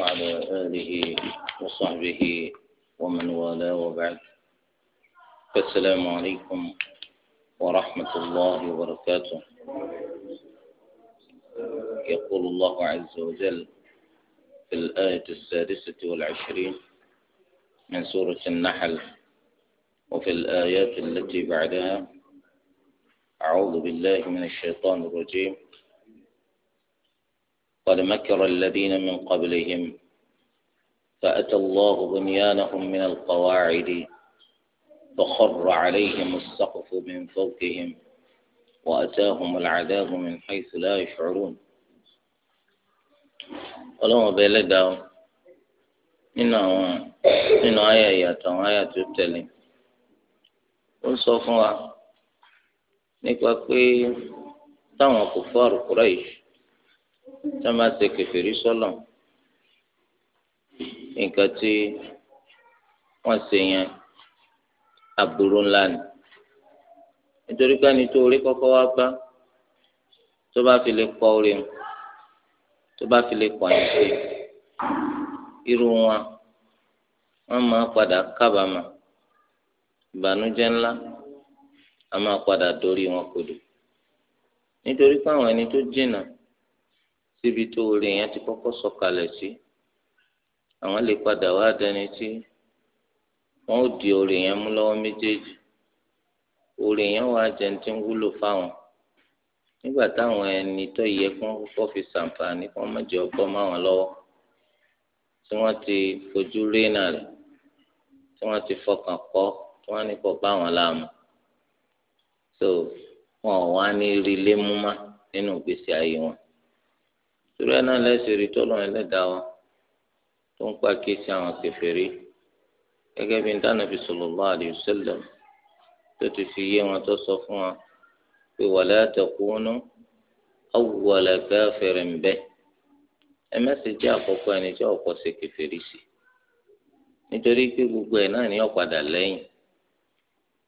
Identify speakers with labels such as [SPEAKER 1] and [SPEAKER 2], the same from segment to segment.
[SPEAKER 1] وعلى آله وصحبه ومن والاه وبعد السلام عليكم ورحمة الله وبركاته يقول الله عز وجل في الآية السادسة والعشرين من سورة النحل وفي الآيات التي بعدها أعوذ بالله من الشيطان الرجيم قد مكر الذين من قبلهم فأتى الله بنيانهم من القواعد فخر عليهم السقف من فوقهم وأتاهم العذاب من حيث لا يشعرون ọlọ́run بلد ẹlẹ́dàá o آية àwọn nínú àyà yìí àtàwọn كفار قريش tí wọn bá ṣe kẹfìrí sọlọ nǹkan tí wọn ṣe yẹn aburú ńlá ni nítorí káni tó orí kọ́kọ́ wá bá tó bá fi lè kọ orí mu tó bá fi lè pààyàn sí irú wọn wọn máa padà kábàámà ìbànújẹ́ ńlá a máa padà dórí wọn kodò nítorí pé àwọn ẹni tó jìnnà síbi tó rè yẹn ti kọ́kọ́ sọ̀kalẹ̀ sí àwọn lè padà wá dẹni tí wọ́n ó di orí yẹn mú lọ́wọ́ méjèèjì orí yẹn wà jẹ́ ní tí ń wúlò fáwọn nígbà táwọn ẹni tó yẹ kí wọ́n kọ́kọ́ fi ṣàǹfààní kí wọ́n má jẹ́ ọgbọ́ má wọn lọ́wọ́ tí wọ́n ti fojú rénà rẹ̀ tí wọ́n ti fọkàn kọ́ tí wọ́n ní bá wọn láàmú so wọn ò wá ní rí ilé mú má nínú ìgbésí ayé wọn torí ẹ náà lẹ́sìn rí tọ́lọ́ ẹlẹ́dàá wa tó ń pa kéésì àwọn kèfèrí gẹ́gẹ́ bí Ànábì sallallahu alayhi wa sallam tó ti fi yé wọn tó sọ fún wa pé wala takunu awwala kafirin bihi ẹ mẹ́sì jẹ́ àkọ́kọ́ ẹni tí ọ̀pọ̀ ṣe kèfèrí sí nítorí pé gbogbo ẹ̀ náà ní ọ̀padà lẹ́yìn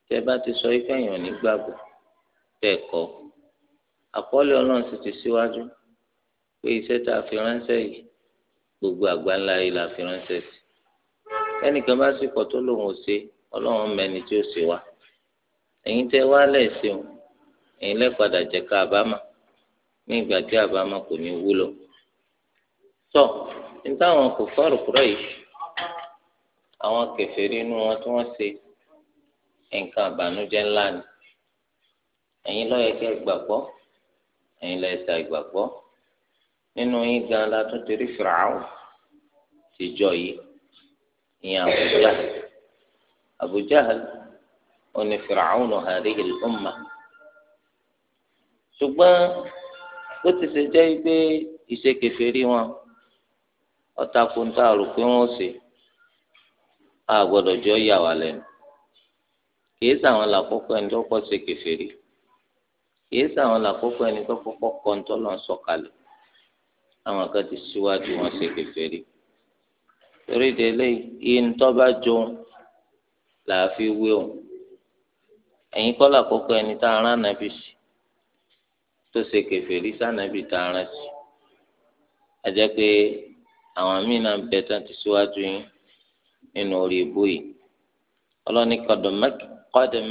[SPEAKER 1] tẹ bá ti sọ ikú ẹ̀yàn nígbàgbọ́ bẹ́ẹ̀ kọ́ àkọọ́lẹ̀ ọlọ́run sì ti síwájú. Si pé iṣẹ́ tá a fi ránṣẹ́ yìí gbogbo àgbáńlá yìí la fi ránṣẹ́ sí ẹnìkan bá sì pọ̀ tó lòun ò ṣe ọlọ́run mẹ́ni tí ó ṣe wá ẹ̀yin tẹ́ wá lẹ́sìn o ẹ̀yin lẹ́padà jẹ́ ká àbámà ní ìgbà tí àbámà kò ní wúlò tọ́ ní táwọn kò fọ́ọ̀rù kúrọ̀ yìí àwọn kèfèrí inú wọn tí wọ́n ṣe nǹkan àbànújẹ́ ńlá ni ẹ̀yin ló yẹ ẹ̀yin ló yẹ nínú yín gan la tún ti rí fìràwọ̀ tìjọ yìí ìyẹn Abu Jahl Abu Jahl oní fìràwọ̀ nù hadhihi al-umma ṣùgbọ́n bó ti ṣe jẹ́ pé ìṣekèfèrí wọn ọ̀tá kúńtà rò pé wọ́n ṣe á gbọ́dọ̀ jọ yà wá lẹ́nu kìí sàwọn làkọ́kọ́ ẹni tó kọ́ ṣe kèfèrí kìí sàwọn làkọ́kọ́ ẹni tó kọ́kọ́ kọ́ ń tọ́lọ́ ń sọ̀kalẹ̀ àwọn kan ti síwájú wọn ṣe kèfèrí torí délé yìí ń tọ́ba jó làá fi wé òun ẹ̀yin kọ́ làkọ́kọ́ ẹni tá a rán nàbì sí tó ṣe kèfèrí sànàbì tá a rán sí a jẹ́ pé àwọn míín náà bẹ tán ti síwájú yín nínú orí ibú yìí ọlọ́ni qad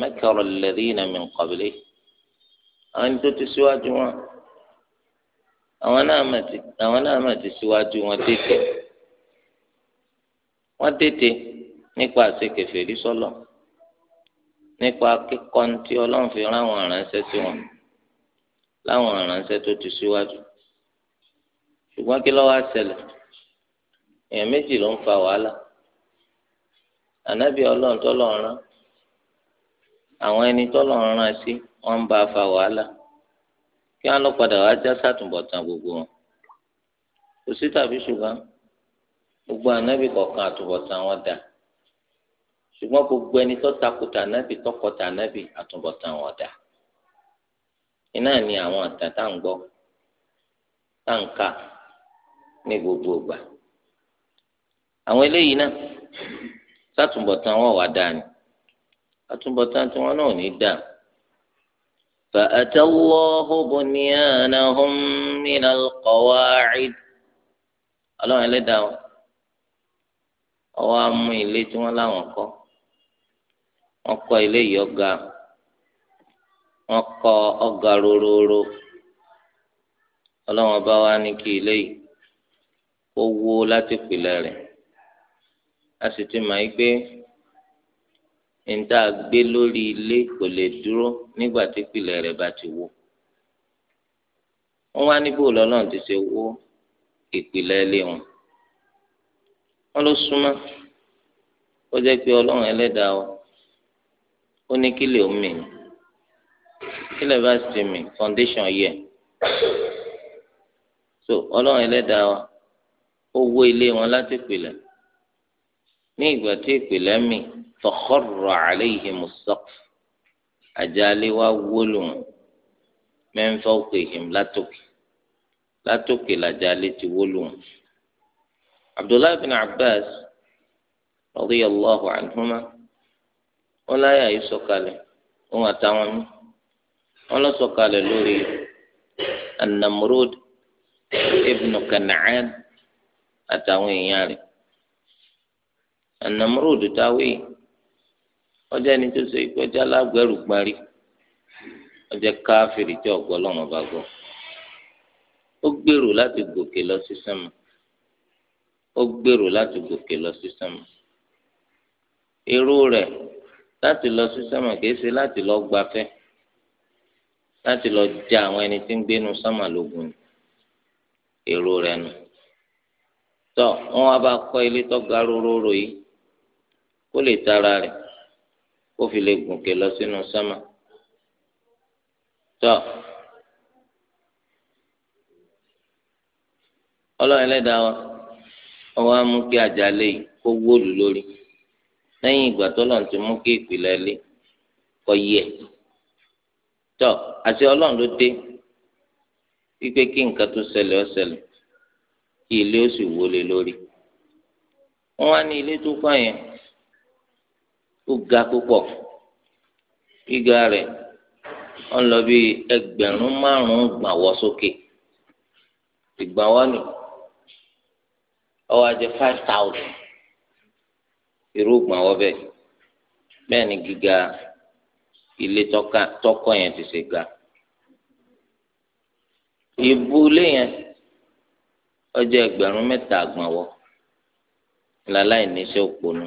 [SPEAKER 1] makkara alladhina min qablihi àwọn ẹni tó ti síwájú wọn àwọn náà mà ti àwọn náà mà ti síwájú wọn tètè wọn tètè nípa àṣekèfè rí sọlọ nípa kíkọ tí Ọlọ́run fi ráwọn aránṣẹ́ sí wọn láwọn aránṣẹ́ tó ti síwájú ṣùgbọ́n kí ló wá ṣẹlẹ̀ èèyàn méjì ló ń fa wàhálà ànábì Ọlọ́run tọ́lọ́run rán àwọn ẹni tọ́lọ́run rán sí wọ́n ń bá a fa wàhálà. kí wọn lọ padà wá já sátúnbọ̀tán gbogbo wọn kò sí tàbí ṣùgbọ́n gbogbo ànábì kọkan àtúbọ̀tán wọn dà ṣùgbọ́n gbogbo ẹni tó takùtà ànábì tọkọtà ànábì àtúbọ̀tán wọn dà iná ni àwọn àtàn tá à ń gbọ́ tá à ń kà ní gbogbo ìgbà àwọn eléyìí náà sátúnbọ̀tán wọn wà dáa ni àtúbọ̀tán tiwọn náà ò ní dáa. فأتى الله بنيانهم من القواعد Ọlọ́run Ẹlẹ́dàá o ọwọ amú tí wọn láwọn kọ́ wọn kọ́ ilé yìí ọ̀gá wọn kọ́ ọ̀gá Ọlọ́run ọba wa ní ilé láti níta gbé lórí ilé kò lè dúró nígbà tí ìpìlẹ̀ rẹ̀ bá ti wó wọ́n wá níbò lọ́lọ́run ti ṣe wó ìpìlẹ̀ ilé wọn wọ́n ló súnmọ́ ó jẹ́ pé ọlọ́run ẹlẹ́dàá o ó ní kí lè mì kí lè bá ti mì foundation yẹ so ọlọ́run ẹlẹ́dàá o ó wó ilé wọn láti ìpìlẹ̀ ní ìgbà tí ìpìlẹ̀ mì. فخر عليهم السقف àjálẹ̀ wá wólù wọn min fawqihim látòkè látòkè làjálẹ̀ ti wólù wọn. abdullahi bin abbas radiyallahu anhuma wọn láyà yìí sọ̀kalẹ̀ wọn àtàwọn mi wọn lọ sọ̀kalẹ̀ lórí annamrud ibn kan'an àtàwọn èèyàn rẹ̀ annamrud táwé ọjọ́ ẹni tó so ikú ọjọ́ alágbẹ̀rù parí ọjọ́ káfíìrì tí ọ̀gbọ́ lọ́wọ́ bá gbọ́ ó gbèrò láti gòkè lọ sí sánmà ó gbèrò láti gòkè lọ sí sánmà èrò rẹ̀ láti lọ sí sánmà kìí ṣe láti lọ gbafẹ́ láti lọ ja àwọn ẹni tí ń gbénu sánmà lógun èrò rẹ̀ nù tọ wọn wá bá kọ́ ilé tó róróró yìí kó lè tara rẹ̀ kó fi lè gòkè lọ sínú sánmà tọ Ọlọ́run Ẹlẹ́dàá wa ọwọ á mú kí àjàlẹ yìí kó wóòlù lórí lẹ́yìn ìgbà tọ́lọ́run ti mú kí ìpìlẹ̀ lé kọ yẹ tọ àti Ọlọ́run ló dé wípé kí nǹkan tó ṣẹlẹ̀ ó ṣẹlẹ̀ kí ilé ó sì wọlé lórí wọn wá ní ilé tó kọ ó ga púpọ̀ gíga rẹ̀ wọ́n lọ bí ẹgbẹ̀rún márùn-ún gbàwọ́ sókè ìgbàwọ́ ni ọwọ́ ajẹ five thousand irú gbàwọ́ bẹ́ẹ̀ bẹ́ẹ̀ ni gíga ilé tọkọ yẹn ti ṣe ga ìbúlé yẹn ọjọ́ ẹgbẹ̀rún mẹ́ta àgbọ̀nwọ́ làláì ní iṣẹ́ òponu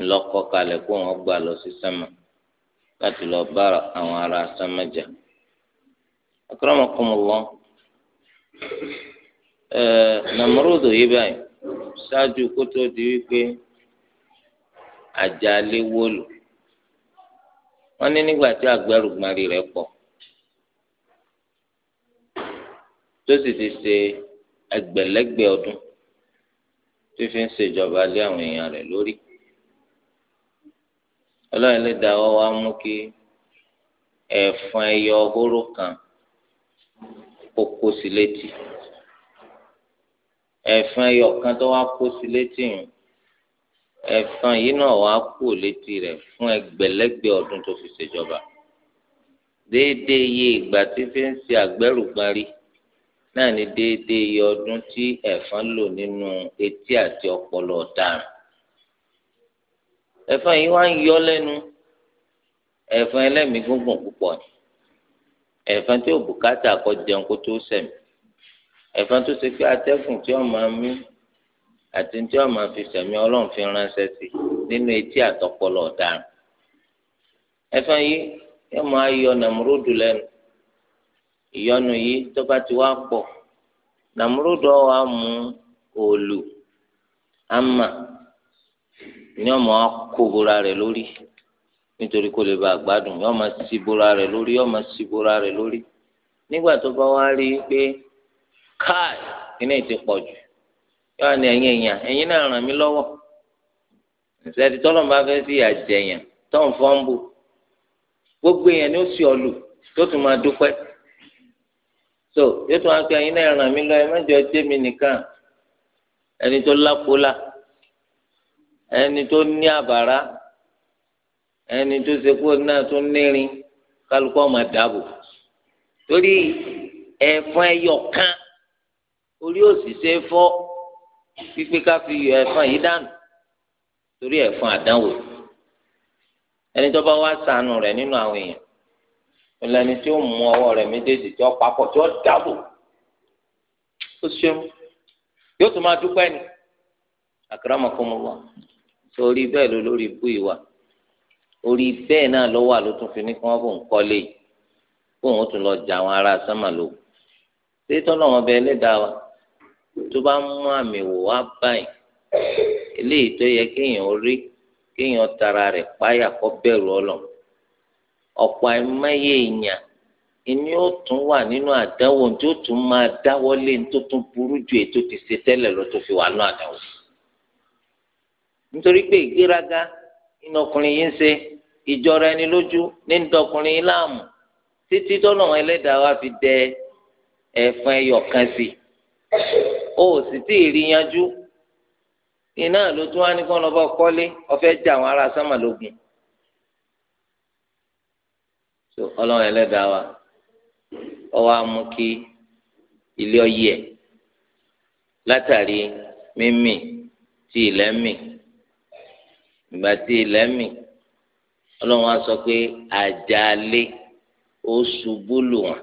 [SPEAKER 1] ńlọkọ kalẹ̀ kó wọn gbà lọ sí sánmà láti lọ bá àwọn ará sánmà jà akramakumullah ẹ nàmúrúdù yìí báyìí ṣáájú kó tó di wípé àjálé wọlù wọn ní nígbà tí agbẹrùgbàrí rẹ̀ pọ̀ tó sì ti ṣe ẹgbẹ̀lẹ́gbẹ̀ ọdún tí ń ṣèjọba lé àwọn èèyàn rẹ̀ lórí ọlọ́run lè dá ọ wá mú kí ẹ̀fọn ẹyọ ọgọ́rò kan kó kó sí létí ẹ̀fọn ẹyọ kan tó wá kó sí létí yìí ẹ̀fọn yìí náà wá kú létí rẹ̀ fún ẹgbẹ̀lẹ́gbẹ̀ ọdún tó fi ṣèjọba déédéé iye ìgbà tí fi ń ṣe àgbẹ̀rùgbárí náà ni déédéé iye ọdún tí ẹ̀fọn lò nínú etí àti ọpọlọ ọ̀daràn ẹ̀fọn yìí wá ń yọ lẹ́nu ẹ̀fọn ẹlẹ́mìí gúngùn púpọ̀ ni ẹ̀fọn tí ò bùkátà kọ jẹun kó tó sẹ̀mí ẹ̀fọn tó ṣe pé atẹ́gùn tí wọ́n máa mí àti tí wọ́n máa fi sẹ̀mí ọlọ́run fi ránṣẹ́ sí nínú etí àtọpọlọ ọ̀daràn ẹ̀fọn yìí yóò máa yọ nàmúrúdù ìyọnu yìí tó bá ti wá pọ̀ nàmúrúdù ọ̀ wá òòlù àmà ni ọmọ kó bora rẹ̀ lórí nítorí kó lè ba àgbádùn yọọ ma sí bora rẹ̀ lórí yọọ ma sí bora rẹ̀ lórí nígbà tó bá wá rí i pé káì iná ti pọ̀ jù yọọ ni ẹ̀yin ẹ̀yàn ẹ̀yin náà ràn mí lọ́wọ́ ìṣẹ́ni tọ́lọ́ bá fẹ́ sí àjẹyàn tó ń fọ́n bò gbogbo èèyàn ni ó sì ọ lù tó tún máa dúpẹ́ so yóò tún wá pé ẹ̀yin náà ràn mí lọ́wọ́ ẹ má jẹ́ mi nìkan ẹni tó lápò la ẹni tó ní àbàrá ẹni tó ṣe kó náà tó nírin kálukú ọmọ dàbò torí ẹ̀fọn ẹyọ kan orí òṣìṣẹ́ fọ́ pípé ká fi yọ ẹ̀fọn yìí dànù torí ẹ̀fọn àdánwò ẹni tó bá wá sànù rẹ̀ nínú àwọn èèyàn ìlànà tí ó mú ọwọ́ rẹ̀ méjèèjì tí ó papọ̀ tí ó dàbò ó ṣeun yóò tún máa dúpẹ́ ni àkàrà ọmọkùnrin wa sórí bẹ́ẹ̀ ló lórí ibú ìwà orí bẹ́ẹ̀ náà ló wà ló tún fi ní kí wọ́n bòun kọ́lé yìí bóun tún lọ jà àwọn ará sánmà ló ṣé tọ́lọ̀ wọn bẹ ẹlẹ́dàá wa tó bá mú àmì wò wá báyìí eléyìí tó yẹ kéèyàn rí kéèyàn tara rẹ̀ páyà kọ́ bẹ̀rù ọlọ́ ọ̀pọ̀ àìmọye èèyàn ìní ó tún wà nínú àdánwò tí ó tún máa dáwọ́lé tó tún burú ju ètò ti ṣe tẹ́lẹ̀ lọ tó fi wà nínú àdánwò nítorí pé ìgbéraga iná ọkùnrin yìí ń ṣe ìjọra ẹni lójú ní ń dọkùnrin yìí láàmú títí tọ́nà ẹlẹ́dàá wa fi dẹ ẹ̀fọn ẹyọ kan sí o ò sì tí ì rí yanjú iná ló tún wá ní kó lọ́bọ̀ kọ́lé ọ̀fẹ́ jẹ àwọn ará sámà so ọlọ́run ẹlẹ́dàá wa ọ wá mú kí ilé ọyẹ látàrí mímì tí ilẹ̀ ń mì ìgbà tí ilẹ̀ mì ọlọ́run á sọ pé àjàlé ó ṣubú lù wọ́n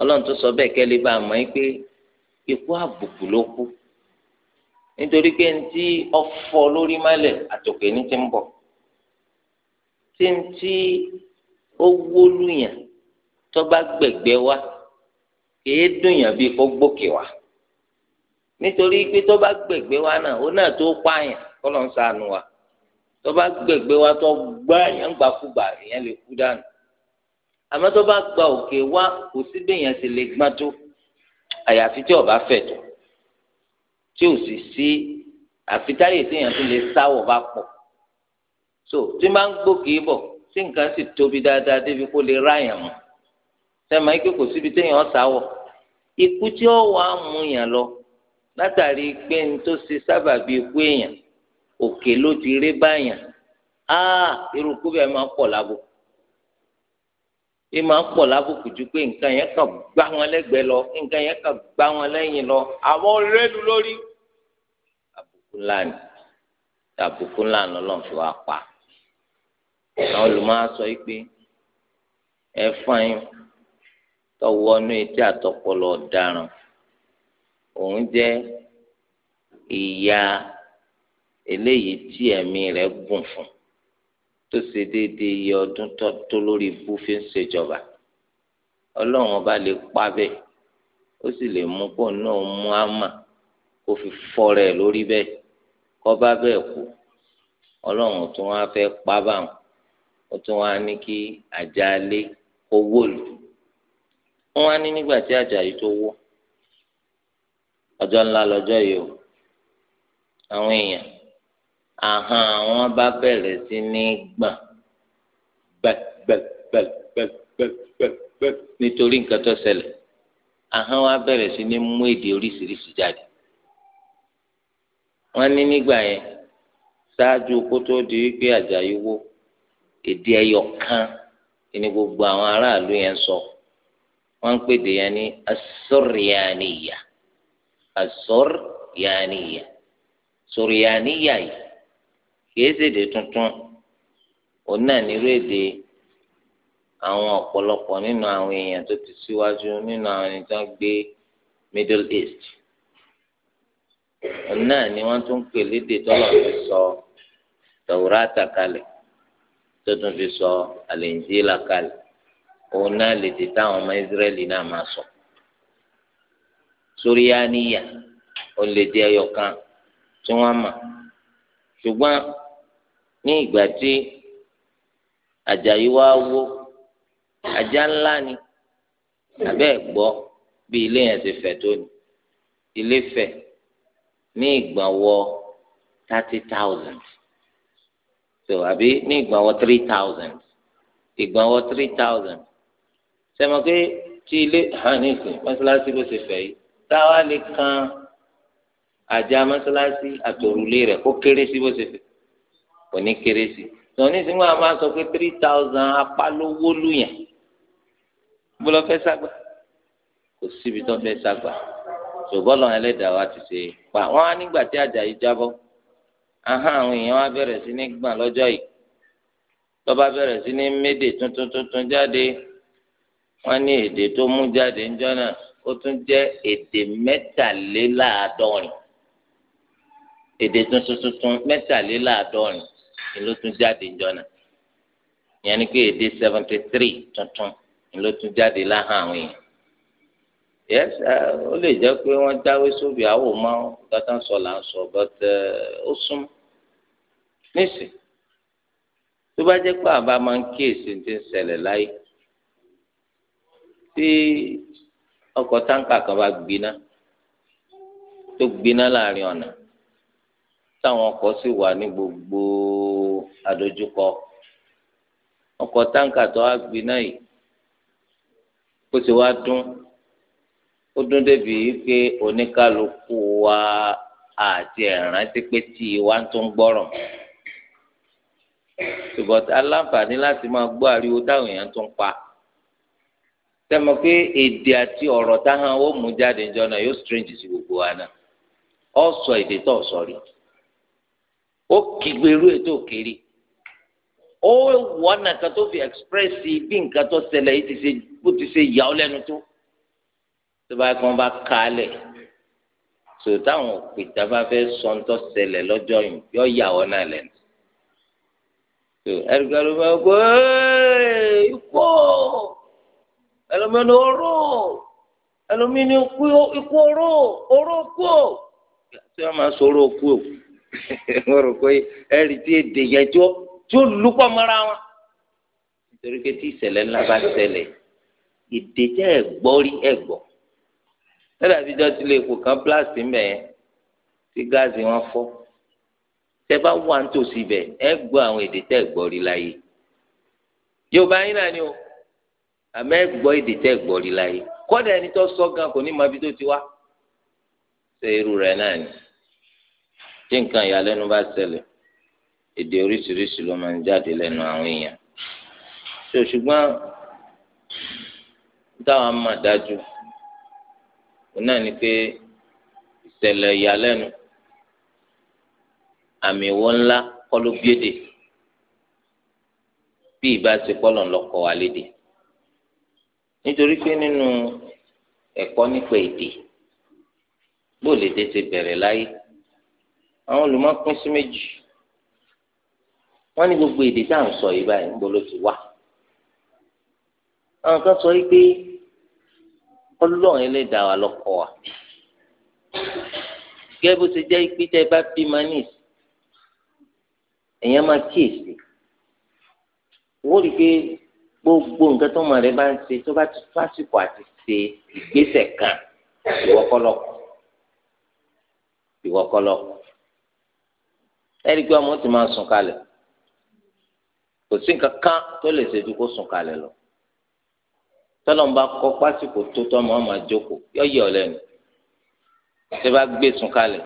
[SPEAKER 1] ọlọ́run tó sọ bẹ́ẹ̀ kẹ́lẹ́ bá a mọ̀ pé ikú àbùkù ló kú nítorí pé ní tí ọfọ lórí mọ́lẹ̀ àtòkè ní ti ń bọ̀ tí ń tí ó wólúyàn tó gbẹ̀gbẹ́ wá kìí dùnyàn bíi kó gbòkè wá nítorí pé tó gbẹ̀gbẹ́ wá náà ó náà tó pààyàn kọlọ ń sànù wa tó bá gbègbè wa tó gbá èèyàn gbàkúgbà èèyàn lè kú dànù àmọ́ tó bá gba òkè wá kò sí bẹyàn sì lè gbọ́n tó àyàfi tí ọba fẹ́ tó tí ò sì sí àfitáyè téèyàn tó lè sáwọ bá pọ̀ so tí máa ń gbókè bọ̀ tí nǹkan sì tóbi dáadáa débi kó lè ráyàn mọ́ sẹ́mi ayé kò síbi téèyàn sáwọ̀ ikú tí ó wàá mú yàn lọ látàrí pé n tó ṣe sábàbí ikú èèyàn òkè ló ti rí báyàn á irú kú bẹ́ẹ̀ máa pọ̀ lábò ìmọ̀ pọ̀ lábùkù ju pé nǹkan yẹn kàn gbá wọn lẹ́gbẹ̀ẹ́ lọ nǹkan yẹn kàn gbá wọn lẹ́yìn lọ àwọn olóòlù lórí. àbùkù ńlá ni àbùkù ńlá ni ọlọ́run fi wá pa. àwọn olùmọ̀ á sọ pé ẹ̀fọn yín tọwọ́ inú etí àtọpọlọ ọ̀daràn òun jẹ́ ìyá eléyìí tí ẹ̀mí rẹ̀ gùn fún tó ṣe déédéé iye ọdún tó lórí ibú fi ń ṣèjọba ọlọ́run ọba lè pa bẹ́ẹ̀ ó sì lè mú pọ̀ náà mú àmà kó fi fọ́ rẹ̀ lórí bẹ́ẹ̀ kọ́ bá bẹ́ẹ̀ kú ọlọ́run tó wá fẹ́ pa báwọn ó tún wá ní kí àjálé kó wó lù wọ́n wá ní nígbà tí àjàyí tó wó ọjọ́ ńlá lọ́jọ́ yìí o àwọn èèyàn ahọ́n àwọn bá bẹ̀rẹ̀ sí ní gbọ̀n gbẹ̀gbẹ̀gbẹ̀gbẹ̀gbẹ̀ nítorí nǹkan tó ṣẹlẹ̀ ahọ́n wa bẹ̀rẹ̀ sí ní mú èdè oríṣiríṣi jáde wọ́n ní nígbà yẹn ṣáájú kó tó di wípé Àjàyí wó èdè ẹyọ kan ni gbogbo àwọn aráàlú yẹn sọ wọ́n ń pèdè yẹn ní asọ́rìyàníyà asọ́rìyàníyà sọ̀rìyàníyà yìí kìí ṣèdè tuntun òun náà nírú èdè àwọn ọ̀pọ̀lọpọ̀ nínú àwọn èèyàn tó ti síwájú nínú àwọn ẹni tó ń gbé Middle East òun náà ni wọ́n tún pè lédè tọ́lọ̀ fi sọ Tawrata kalẹ̀ tó tún fi sọ Al-Injila kalẹ̀ òun náà lè dè táwọn ọmọ Israẹli náà máa sọ Surianiya òun lè dé ẹyọ kan tí wọ́n mọ̀ ṣùgbọ́n ní ìgbà tí Àjàyí wá wó ajá ńlá ni abẹ́ gbọ́ bí ilé yẹn ti fẹ̀ tó ni ilé fẹ̀ ní ìgbàwọ́ thirty thousand so àbí ní ìgbàwọ́ three thousand ìgbàwọ́ three thousand sẹ́mi pé tí ilé hàní sí mọ́ṣáláṣí ló ṣe fẹ̀ yìí táwa lè kan àjà mọ́ṣáláṣí àtòrúlé rẹ̀ kó kéré sí bó ṣe fẹ̀ kò ní kéré sí i sọ ní máa sọ pé three thousand apálówó lùyàn bó lọ fẹ́ sàgbà kò síbi tó fẹ́ sàgbà ṣùgbọ́n lọ́n ẹlẹ́dàá wa ti ṣe pa wọ́n á nígbà tí Àjàyí jábọ́ ahọ́n àwọn èèyàn wa bẹ̀rẹ̀ sí ní gbọ̀n lọ́jọ́ yìí lọ́ba bẹ̀rẹ̀ sí ní méde tuntun tuntun jáde wọ́n ní èdè tó mú jáde ńjọ́ náà ó tún jẹ́ èdè mẹ́tàléláàádọ́rin èdè tuntun tuntun mẹ́tàléláàádọ́rin ìlótún jáde jọna ìyẹn ni pé èdè seventy three tuntun ìlótún jáde láhàn àwọn èèyàn yes uh, ó lè jẹ́ pé wọ́n jáwé sóbì àwọn ọmọ ń sọ là ń sọ but uh, ó sún nísì tó bá jẹ́ pé àbá máa ń kíyèsí ti ń ṣẹlẹ̀ láyé tí ọkọ̀ táǹkà kan bá gbiná tó gbiná láàrin ọ̀nà. táwọn ọkọ̀ sì wà ní gbogbo àdójúkọ ọkọ̀ táǹkà tó wá náà yìí kó wá dún ó dún débi wípé oníkálukú wa àti ẹ̀rántí pé tí wa tó ń gbọ́rọ̀ ṣùgbọ́n aláǹfààní láti máa gbọ́ ariwo táwọn èèyàn tó ń pa pé èdè gbogbo wa náà ọ̀ sọ ó kígbe irú ètò òkèèrè ó wọ ọ̀nà kan tó fi ẹ̀ksprẹ́sì bí nǹkan tó ṣẹlẹ̀ yìí ti ṣe bó ti ṣe yà ọ́ lẹ́nu tó tó bá kàn bá kálẹ̀ tó táwọn òpìtà bá fẹ́ sọ ń tọ́ ṣẹlẹ̀ lọ́jọ́ yìí yọ yà ọ́ náà lẹ́nu tó ẹ̀rùkẹ́ ló máa gbọ́ ikú ẹlòmínú oró ẹlòmínú ikú oró oró kú tí wọ́n máa sọ oró kú òkú mo rò pé ẹ̀rí tí èdè yẹn tó tó lùpọ̀ mọ́ra wọn. nítorí pé tí ìṣẹ̀lẹ̀ ńlá bá ṣẹlẹ̀ èdè jẹ́ ẹ̀gbọ́ rí ẹ̀gbọ́. lọ́dà àtijọ́ tí lè kó kan pílásì ń bẹ̀ yẹn tí gáàsì wọn fọ́. tẹ́ bá wà nítòsí bẹ̀ ẹ gbọ́ àwọn èdè tẹ́ ẹ̀gbọ́ rí láyé. yorùbá yín náà ni o àmọ́ ẹ̀gbọ́ èdè tẹ́ ẹ̀gbọ́ rí láyé. kọ́dà ẹni tó sọ gan kò ní mọ ibi tó ti wá. ṣé irú rẹ̀ náà tí nǹkan ìyàlẹ́nu bá ṣẹlẹ̀ èdè oríṣiríṣi ló máa ń jáde lẹ́nu àwọn èèyàn ṣò ṣùgbọ́n táwọn máa dájú òun náà ni pé ìṣẹ̀lẹ̀ ìyàlẹ́nu àmì ìwọ ńlá kọ́ ló bí èdè bí ìbá ṣe kọ́lọ̀ lọ́kọ̀ wá lédè nítorí pé nínú ẹ̀kọ́ nípa èdè bó lè dé ṣe bẹ̀rẹ̀ láyé àwọn olùmọ̀ pín sí méjì wọ́n ní gbogbo èdè tá à ń sọ yìí báyìí níbo ló ti wá
[SPEAKER 2] àwọn kan sọ wípé
[SPEAKER 1] Ọlọ́run Ẹlẹ́dàá wa lọkọ wa gẹ́gẹ́ bó ṣe jẹ́ pé tẹ bá bí manis èèyàn máa kíyèsí wọ́n rí i pé gbogbo nǹkan tó mọ̀ rẹ bá ń ṣe tó bá ti tó àsìkò àti ṣe ìgbésẹ̀ kan ìwọ́kọ́lọ́kọ̀ ìwọ́kọ́lọ́kọ̀ ẹ̀rí pé ọmọ ti máa sùn kalẹ̀ kò sí nǹkan kan tó lè ṣe ju kó sùn kalẹ̀ lọ tọ́lọ́n bá kọ́ pásìkò tó tọ́mọ ọmọ àjókòó yọ yẹ ọ lẹ́nu ṣé bá gbé sùn kalẹ̀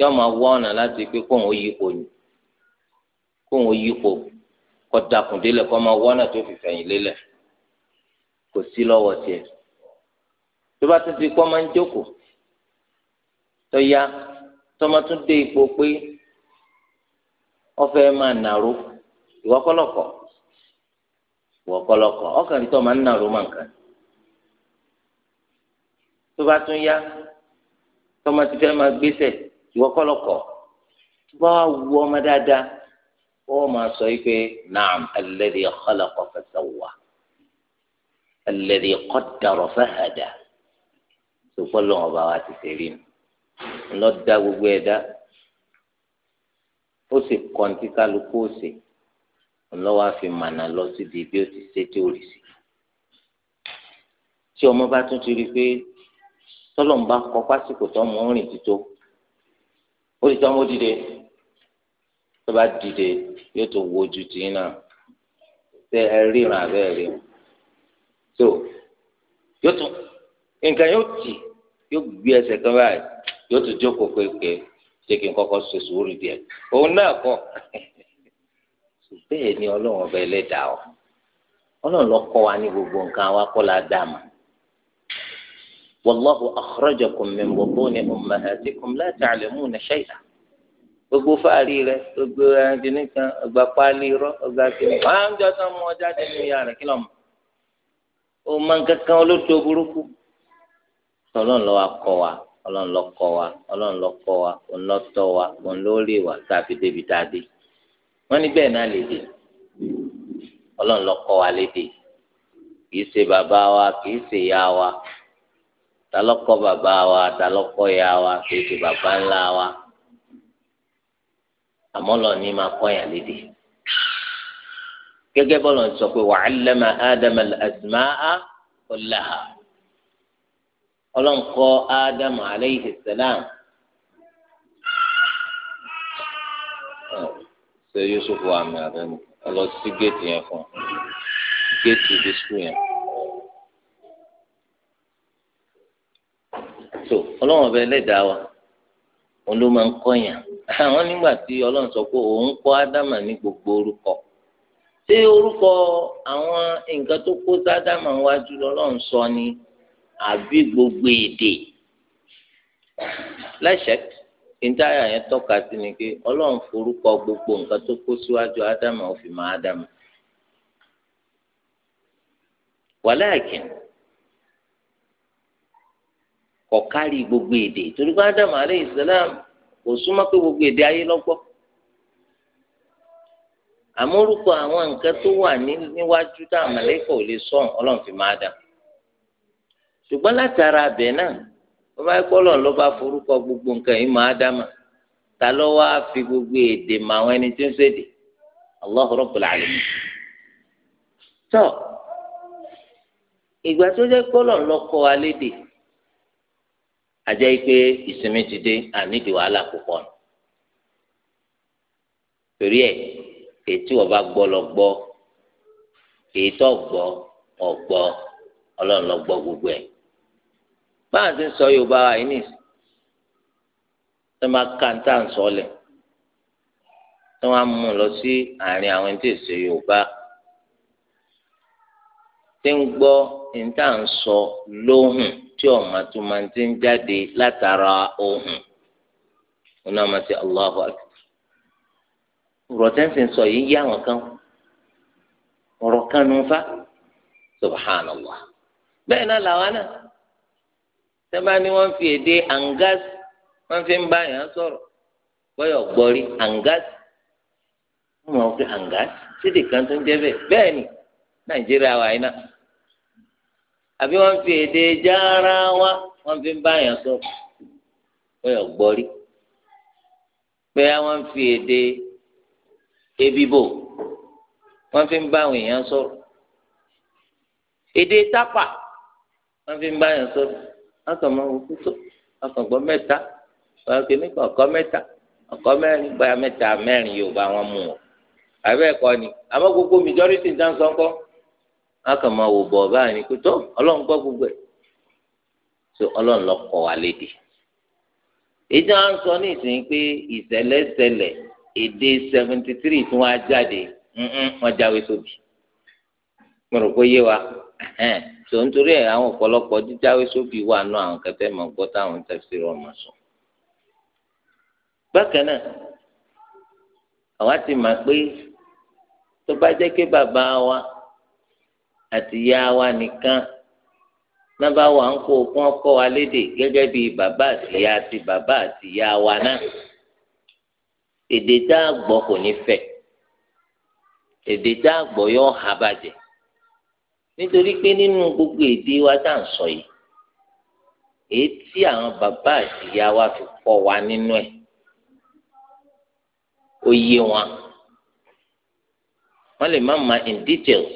[SPEAKER 1] yọ máa wọ ọ̀nà láti pé kóun ó yípo ni kóun ó yípo kọ́ dakùn délẹ̀ kọ́ máa wọ ọ̀nà tó fi fẹ̀yìn lélẹ̀ kò sí lọ́wọ́ tiẹ̀ tó bá tún ti kọ́ máa ń jókòó tó yá tọ́mọ tún dé ipò pé ọfẹ máa nàró ìwọ kọlọkọ ìwọ kọlọkọ ọkàn tí tó máa ń nàró máa ń kàn tó bá tún yá tọmọ ti fẹ́ máa gbéṣẹ ìwọ kọlọkọ tó bá wù ọmọ dáadáa wọ́n máa sọ yìí pé naam alladhi khalaqa fasawwa alladhi qaddara fahada tó kọ́ lọ́wọ́ bá wa ti ṣe rí nu gbogbo ẹ̀dá ó sì kọ́ ní tí kálukú ó sì ńlọ́wọ́ á fi mànà lọ síbi bí ó ti ṣe tí ó rì sí. tí ọmọ bá tún ti rí i pé tọ́lọ̀ ń bá kọ pásìkò tó mọ̀ rìn tító ó ti tán ó dìde tó bá dìde yóò tó wo ojú tì í náà ṣe ẹ ríran abẹ́ ẹ ríran so yóò tún nǹkan yóò tì yóò gbé ẹsẹ̀ kan báyìí yóò tún jókòó pé pé jẹ́ kí n kọ́kọ́ ṣe sùúrù díẹ̀ òun náà kọ́ bẹ́ẹ̀ ni ọlọ́run ọba ẹlẹ́dàá ọ ọlọ́run ló kọ́ wa ní gbogbo nǹkan wa kọ́ la dá mà wallahu akhrajakum min butuni ummahatikum la ta'lamuna shay'a gbogbo fáàrí rẹ gbogbo ẹnìdínní kan ọgbà páálí rọ ọgbà kìnnì wọn ń jọ sọmọ jáde nínú ìyá rẹ kí mọ o máa ń kankan olóòtú burúkú tọlọ́n lọ́wọ́ akọ wa ọlọ́run ló kọ́ wa ọlọ́run ló kọ́ wa òun ló tọ́ wa òun ló rí wa tá a fi débi tá a dé wọ́n ní bẹ́ẹ̀ náà lédè ọlọ́run ló kọ́ wa lédè kì í ṣe bàbá wa kì í ṣe ìyá wa ta bàbá wa ta ìyá wa kì í ṣe bàbá ńlá wa àmọ́ lọ ní máa kọ́ yàn gẹ́gẹ́ bọ́lọ̀ ń sọ pé wa'allama Adama al-asma'a kullaha ọlọ́nkọ́ ádámù aleyhi salam ṣe yusuf wà mí àbẹ́mu ẹ lọ sí géètì yẹn fún un géètì ibi sùkúù yẹn. tó ọlọ́wọ́n bẹ lẹ́dàá wa òun ló máa ń kọ́yàn àwọn nígbà tí ọlọ́run sọ pé òun kọ́ ádámà ní gbogbo orúkọ ṣé orúkọ àwọn nǹkan tó kó sádámà wájú lọ́lọ́run sọ ni àbí gbogbo èdè lẹ́sẹ̀ ìdáyà yẹn tọ́ka sí ni gbogbo nǹkan tó kó síwájú ádámù ó fi ádámù gbogbo èdè torí pé ádámù aleyhi sàlám kò súnmọ́ pé gbogbo èdè ayé lọ́gbọ́ àwọn nǹkan tó wà níwájú àmàlẹ́kọ̀ ṣùgbọ́n látara abẹ náà wọ́n bá kọ́lọ̀ ló bá forúkọ gbogbo nǹkan yìí máa dá mà ta ló fi gbogbo èdè mà àwọn ẹni tí ń ṣèdè Allahu Rabbul Alamin. tọ́ ìgbà tó jẹ́ kọ́lọ̀ lọ kọ́ wa lédè àjẹ́ pé ìsinmi ti dé ànídìí wàhálà púpọ̀ nù. torí ẹ̀ ètí wọ́n gbọ́ lọ báwọn ti ń sọ yorùbá wa yìí nìyí ẹ máa ka ń tà ń sọ lẹ ẹ wọn á mú un lọ sí àárín àwọn ẹni tí èsè yorùbá ti ń gbọ́ ń ń sọ lóhùn tí ọ̀mà tó máa ti ń jáde látara ohùn ọ̀nà ọmọ ti Allahu akbar rọ̀tẹ́ǹsì ń sọ yìí yá àwọn kan ọ̀rọ̀ kan nù fa subhanallah bẹ́ẹ̀ náà làwọn náà sẹ́mbà ni wọ́n fi èdè angas wọ́n fi ń bá yàn sọ̀rọ̀ bọ́yọ̀ gbọ́rí angas wọ́n mọ̀ pé angas sídìí kan tó ń jẹ́ bẹ́ẹ̀ bẹ́ẹ̀ ni nàìjíríà wà yín náà àbí wọ́n fi èdè Járáwá wọ́n fi ń bá yàn sọ̀rọ̀ bọ́yọ̀ gbọ́rí pé wọ́n fi èdè ebíbò wọ́n fi ń bá àwọn èèyàn sọ̀rọ̀ èdè tápà wọ́n fi ń bá yàn sọ̀rọ̀ akàn máa wò kótó mẹta gbọ́ mẹ́ta mẹta kìíní kan ọ̀kọ́ mẹta ọ̀kọ́ mẹ́rin gba mẹ́ta mẹ́rin yorùbá wọn mú wọn àbẹ́ ni gbogbo majority ń wò so lọ wa seventy three tí jáde jáwé sóbì tó ń torí ẹ̀ àwọn ọ̀pọ̀lọpọ̀ jíjáwé sóbì wà nù àwọn kẹtẹ́ mọ̀ gbọ́ táwọn tẹ̀sí rọ̀ mọ̀ sùn. bákan náà àwa ti mọ̀ pé tó bá jẹ́ pé bàbá wa àti ìyá wa nìkan náà bá wà ń kó okun ọkọ wa lédè gẹ́gẹ́ bí bàbá àti ìyá àti bàbá àti ìyá wa náà èdè tá a gbọ́ kò ní fẹ̀ èdè tá a gbọ́ yóò hà bàjẹ́ nítorí pé nínú gbogbo èdè wa tá à ń sọ yìí èyí tí àwọn bàbá àtìyá wa fi kọ́ wa nínú ẹ̀ ó yé wọn wọn lè má ma in details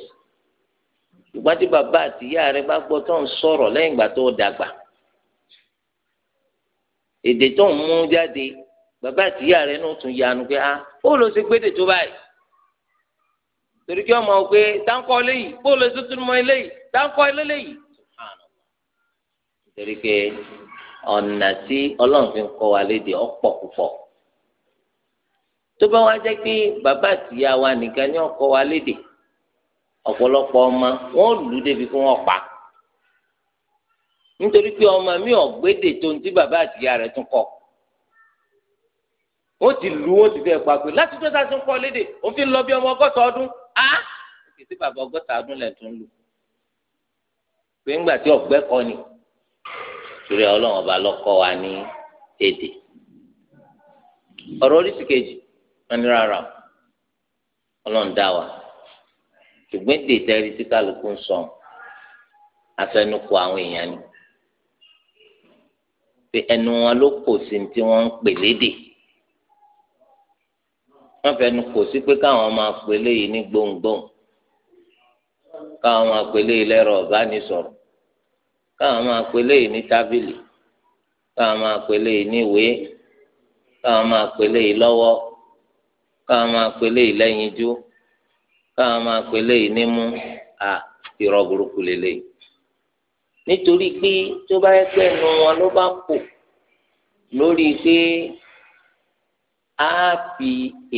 [SPEAKER 1] ìgbà tí bàbá àtìyá rẹ bá gbọ́ tó ń sọ̀rọ̀ lẹ́yìn ìgbà tó dàgbà èdè tó ń mú jáde bàbá àtìyá rẹ náà tún yanu pé ah ó lọ sí gbédè tó báyìí torí kí ọmọ ògbé táǹkọ léyìí bóòlù tuntun mọ eléyìí táǹkọ eléyìí. nítorí pé ọ̀nà tí ọlọ́run fi ń kọ́ wa léde ọ̀pọ̀ púpọ̀ tó bá wá jẹ́ pé bàbá wa nìkan ni wa léde ọ̀pọ̀lọpọ̀ ọmọ wọn lù ú débi kí wọ́n pa nítorí pé ọmọ tó ń bàbá rẹ̀ tún kọ́ wọ́n ti lù wọ́n ti fẹ́ pa pé láti tó kọ́ léde lọ bí ọmọ ọgọ́ta ọdún á kì í sí bàbá ọgọ́ta ọdún lẹ̀ tó ń lò pé ńgbà tí ọ̀gbẹ́ kọ ni torí ọlọ́run ọba lọ́kọ́ wa ní èdè ọ̀rọ̀ oríṣi kejì wọn ní rárá ọlọ́run dá wa ṣùgbọ́n èdè ìtẹ́rí tí kálukú ń sọ afẹnukọ àwọn èèyàn ni pé ẹnu wọn ló kò sí tí wọ́n ń pè lédè wọn fẹnu kò sí pé káwọn máa pè léyìí ní gbohùngbohùn káwọn máa pè léyìí lẹ́rọ ọ̀bánisọ̀rọ̀ káwọn máa pè léyìí ní tábìlì káwọn máa pè léyìí ní ìwé káwọn máa pè léyìí lọ́wọ́ káwọn máa pè léyìí lẹ́yinjú káwọn máa pè léyìí nímú à irọ́ burúkú lélẹ́yìí nítorí pé tó bá yẹ pé ẹnu wọn ló bá kù lórí pé á fi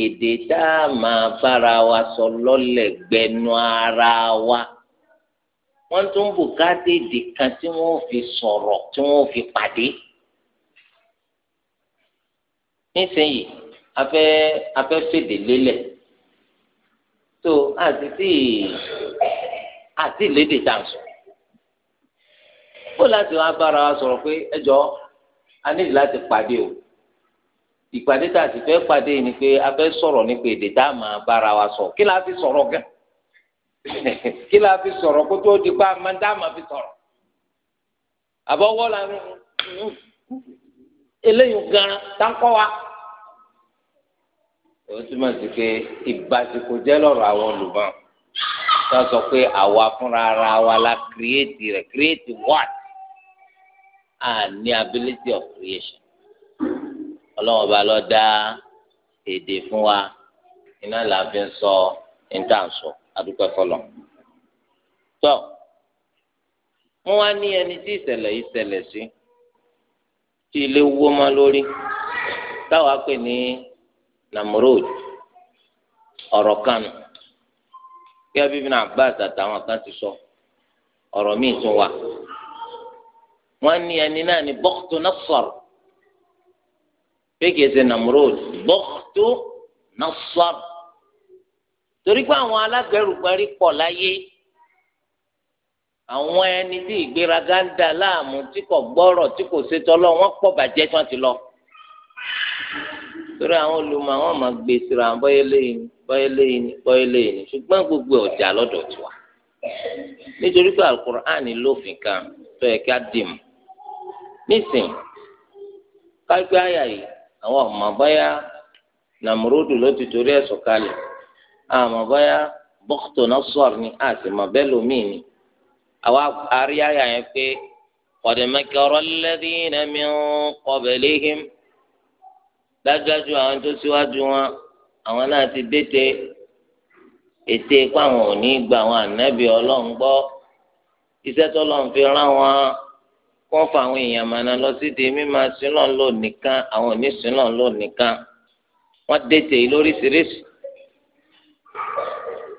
[SPEAKER 1] èdè tá a máa bára wa sọ lọ́lẹ̀ gbẹnu ara wa wọ́n tún bùkátà èdè kan tí wọ́n fi sọ̀rọ̀ tí wọ́n fi pàdé nísìnyí afẹ́ afẹ́ fèdè lélẹ̀ tó àti tí àti ìlédè tá à ń sọ ó láti wá bára wa sọ̀rọ̀ pé ẹjọ́ a nílò láti pàdé o ìpàdé tá a ti fẹ́ pàdé ni pé a fẹ́ sọ̀rọ̀ nípa èdè tá a máa bára wa sọ kí la fi sọ̀rọ̀ gan kí la fi sọ̀rọ̀ kó tó di pa máa tá a máa fi sọ̀rọ̀ àbọ̀wọ́ la eléyìí gan táǹkọ́ wa ó túmọ̀ sí pé ìbásíkò jẹ́ lọ́rọ̀ àwọn olùbọ̀n tó sọ pé àwa fúnra ara wa la kírètì rẹ̀ kírètì what and ní ability of creation ọlọ́run ọba ló dá èdè fún wa iná là fi sọ intanṣọ adúpẹ́ fọlọ́ tọ́
[SPEAKER 2] wọ́n wá ní ẹni tí
[SPEAKER 1] ìṣẹ̀lẹ̀ yìí ṣẹlẹ̀ sí tí ilé wó mọ́ lórí táwa pè ní namorod ọ̀rọ̀ kanu gẹ́gẹ́ bí Abbas àtàwọn kan sọ ọ̀rọ̀ míì tún wà wọ́n ní ẹni kéèké ṣe namrod bọ́kútó nasar torí pé àwọn alágbẹrùgbẹrí pọ̀ láyé àwọn ẹni tí ìgbéraga ń da láàmú tí kò gbọ́rọ̀ tí kò ṣetọ́ lọ wọ́n pọ̀ bàjẹ́ tí wọ́n ti lọ. torí àwọn olùmọ̀ àwọn ọmọ gbé síra bọ́yé lẹ́yìn bọ́yé lẹ́yìn bọ́yé lẹ́yìn ṣùgbọ́n gbogbo ọ̀jà lọ́dọ̀ tiwa nítorí pé alukur'an lófin kan tó ká dì mú nísìnyí kájú àyà yìí àwọn ọmọ bọ́yá na ló ti torí ẹ̀sùn kalẹ̀ àmọ́ bọ́yá bọ́kútò náà ni àti mọ̀ lómìn ni àwa àárí yẹn pé kọ̀dẹ̀mẹ́kẹ́rọ́ lẹ́dínà mi ń kọ̀bẹ̀lẹ́hìn dájúdájú àwọn tó síwájú wọn àwọn náà ti dẹ́tẹ̀ ète pàwọn ò ní gba àwọn ànábì kọ́fà àwọn èèyàn màná lọ sí di mímọ sílọ̀ lò nìkan àwọn òní sílọ̀ lò nìkan wọ́n dètè lóríṣiríṣi.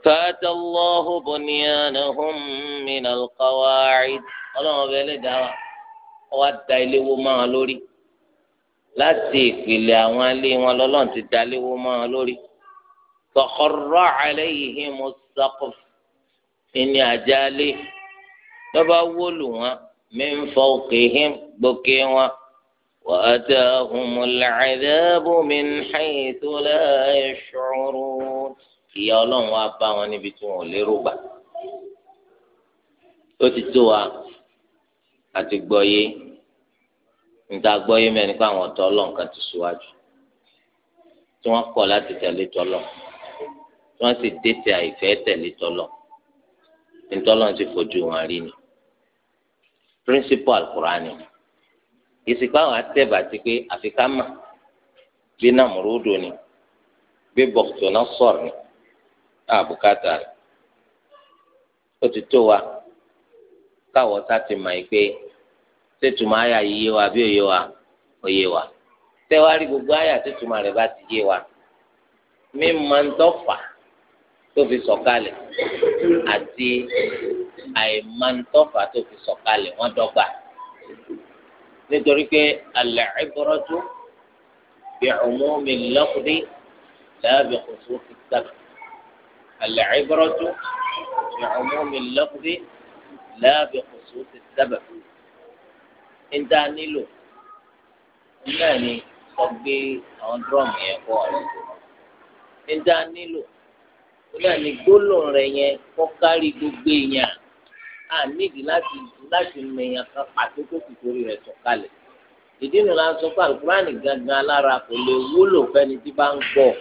[SPEAKER 1] fàtà lọ́hùn bọ̀nìyàn ọ̀hún mi nà lọ́kọ́wá rí ọlọ́run ọbẹ̀ ẹlẹ́dàá wa wá da iléwó mọ́ wọn lórí láti ìpìlẹ̀ àwọn alé wọn lọ́lọ́run ti da iléwó mọ́ wọn lórí. tọkọrọ àlẹ́ yìí hí mo sọ́kọ̀ ìní àjálẹ̀ lọ́ba wó lù من فوقهم بكيوا وأتاهم العذاب من حيث لا يشعرون ìyà ọlọ́run wá bá wọn níbi tí wọn ò lérò gbà ó ti tó wa àti gbọ́yé níta gbọ́yé mẹ́rin pé àwọn ọ̀tọ̀ ọlọ́run kan ti ṣíwájú tí wọ́n kọ̀ láti tẹ̀lé tọ́lọ̀ tí wọ́n sì dẹ́tẹ̀ àìfẹ́ tẹ̀lé tọ́lọ̀ ní tọ́lọ̀ ti fojú wọn rí ni principal alukurani ìsìnkú àwọn atẹ́bàtì pé àfikàmà bí nàmúrúdù ni bí bọ̀tùnà sọ̀rọ̀ ni àbùkátà rẹ̀ ó ti tó wa káwọ́ tá ti mọ̀ pé sètùmọ̀ àyà yíyé wa bí òye wa òye wa tẹ́wárí gbogbo àyà sètùmọ̀ rẹ̀ bá ti yé wa mímọ̀ ń tọ́fà tó fi sọ̀kalẹ̀ àti àìmántọ́fà tó fi sọ̀kalẹ̀ wọ́n dọ́gba nítorí pé al-ibratu bi umumi al-lafzi la bi khususi as-sabab al-ibratu bi umumi al-lafzi la bi khususi as-sabab níta nílò náà ni wọ́n gbé àwọn drum yẹn kọ́ ọ̀rọ̀ níta nílò náà ni gbólóhùn rẹ̀ yẹn kọ́ kárí gbogbo èèyàn á nídìí láti láti mẹ̀yàn kan pàtó tó ti torí rẹ̀ sọ̀kalẹ̀ ìdí nu la ń sọ pé alukurani gangan lára kò lè wúlò fẹ́ni tí bá ń gbọ́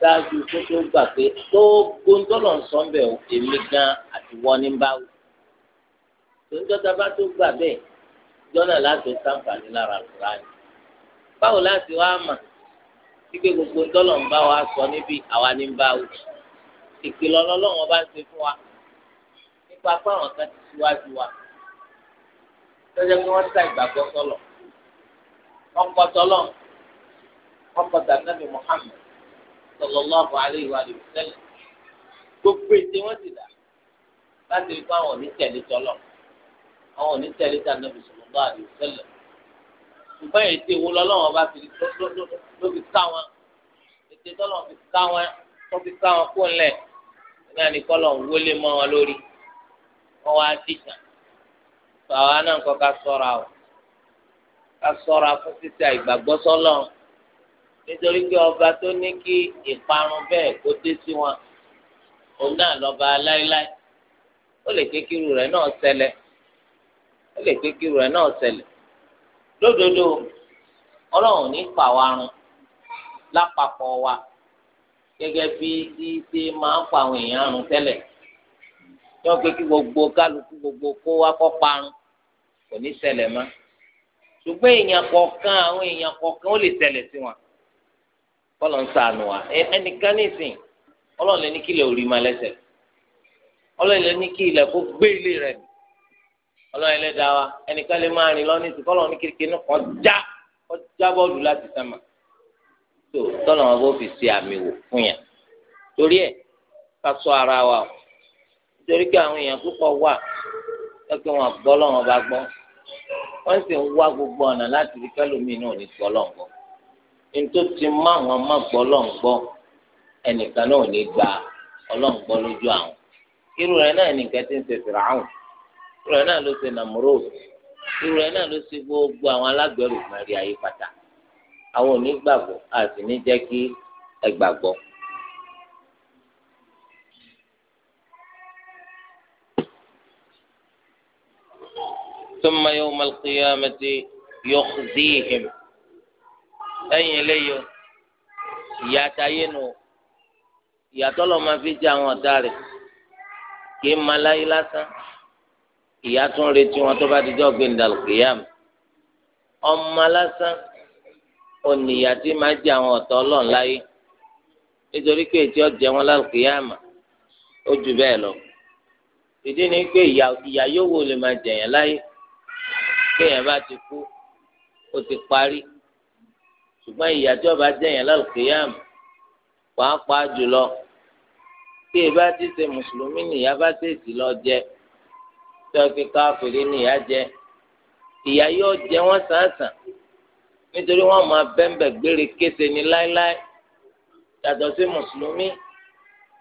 [SPEAKER 1] ṣáájú kó tó gbà pé tó gbóńtọ́lọ̀ ń sọ ń bẹ̀ èmi gan àti wọ́n ní bá wù tó ń jọ́ta bá tó gbà bẹ́ẹ̀ jọ́nà láti sàǹfààní lára alukurani báwo láti wá mà kí pé gbogbo ńtọ́lọ̀ ń bá wa sọ níbi àwa ní bá ìkìlọ̀ lọ́lọ́wọ́n bá ń ṣe fún wa nípa pé àwọn kan ti síwájú wa
[SPEAKER 2] lọ́jọ́ pé wọ́n ta ìgbàgbọ́ sọ́lọ̀
[SPEAKER 1] wọ́n kọ́ tọ́lọ̀ wọ́n kọ́ tàbí Muhammad sallallahu alaihi wa sallam gbogbo ètè wọ́n ti dà láti rí pé àwọn ò ní àwọn ò ní tẹ̀lé tàbí sallallahu alaihi wa sallam ṣùgbọ́n ètè wo lọ́lọ́wọ́n bá fi ló fi ká wọn ètè tọ́lọ̀ fi ká wọn tó fi ká wọn kó lẹ̀ náà ní kọ́lọ̀ ń wọlé mọ́ wọn lórí wọ́n wá dìtàn tó náà kọ́ ká sọ́ra o ká sọ́ra fún títí àìgbàgbọ́ sọ́lọ́ nítorí pé ọba tó ní kí ìparun bẹ́ẹ̀ kó dé sí wọn òun náà lọ́ba láéláé ó lè pé kíru rẹ̀ náà ṣẹlẹ̀ ó lè pé kíru rẹ̀ náà ṣẹlẹ̀ lódodo ọlọ́run ní pàwọ́ àrùn lápapọ̀ wa gẹ́gẹ́ bí tí ṣe máa ń fa àwọn èèyàn àrùn tẹ́lẹ̀ tí wọ́n pé kí gbogbo kálukú gbogbo kó wá kọ́ parun kò ní ṣẹlẹ̀ mọ́ ṣùgbọ́n èèyàn kọ̀ọ̀kan àwọn èèyàn kọ̀ọ̀kan ó lè ṣẹlẹ̀ sí wọn kọ́lọ̀ ń sànù wa ẹnìkan nísìn ọlọ́run lè ní kí ilẹ̀ òrì máa lẹ́sẹ̀ ọlọ́run lè ní kí ilẹ̀ kó gbé ilé rẹ̀ ọlọ́run lè dá wa ẹnìkan lè máa rìn lọ ní ìsìnkọ́lọ́run ní kékeré náà kọjá kọjá bọ́ọ̀lù láti sẹ́mà tó tọ́lọ̀ wọn bó fi ṣe àmì wò fún yẹn torí ẹ̀ ká sọ ara wa o nítorí pé àwọn èèyàn púpọ̀ wà lọ́kẹ́ wọn gbọ́ lọ́wọ́n bá gbọ́ wọ́n sì ń wá gbogbo ọ̀nà láti rí kẹ́lòmíì náà ní gbọ́ lọ́ngbọ́ nítorí tó ti má wọn má gbọ́ lọ́ngbọ́ ẹnìkan náà ní gba ọlọ́ngbọ́ lójú àwọn irú rẹ̀ náà nìkan ti ń ṣe fìràhùn irú rẹ̀ náà ló ṣe nàmúrò irú rẹ̀ náà ló ṣe gbogbo àwọn alágbèrú ìgbàlè ayé pàtàkì àwọn onígbàgbọ́ a sì ní jẹ́ kí ẹ gbàgbọ́. ثم يوم القيامة يخزيهم lẹ́yìn eléyìí ìyà táyé nù ìyà tọ́lọ̀ máa fi jẹ àwọn ọ̀tá rẹ̀ kí n máa láyé lásán ìyà tún retí wọn tó bá di jọ́ gbẹ̀ndàlùkìyàm ọmọ lásán oníyà tí máa jẹ àwọn ọ̀tọ̀ ọlọ́run láyé nítorí pé ètí ọ̀jẹ̀ wọn lálùkìyàmà ó jù bẹ́ẹ̀ lọ ìdí ni pé ìyà yóò wò lè máa jẹ̀yàn láyé kéèyàn bá ti kú ó ti parí ṣùgbọ́n ìyà tí ọba jẹ̀yàn lálùkìyàmà pàápàá jùlọ tí ẹ bá ti ṣe mùsùlùmí nìyà bá tètè lọ jẹ tí ọkẹ káfíìrì nìyà jẹ ìyà yóò jẹ wọn sàǹsàn nítorí wọn máa bẹ́ńbẹ̀ gbére kése ní láéláé yàtọ̀ sí mùsùlùmí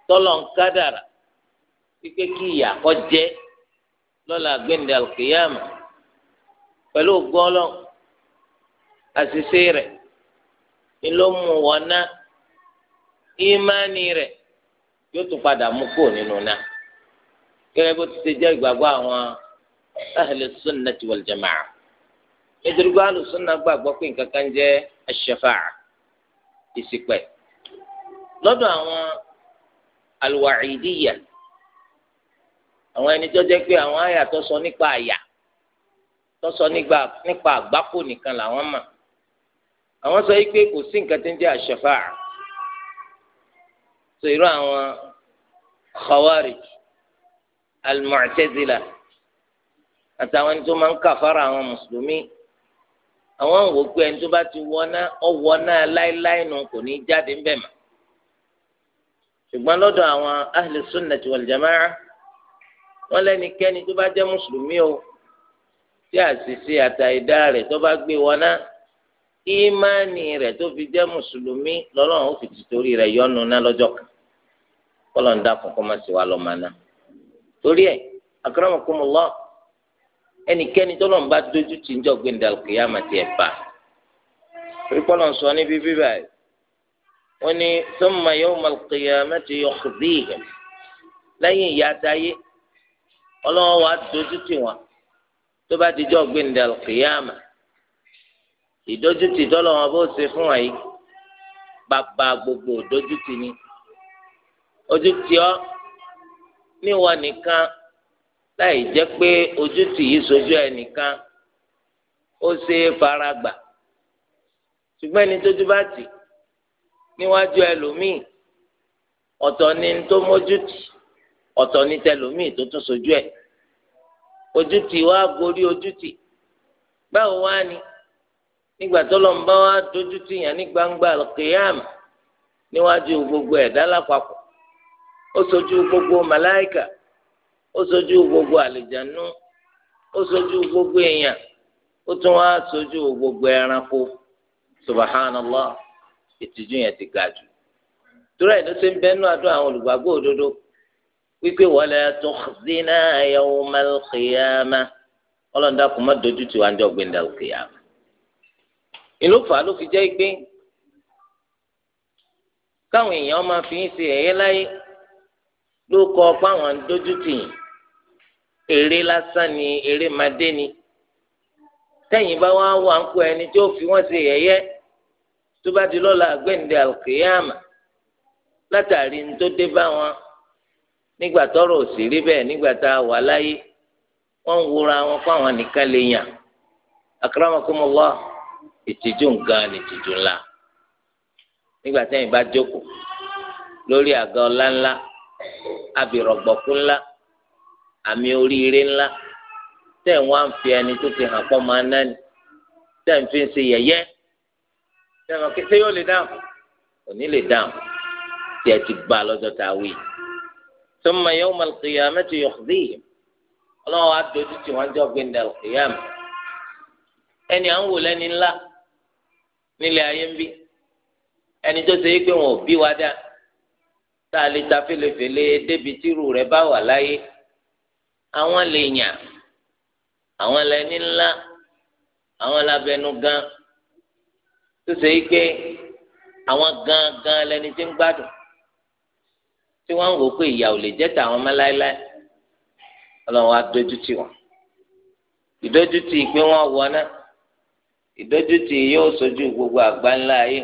[SPEAKER 1] tọ́lọ̀ ń kádàrà pípé kí ìyà kọ́ jẹ́ lọ́la gbẹ̀ndẹ̀ àlùkìyàmù pẹ̀lú gbọ́lọ́ àṣìṣe rẹ̀ ni ló mú wọn ná ìmánì rẹ̀ yóò tún padà mú kó nínú náà gẹ́gẹ́ bó ti ṣe jẹ́ ìgbàgbọ́ àwọn ahli sunnati wal jama'a nítorí pé alùsùnà gbàgbọ́ pé nǹkan kan jẹ́ aṣ-ṣafa'a ìṣìpẹ̀ lọ́dọ̀ àwọn alùwàìdíyà àwọn ẹni tó jẹ́ pé àwọn àyà tó sọ nípa àyà tó sọ nípa àgbákò nìkan làwọn mọ̀ àwọn sọ pé kò sí nǹkan tó ń jẹ́ aṣ tó irú àwọn khawarij al àtàwọn ẹni tó máa ń kàfàrà àwọn mùsùlùmí àwọn wò pé ẹni tó bá ti wọná ọwọ́ náà láéláé nù kò ní jáde ńbẹ̀ mọ́ ṣùgbọ́n lọ́dọ̀ àwọn ahli sunnati wal jamaa wọ́n lẹ́nikẹ́ni tó bá jẹ́ mùsùlùmí o tí àṣìṣe àtàìdá rẹ̀ tó bá gbé wọná ìmánì rẹ̀ tó fi jẹ́ mùsùlùmí lọ́lọ́run ó fi tìtorí rẹ̀ yọnu ná lọ́jọ́ kan kọ́lọ̀ ń dákun kó má sì wá torí ẹ̀ akramakumullah ẹnikẹ́ni tó lọ́nba dojú ti ń jọ gbẹ̀ndà kìyàmà ti ẹ̀ bá rìpọ́lọ̀ sọ ní bíbí báyìí wọ́n ní sọ́mà yawma al-qiyamati yukhzihim lẹ́yìn ìyà àtayé ọlọ́wọ́ wa dojú ti wọn tó bá ti jọ gbẹ̀ndà kìyàmà ìdójútì tọ́lọ̀ wọn bó ṣe fún wa yìí bàbá gbogbo ìdójútì ni ojútì ọ níwọ nìkan. láì jẹ́ pé ojútùú yìí sojú ẹnìkan ó ṣe é fara gbà ṣùgbọ́n ẹni tójú bá tì níwájú ẹlòmíì ọ̀tọ̀ ni tó mójútì ọ̀tọ̀ ni tẹlòmíì tó tún sojú ẹ̀ ojútì wa gorí ojútì báwo wá ni nígbà tó lọ́n bá wa dojú tì yàn ní gbangba níwájú gbogbo ẹ̀dá lápapọ̀ ó sojú gbogbo màláìkà. ó sojú gbogbo àlìjánu ó sojú gbogbo èèyàn ó tún wá sojú gbogbo ẹranko subahánàlá ìtìjú yẹn ti ga jù tura yìí ló ṣe ń bẹnu àdó àwọn olùgbàgbọ́ òdodo wípé wala tukhzina yawmal qiyamah ọlọ́ọ̀dà kò má dojú tiwa ń jọ gbẹ̀ndà al ìlú fà ló fi jẹ́ pé káwọn èèyàn máa fi ń ṣe ẹ̀yẹ láyé ló kọ ọpá dojú tì yìí eré lásán ni eré madé ni tẹ́yìn bá wá wà ń kó ẹni tí ó fi wọ́n ṣe yẹ̀yẹ́ tó bá di lọ́la gbẹ̀ǹdẹ̀ alkiyama látàrí ní tó dé bá wọn nígbà tọrọ òṣèré bẹ́ẹ̀ nígbà tá a wà láyé wọ́n ń wúra wọn kó àwọn nìkan lè yàn akramakumullah ìtìjú nǹkan nìtìjú ńlá nígbà tẹ́yìn bá jókòó lórí àga ọlá ńlá abìrọ̀gbọ̀kú ńlá àmì oríire ńlá tẹ̀ ń wá ń fi ẹni tó ti hàn pọ̀ máa ná ni tẹ̀ ń fi ń ṣe yẹ̀yẹ́ tẹ̀ ń kí ṣé yóò lè dáhùn òní lè dáhùn tí ẹ ti bá lọ́jọ́ tá a wí. summa yawma al-qiyamati yukhzihim ọlọ́wọ́ adójú tí wọ́n jọ gbé ndàlù kìyàmù ẹni à ń wò lẹ́ni ńlá nílẹ̀ ayé ń bí ẹni tó ṣe é pé wọn ò bí wa dá tá a lè ta fèlèfèlè débi tírù rẹ̀ bá wà láyé àwọn lè yàn àwọn lẹni ńlá àwọn labẹnu gan tó ṣe yí pé àwọn gan lẹni tí ń gbádùn tí wọn ń wò pé ìyà ò lè jẹ tàwọn ọmọ láéláé Ọlọ́run wa dójú tì wọn ìdójútì pé wọn wọ náà ìdójútì yóò sojú gbogbo àgbáńlá ayé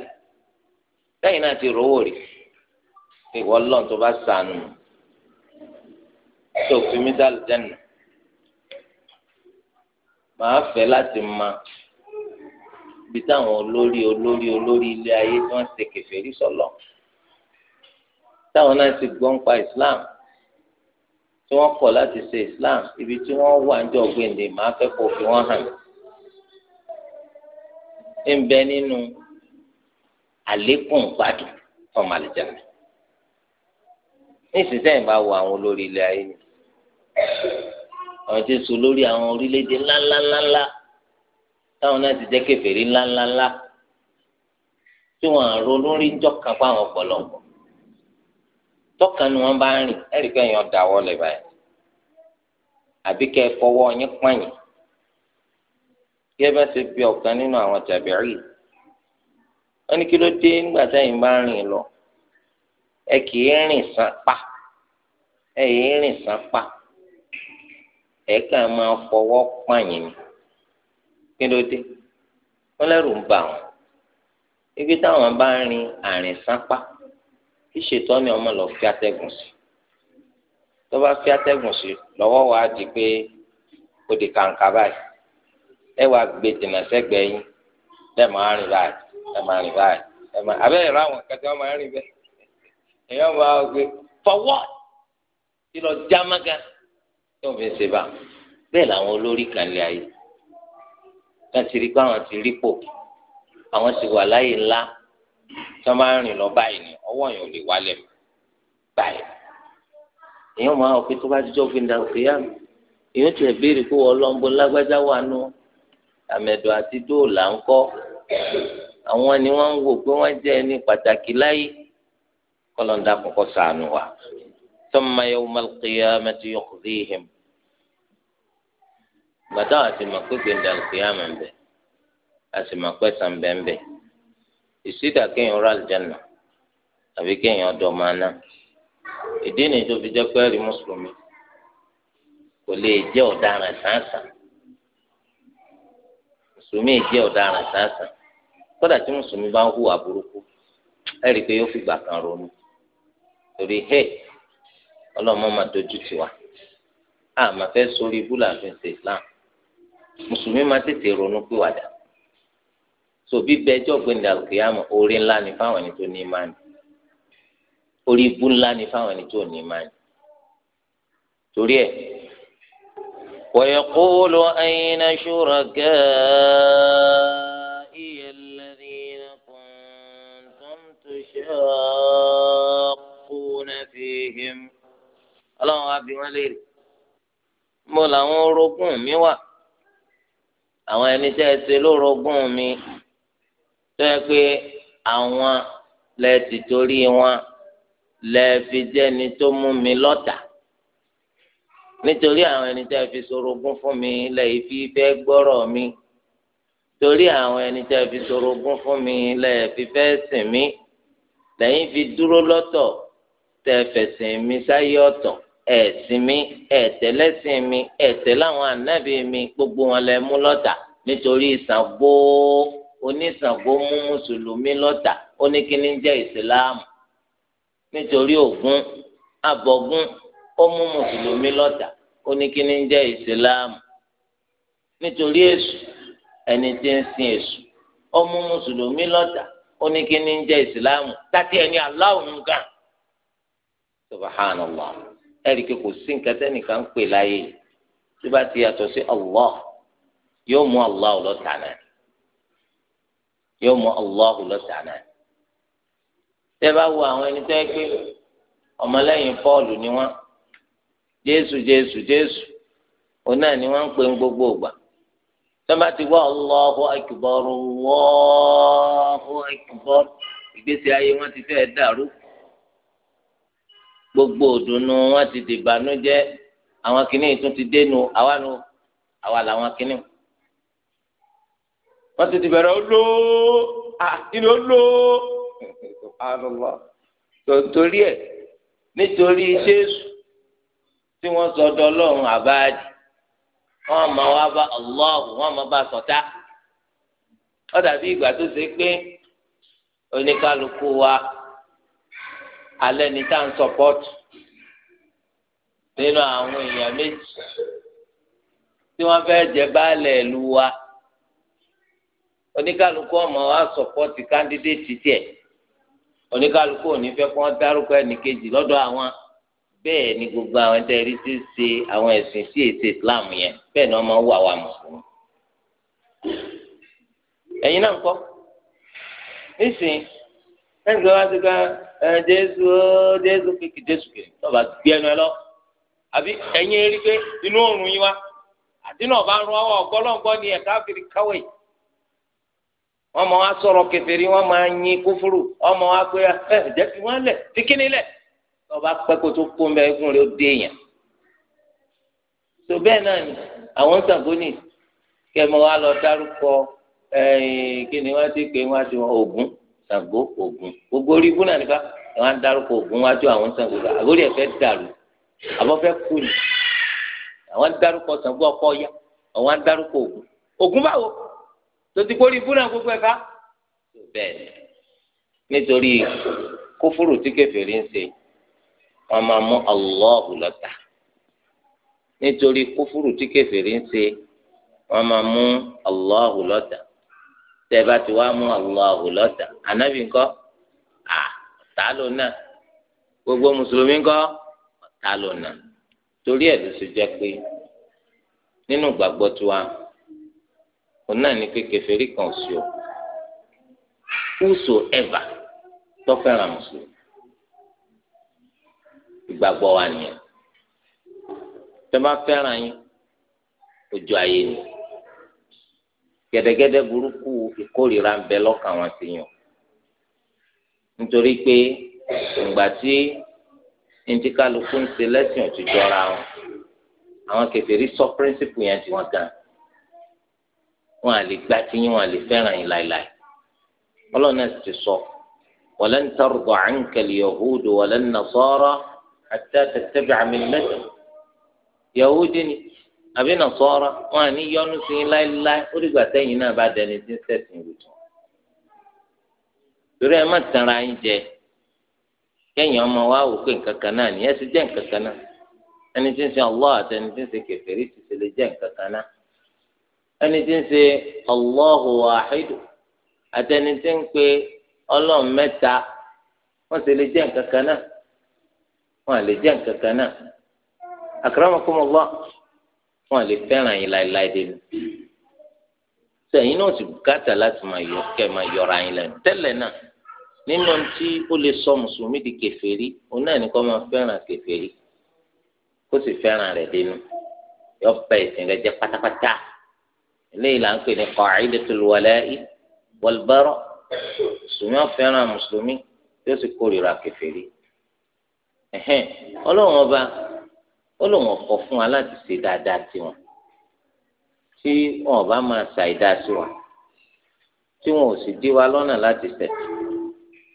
[SPEAKER 1] lẹ́yìn náà ti rówó rí ìwọ Ọlọ́run tó bá sànù tó fi mí dá lùjánà màá fẹ́ láti ma bí táwọn olórí olórí olórí ilé ayé tí wọ́n ṣe kèfèrí sọ̀lọ̀ táwọn náà ti gbọ́ ń Islam tí wọ́n kọ̀ láti ṣe Islam ibi tí wọ́n wà ń jọ gbèǹde màá fẹ́ kó fi wọ́n hàn ń bẹ nínú àlékún gbádùn fún màlìjánà nísinsìnyí bá wo àwọn olórí ilé ayé ni àwọn tí ń so lórí àwọn orílẹ̀-èdè ńláńláńláńlá táwọn náà ti jẹ́ kèfèrí ńláńláńlá tí wọ́n àrò lórí jọ́ka fáwọn ọ̀pọ̀lọpọ̀ tọ́ka ni wọ́n bá ń rìn ẹ̀rí pé èèyàn dáwọ́ lẹ̀ báyìí àbí kẹ́ ẹ fọwọ́ yín pààyàn kí ẹ bá ṣe bí ọ̀kan nínú àwọn tàbírí wọ́n ní kí ló dé nígbà táyìn bá ń rìn lọ ẹ kì í rìn sán ẹ yìí rìn sán ẹ̀ka máa fọwọ́ pààyàn ni kí ló dé wọ́n lẹ́rù ń bà wọ́n ibi táwọn bá ń rin àrìn sápá kí ṣètò ni ọmọ lọ fi atẹ́gùn sí tó bá fi atẹ́gùn sí lọ́wọ́ di pé di kàǹkà báyìí ẹ wàá gbé dènà sẹ́gbẹ̀ẹ́ yín ẹ máa rìn báyìí ẹ máa rìn báyìí ẹ máa abẹ́rẹ́ ráwọn rìn bẹ́ẹ̀ máa gbé fọwọ́ tí wọn fi ń ṣe bá bẹ́ẹ̀ làwọn olórí kan lè ayé wọn ti rí pé àwọn ti rí pò àwọn ti wà láyé ńlá tí wọn bá ń rìn lọ báyìí ni ọwọ́ yẹn ò lè wálẹ̀ báyìí èèyàn máa wọ pé tó bá dijọ́ fi ń da òkè yá mi èèyàn tiẹ̀ béèrè pé wọ́n lọ́nbó lágbájá wà nù àmẹ̀dọ̀ àti dóòlà ńkọ́ àwọn ni wọ́n ń wò pé wọ́n jẹ́ ẹni pàtàkì láyé kọ́lọ́ńdà kọ́kọ́ ṣàánú wa. ثم يوم القيامة يخزيهم gbàtà àti màkúgbè ń dàlù kìyàmà ń bẹ àti màkúẹsà ń bẹ ń bẹ ìsídà kéèyàn rà àlùjáná àbí kéèyàn dọ̀ máa ná ìdí ni tó fi jẹ́ pé ẹ̀rí kódà tí mùsùlùmí bá ń hùwà burúkú pé yóò kan ọlọ́mọ máa dojú tiwa a máa fẹ́ sórí ibú làfin ṣe islam mùsùlùmí máa tètè ronú pìwàdà so bíbẹ ẹjọ́ gbẹ̀ndà kìyàmù orí ńlá ni fáwọn ẹni tó ní ìmánì orí ibú ńlá ni fáwọn ẹni tó ní ìmánì torí ẹ̀ ويقول أين شركائي الذين كنتم تشاقون فيهم ؟ ọlọ́run wá bí wọ́n léèrè mo làwọn orogún mi wà àwọn ẹni tẹ́ ẹ ṣe lórogún mi tó yẹ pé àwọn lẹ ti torí wọn lẹ fi jẹ́ni tó mú mi lọ́tà nítorí àwọn ẹni tẹ́ ẹ fi sorogún fún mi lẹ fi fẹ́ gbọ́rọ̀ mi torí àwọn ẹni tẹ́ ẹ fi sorogún fún mi lẹ fi fẹ́ sìn mí lẹ́yìn fi dúró lọ́tọ̀ tẹ́ fẹ̀sìn mi sáyé ọ̀tọ̀ ẹ̀sìn mi ẹ̀tẹ̀lẹ́sìn mi ẹ̀tẹ̀láwọn ànábì mi gbogbo wọn lẹ mú lọ́tà nítorí Ṣàngó oníṣàngó mú mùsùlùmí lọ́tà ó ní kíní jẹ́ ìsìláàmù nítorí Ògún abọ́gún ó mú mùsùlùmí lọ́tà ó ní kíní jẹ́ ìsìláàmù nítorí èṣù ẹni tí ń sin èṣù ó mú mùsùlùmí lọ́tà ó ní kíní jẹ́ ìsìláàmù tàbí ẹni aláwùn gan subhanallah. ẹ̀rí pé kò sí nǹkan tẹ́nìkan ń pè láyé tó bá ti yàtọ̀ sí Allah yóò mú Allah lọ́tàánà yóò mú Allah lọ́tàánà tẹ́ wo àwọn ẹni tẹ́ pé ọmọlẹ́yìn ni wọ́n Jésù Jésù Jésù òun náà ni wọ́n ń pè ń gbogbo ògbà tọ́ba ti wá Allahu Akbar Allahu Akbar ìgbésí ayé ti fẹ́ dàrú gbogbo òdùnnú wọn ti dìbànújẹ́ àwọn kìnnìún tún ti dénú àwa nu àwa làwọn kìnnìún
[SPEAKER 2] wọn ti ti bẹ̀rẹ̀ olóó à ìní olóó
[SPEAKER 1] subhanallah torí ẹ nítorí jésù tí wọn sọ ọ̀dọ̀ Ọlọ́run àbáàdì wọn máa wá bá ọlọ́ọ̀hún wọn máa bá sọ̀tá ó dàbí ìgbà tó ṣe pé oníkálukú wa alẹ́ ní tá à ń sọpọ́tù nínú àwọn èèyàn méjì tí wọ́n fẹ́ jẹ baálẹ̀ ìlú wa oníkálukú ọmọ wa sọpọ́tì kándídéètì tiẹ̀ oníkálukú òní fẹ́ kó wọ́n dárúkọ ẹnìkejì lọ́dọ̀ àwọn bẹ́ẹ̀ ni gbogbo àwọn tẹ̀rí ti ṣe àwọn ẹ̀sìn sí ètò Islam yẹn bẹ́ẹ̀ ni wọ́n máa ń wà wà mùsùlùmí ẹ̀yin náà ń kọ́ nísìnyí ẹnìkan wá ti ká ẹ jésù ó jésù kékeré jésù kékeré tọba gbé ẹnu ẹ lọ àbí ẹyin eri pé inú òórùn yín wá àti náà rún ọgbọlọgbọ ni ẹka fìrí káwé wọn mọ wá sọ̀rọ̀ kẹfẹrí wọn máa yin kófúrú wọn mọ wá pé ẹ jẹ kí wọn lẹ tí lẹ tọba pẹ tó kó rẹ ó dé yẹn wa Ṣàngó Ògún gbogbo orí ibú náà nípa àwọn adarúkọ Ògún wájú àwọn Ṣàngó gbà àgórí ẹ fẹ́ dàrú àbọ fẹ́ kú ni àwọn adarúkọ Ṣàngó ọkọ ya àwọn adarúkọ Ògún Ògún báwo tó ti kórìí ibú náà gbogbo ẹ̀ka bẹ́ẹ̀ nítorí kófòrò tí kèfèrí ń ṣe wọn máa mú Allahu lọ́tà nítorí kófòrò tí kèfèrí ń ṣe wọn máa mú Allahu lọ́tà tẹ́ẹ̀bá ti wá mú Allahu lọ́tà ànábì ńkọ́ à ọ̀tá ló náà gbogbo mùsùlùmí ńkọ́ ọ̀tá ló náà torí ẹ̀ ló ṣe jẹ́ pé nínú gbàgbọ́ tiwa òun náà ní pé kèfèrí kan sí o whosoever tó fẹ́ràn mùsùlùmí ìgbàgbọ́ wa nìyẹn tó fẹ́ràn yín ojú ayé nìyẹn gẹdẹgẹdẹ burúkú ìkórìíra ń bẹ lọ́kàn wọn ti yàn nítorí pé ìgbà tí ntí kálukú ń ṣe lẹ́sìn òtítọ́ra wọn àwọn kèfèrí sọ píríncípù yẹn tí wọ́n gan wọn à lè gbá tiyín wọn à lè fẹ́ràn yín láéláé ọlọ́run náà ti sọ walan tarda anka al-yahudu walan nasara hatta tattabi'a millatahum yahudi ni àbí nàṣọ́ra wọn à ní yọnu sí láéláé ó dìgbà sẹ́yìn náà bá dẹni tí ń sẹ̀sìn ìwòsàn. torí ẹ má tanra ń jẹ kẹ́yìn ọmọ wa wò pé nǹkan kan náà nìyẹn ti jẹ́ nǹkan kan náà ẹni tí ń ṣe Allah àti ẹni tí ń ṣe kèfèrí ti ṣe lè jẹ́ nǹkan kan náà ẹni tí ń ṣe Allahu wàhídù àti ẹni tí ń pe ọlọ́run mẹ́ta wọ́n ṣe lè jẹ́ nǹkan kan náà wọ́n à lè jẹ́ nǹkan kan náà akramakumullah wọn lè fẹ́ràn yín láéláé dé ní. sẹ́yìn náà ti gàtà láti máa yọ kẹ́ máa yọra yín lẹ́nu tẹ́lẹ̀ náà nínú tí ó lè sọ mùsùlùmí di kèfèrí òun náà ní kó máa fẹ́ràn kèfèrí kó sì fẹ́ràn rẹ̀ dénú yọ bẹ ìsìn rẹ̀ jẹ́ pátápátá eléyìí là ń pè ní qa'idatul wala'i wal bara mùsùlùmí fẹ́ràn mùsùlùmí yóò sì kórìíra kèfèrí ọlọ́run ọba ó lò wọn kọ fún wa láti ṣe dáadáa tiwọn tí wọn bá máa ṣàìdá sí wa tí wọn ò sì dí wa lọ́nà láti ṣẹ̀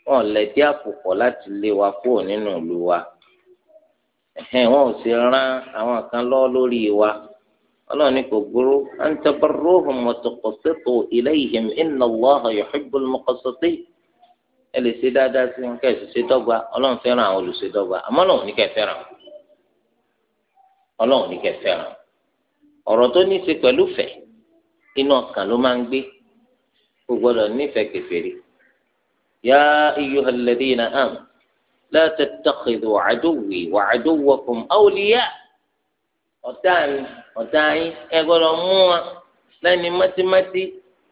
[SPEAKER 1] wọn lè dí àpòpọ láti lé wa kúrò nínú ìlú wa wọn ò sì rán àwọn kan lọ lórí wa ọlọ́run kò gbúrú an tabarruhum wa tuqsitu ilayhim inna Allaha yuhibbul muqsitin ẹ lè ṣe dáadáa sí wọn kẹ́ ẹ sì ṣe dọ́gba ọlọ́run fẹ́ràn àwọn olùṣèdọ́gba àmọ́ lọ́wọ́ ní kẹ́ ẹ fẹ́ràn ọlọ́run ní kẹ́ fẹ́ràn ọ̀rọ̀ tó ní í ṣe pẹ̀lú fẹ́ inú ọkàn ló máa ń gbé kò gbọ́dọ̀ nífẹ̀ẹ́ kèfèrí yá ayyuhal ladina am la tattakhidhu aduwwi wa aduwwakum awliya ọ̀tá mi ọ̀tá yín ẹ gbọ́dọ̀ mú wọn lẹ́ni mátímátí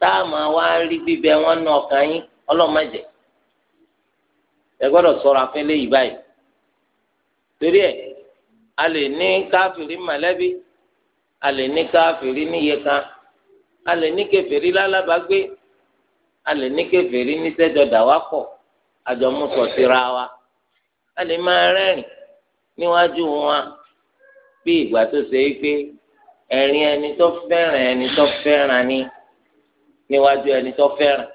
[SPEAKER 1] tá a máa wá rí bíbẹ wọn nù ọkàn yín ọlọ́mọdé ẹ gbọ́dọ̀ sọ̀rọ̀ afẹ́lẹ́ yìí báyìí torí ẹ̀ a lè ní káfìrí mọ̀lẹ́bí a lè ní káfìrí níye kan a lè ní kèfèrí lálábàágbé a lè ní kèfèrí níṣẹ́jọ dàwápọ̀ àjọmúsọ̀ síra wa a lè máa rẹ́rìn níwájú wọn bí ìgbà tó ṣe é pé ẹ̀rín ẹni tó fẹ́ràn ẹni tó fẹ́ràn ni níwájú ẹni tó fẹ́ràn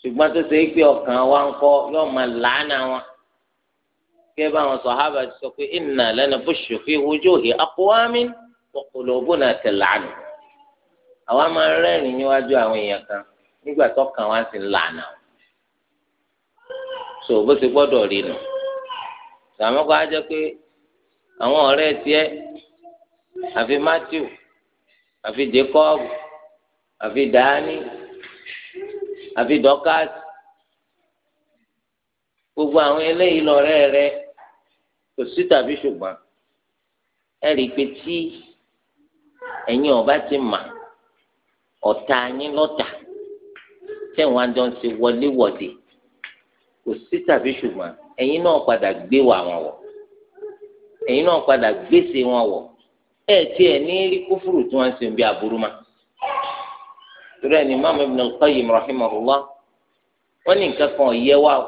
[SPEAKER 1] ṣùgbọ́n tó ṣe é pé ọkàn wa ń kọ́ yóò máa làánà wọn. kẹ́ẹ́ bá àwọn sọ̀hábà ti sọ pé inna lanabushu fi wujuhi aqwamin wa qulubuna tal'anu. àwa máa rẹ́rìn níwájú àwọn èèyàn kan nígbà tó wá sí lànà. sọ bó ti gbọ́dọ̀ rí nù. sàmọ́kọ́ á jẹ́ pé àwọn ọ̀rẹ́ àfi àfi Jacob àfi àfi gbogbo àwọn eléyìí kò sí tàbí ṣùgbọ́n ẹ rí i pé tí ẹ̀yin ọba ti mà ọ̀tá yín lọ́tà tẹ̀wọ́n àjọ ń ṣe wọléwọ̀de kò sí tàbí ṣùgbọ́n ẹ̀yin náà padà gbé wà wọn wọ̀ ẹ̀yin náà padà gbèsè wọn wọ̀ ẹ̀ tiẹ̀ ní rí kófùrù tí wọ́n ń ṣe bí aburú ma torí ẹni Imam Ibn al-Qayyim rahimahullah wọ́n ní nǹkan kan ọ̀yẹ́ wà o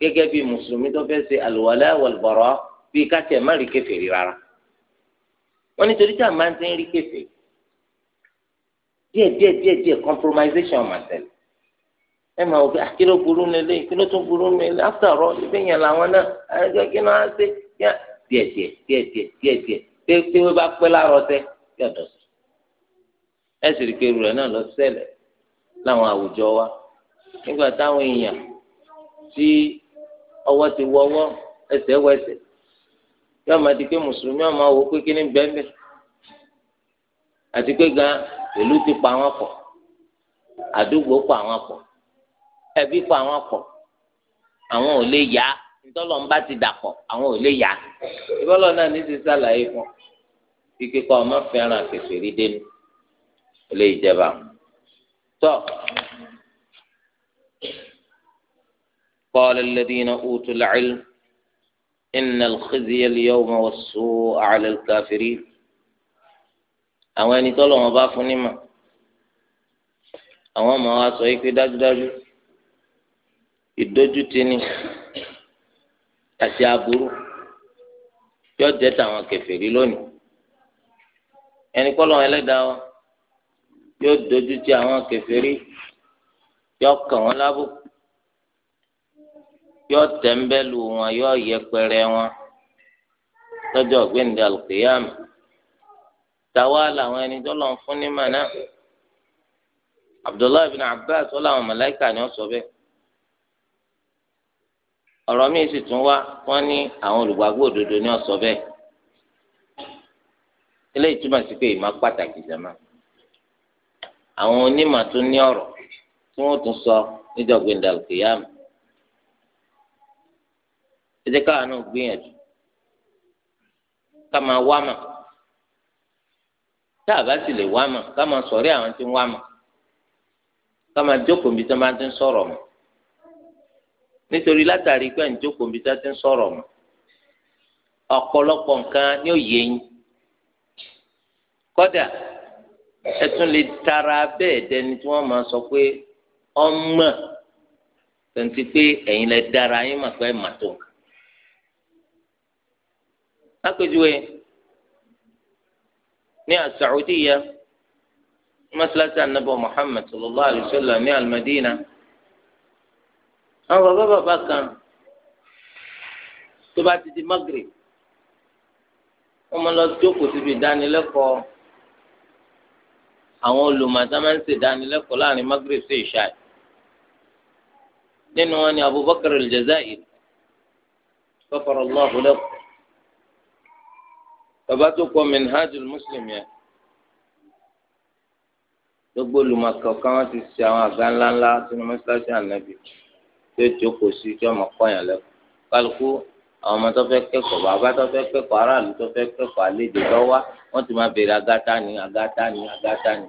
[SPEAKER 1] gẹ́gẹ́ bí mùsùlùmí tó fẹ́ ṣe àlùwalá wàlùbọ̀rọ̀ bíi káṣí ẹ̀ má rí kèfèrí rárá wọ́n ní torí tí a máa ń ti ń rí kèfèrí díẹ̀ díẹ̀ díẹ̀ díẹ̀ compromisation máa tẹ̀lé ẹ máa wò pé kí burú nílé kí ló tún burú nílé after all ibẹ̀ yẹn làwọn náà ẹgbẹ́ kí náà ṣe díẹ̀ díẹ̀ díẹ̀ díẹ̀ díẹ̀ díẹ̀ pé pé wọ́n bá pẹ́ láàárọ̀ tẹ́ yọ̀ dọ̀ ẹ sì rí i pé náà lọ ṣẹlẹ̀ láwọn àwùjọ wa nígbà táwọn èèyàn tí ọwọ́ ti wọ́wọ́ ẹsẹ̀ wẹsẹ̀ yóò máa di pé mùsùlùmí ọmọ wò pé kí ni bẹ́ẹ̀bẹ́ àti pé gan ìlú ti pa wọn pọ̀ àdúgbò pa wọn pọ̀ ẹbí pa wọn pọ̀ àwọn ò lè yá ntọ́lọ́mbá ti dàpọ̀ àwọn ò lè yá ìbọ́lọ̀ náà ní ti sàlàyé fún kíkẹ́ kọ́ ọmọ fẹ́ràn kẹfẹ́ rí dénú ò lè jẹba tọ́. قال الذين أوتوا العلم إن الخزي اليوم والسوء على الكافرين àwọn ẹni tọ́lọ̀ wọn bá fún nímọ̀ àwọn ọmọ wa sọ yìí pé dájúdájú ìdójútini àti aburú yóò jẹ́ tàwọn kèfèrí lónìí ẹni kọ́lọ̀ wọn ẹlẹ́dàá wa yóò dójúti àwọn kèfèrí yóò kàn wọ́n lábùkù yọ tẹ̀mbẹ́lú wọn yọ yẹpẹrẹ wọn lọ́jọ́ ọ̀gbẹ́ni alùpùpù tàwa làwọn ẹni tó lọ́n fún ní abdullahi bin abbas wọ́n làwọn ni wọ́n sọ bẹ́ẹ̀ ọ̀rọ̀ míì sì tún wá wọ́n ní àwọn olùgbàgbọ́ òdodo ni wọ́n sọ bẹ́ẹ̀ eléyìí túmọ̀ sí pé ìmọ̀ pàtàkì jẹ̀mọ́ àwọn onímọ̀ tó ní ọ̀rọ̀ tí wọ́n tún sọ níjọ́ ẹ jẹ́ káwa náà gbìyànjú ká máa wá mà tá a bá sì lè wá mà ká máa sọ̀rí àwọn tí ń wá mà ká máa jókòó níbi tí wọ́n bá ti ń sọ̀rọ̀ mọ́ nítorí látàrí pé ń jókòó níbi tí wọ́n ti ń sọ̀rọ̀ mọ́ ọ̀pọ̀lọpọ̀ nǹkan ni ó yé yín kódà ẹ lè tara bẹ́ẹ̀ dẹni tí wọ́n máa sọ pé ọmọ tẹ̀ǹtì pé ẹ̀yin lẹ dára yín mà pé màtó nǹkan lápèjúwe ní asaudiya mọ́sálásí anábọ̀ muhammed sallallahu alayhi wa sallam ní alimadina àwọn bàbá bàbá kan tó bá ti di magrib wọ́n máa lọ jókòó síbi ìdánilẹ́kọ̀ọ́ àwọn olùmọ̀tá máa ń ṣe ìdánilẹ́kọ̀ọ́ láàrin magrib sí ìṣáì nínú wọn ni abubakar aljazairi ghafarallahu lahu bàbá tó kọ minhajul muslim yẹn gbogbo olùmọ̀kàn kan wọ́n ti ṣe àwọn àga ńláńlá sínú mọ́ṣáláṣí ànábì tí ó jókòó sí tí ọmọ kọ́yàn lẹ́kọ̀ọ́ kálukú àwọn ọmọ tó fẹ́ kẹ́kọ̀ọ́ bàbá tó fẹ́ kẹ́kọ̀ọ́ aráàlú tó fẹ́ kẹ́kọ̀ọ́ àlejò lọ́wọ́ wọ́n ti máa béèrè agata ni agata ni agata ni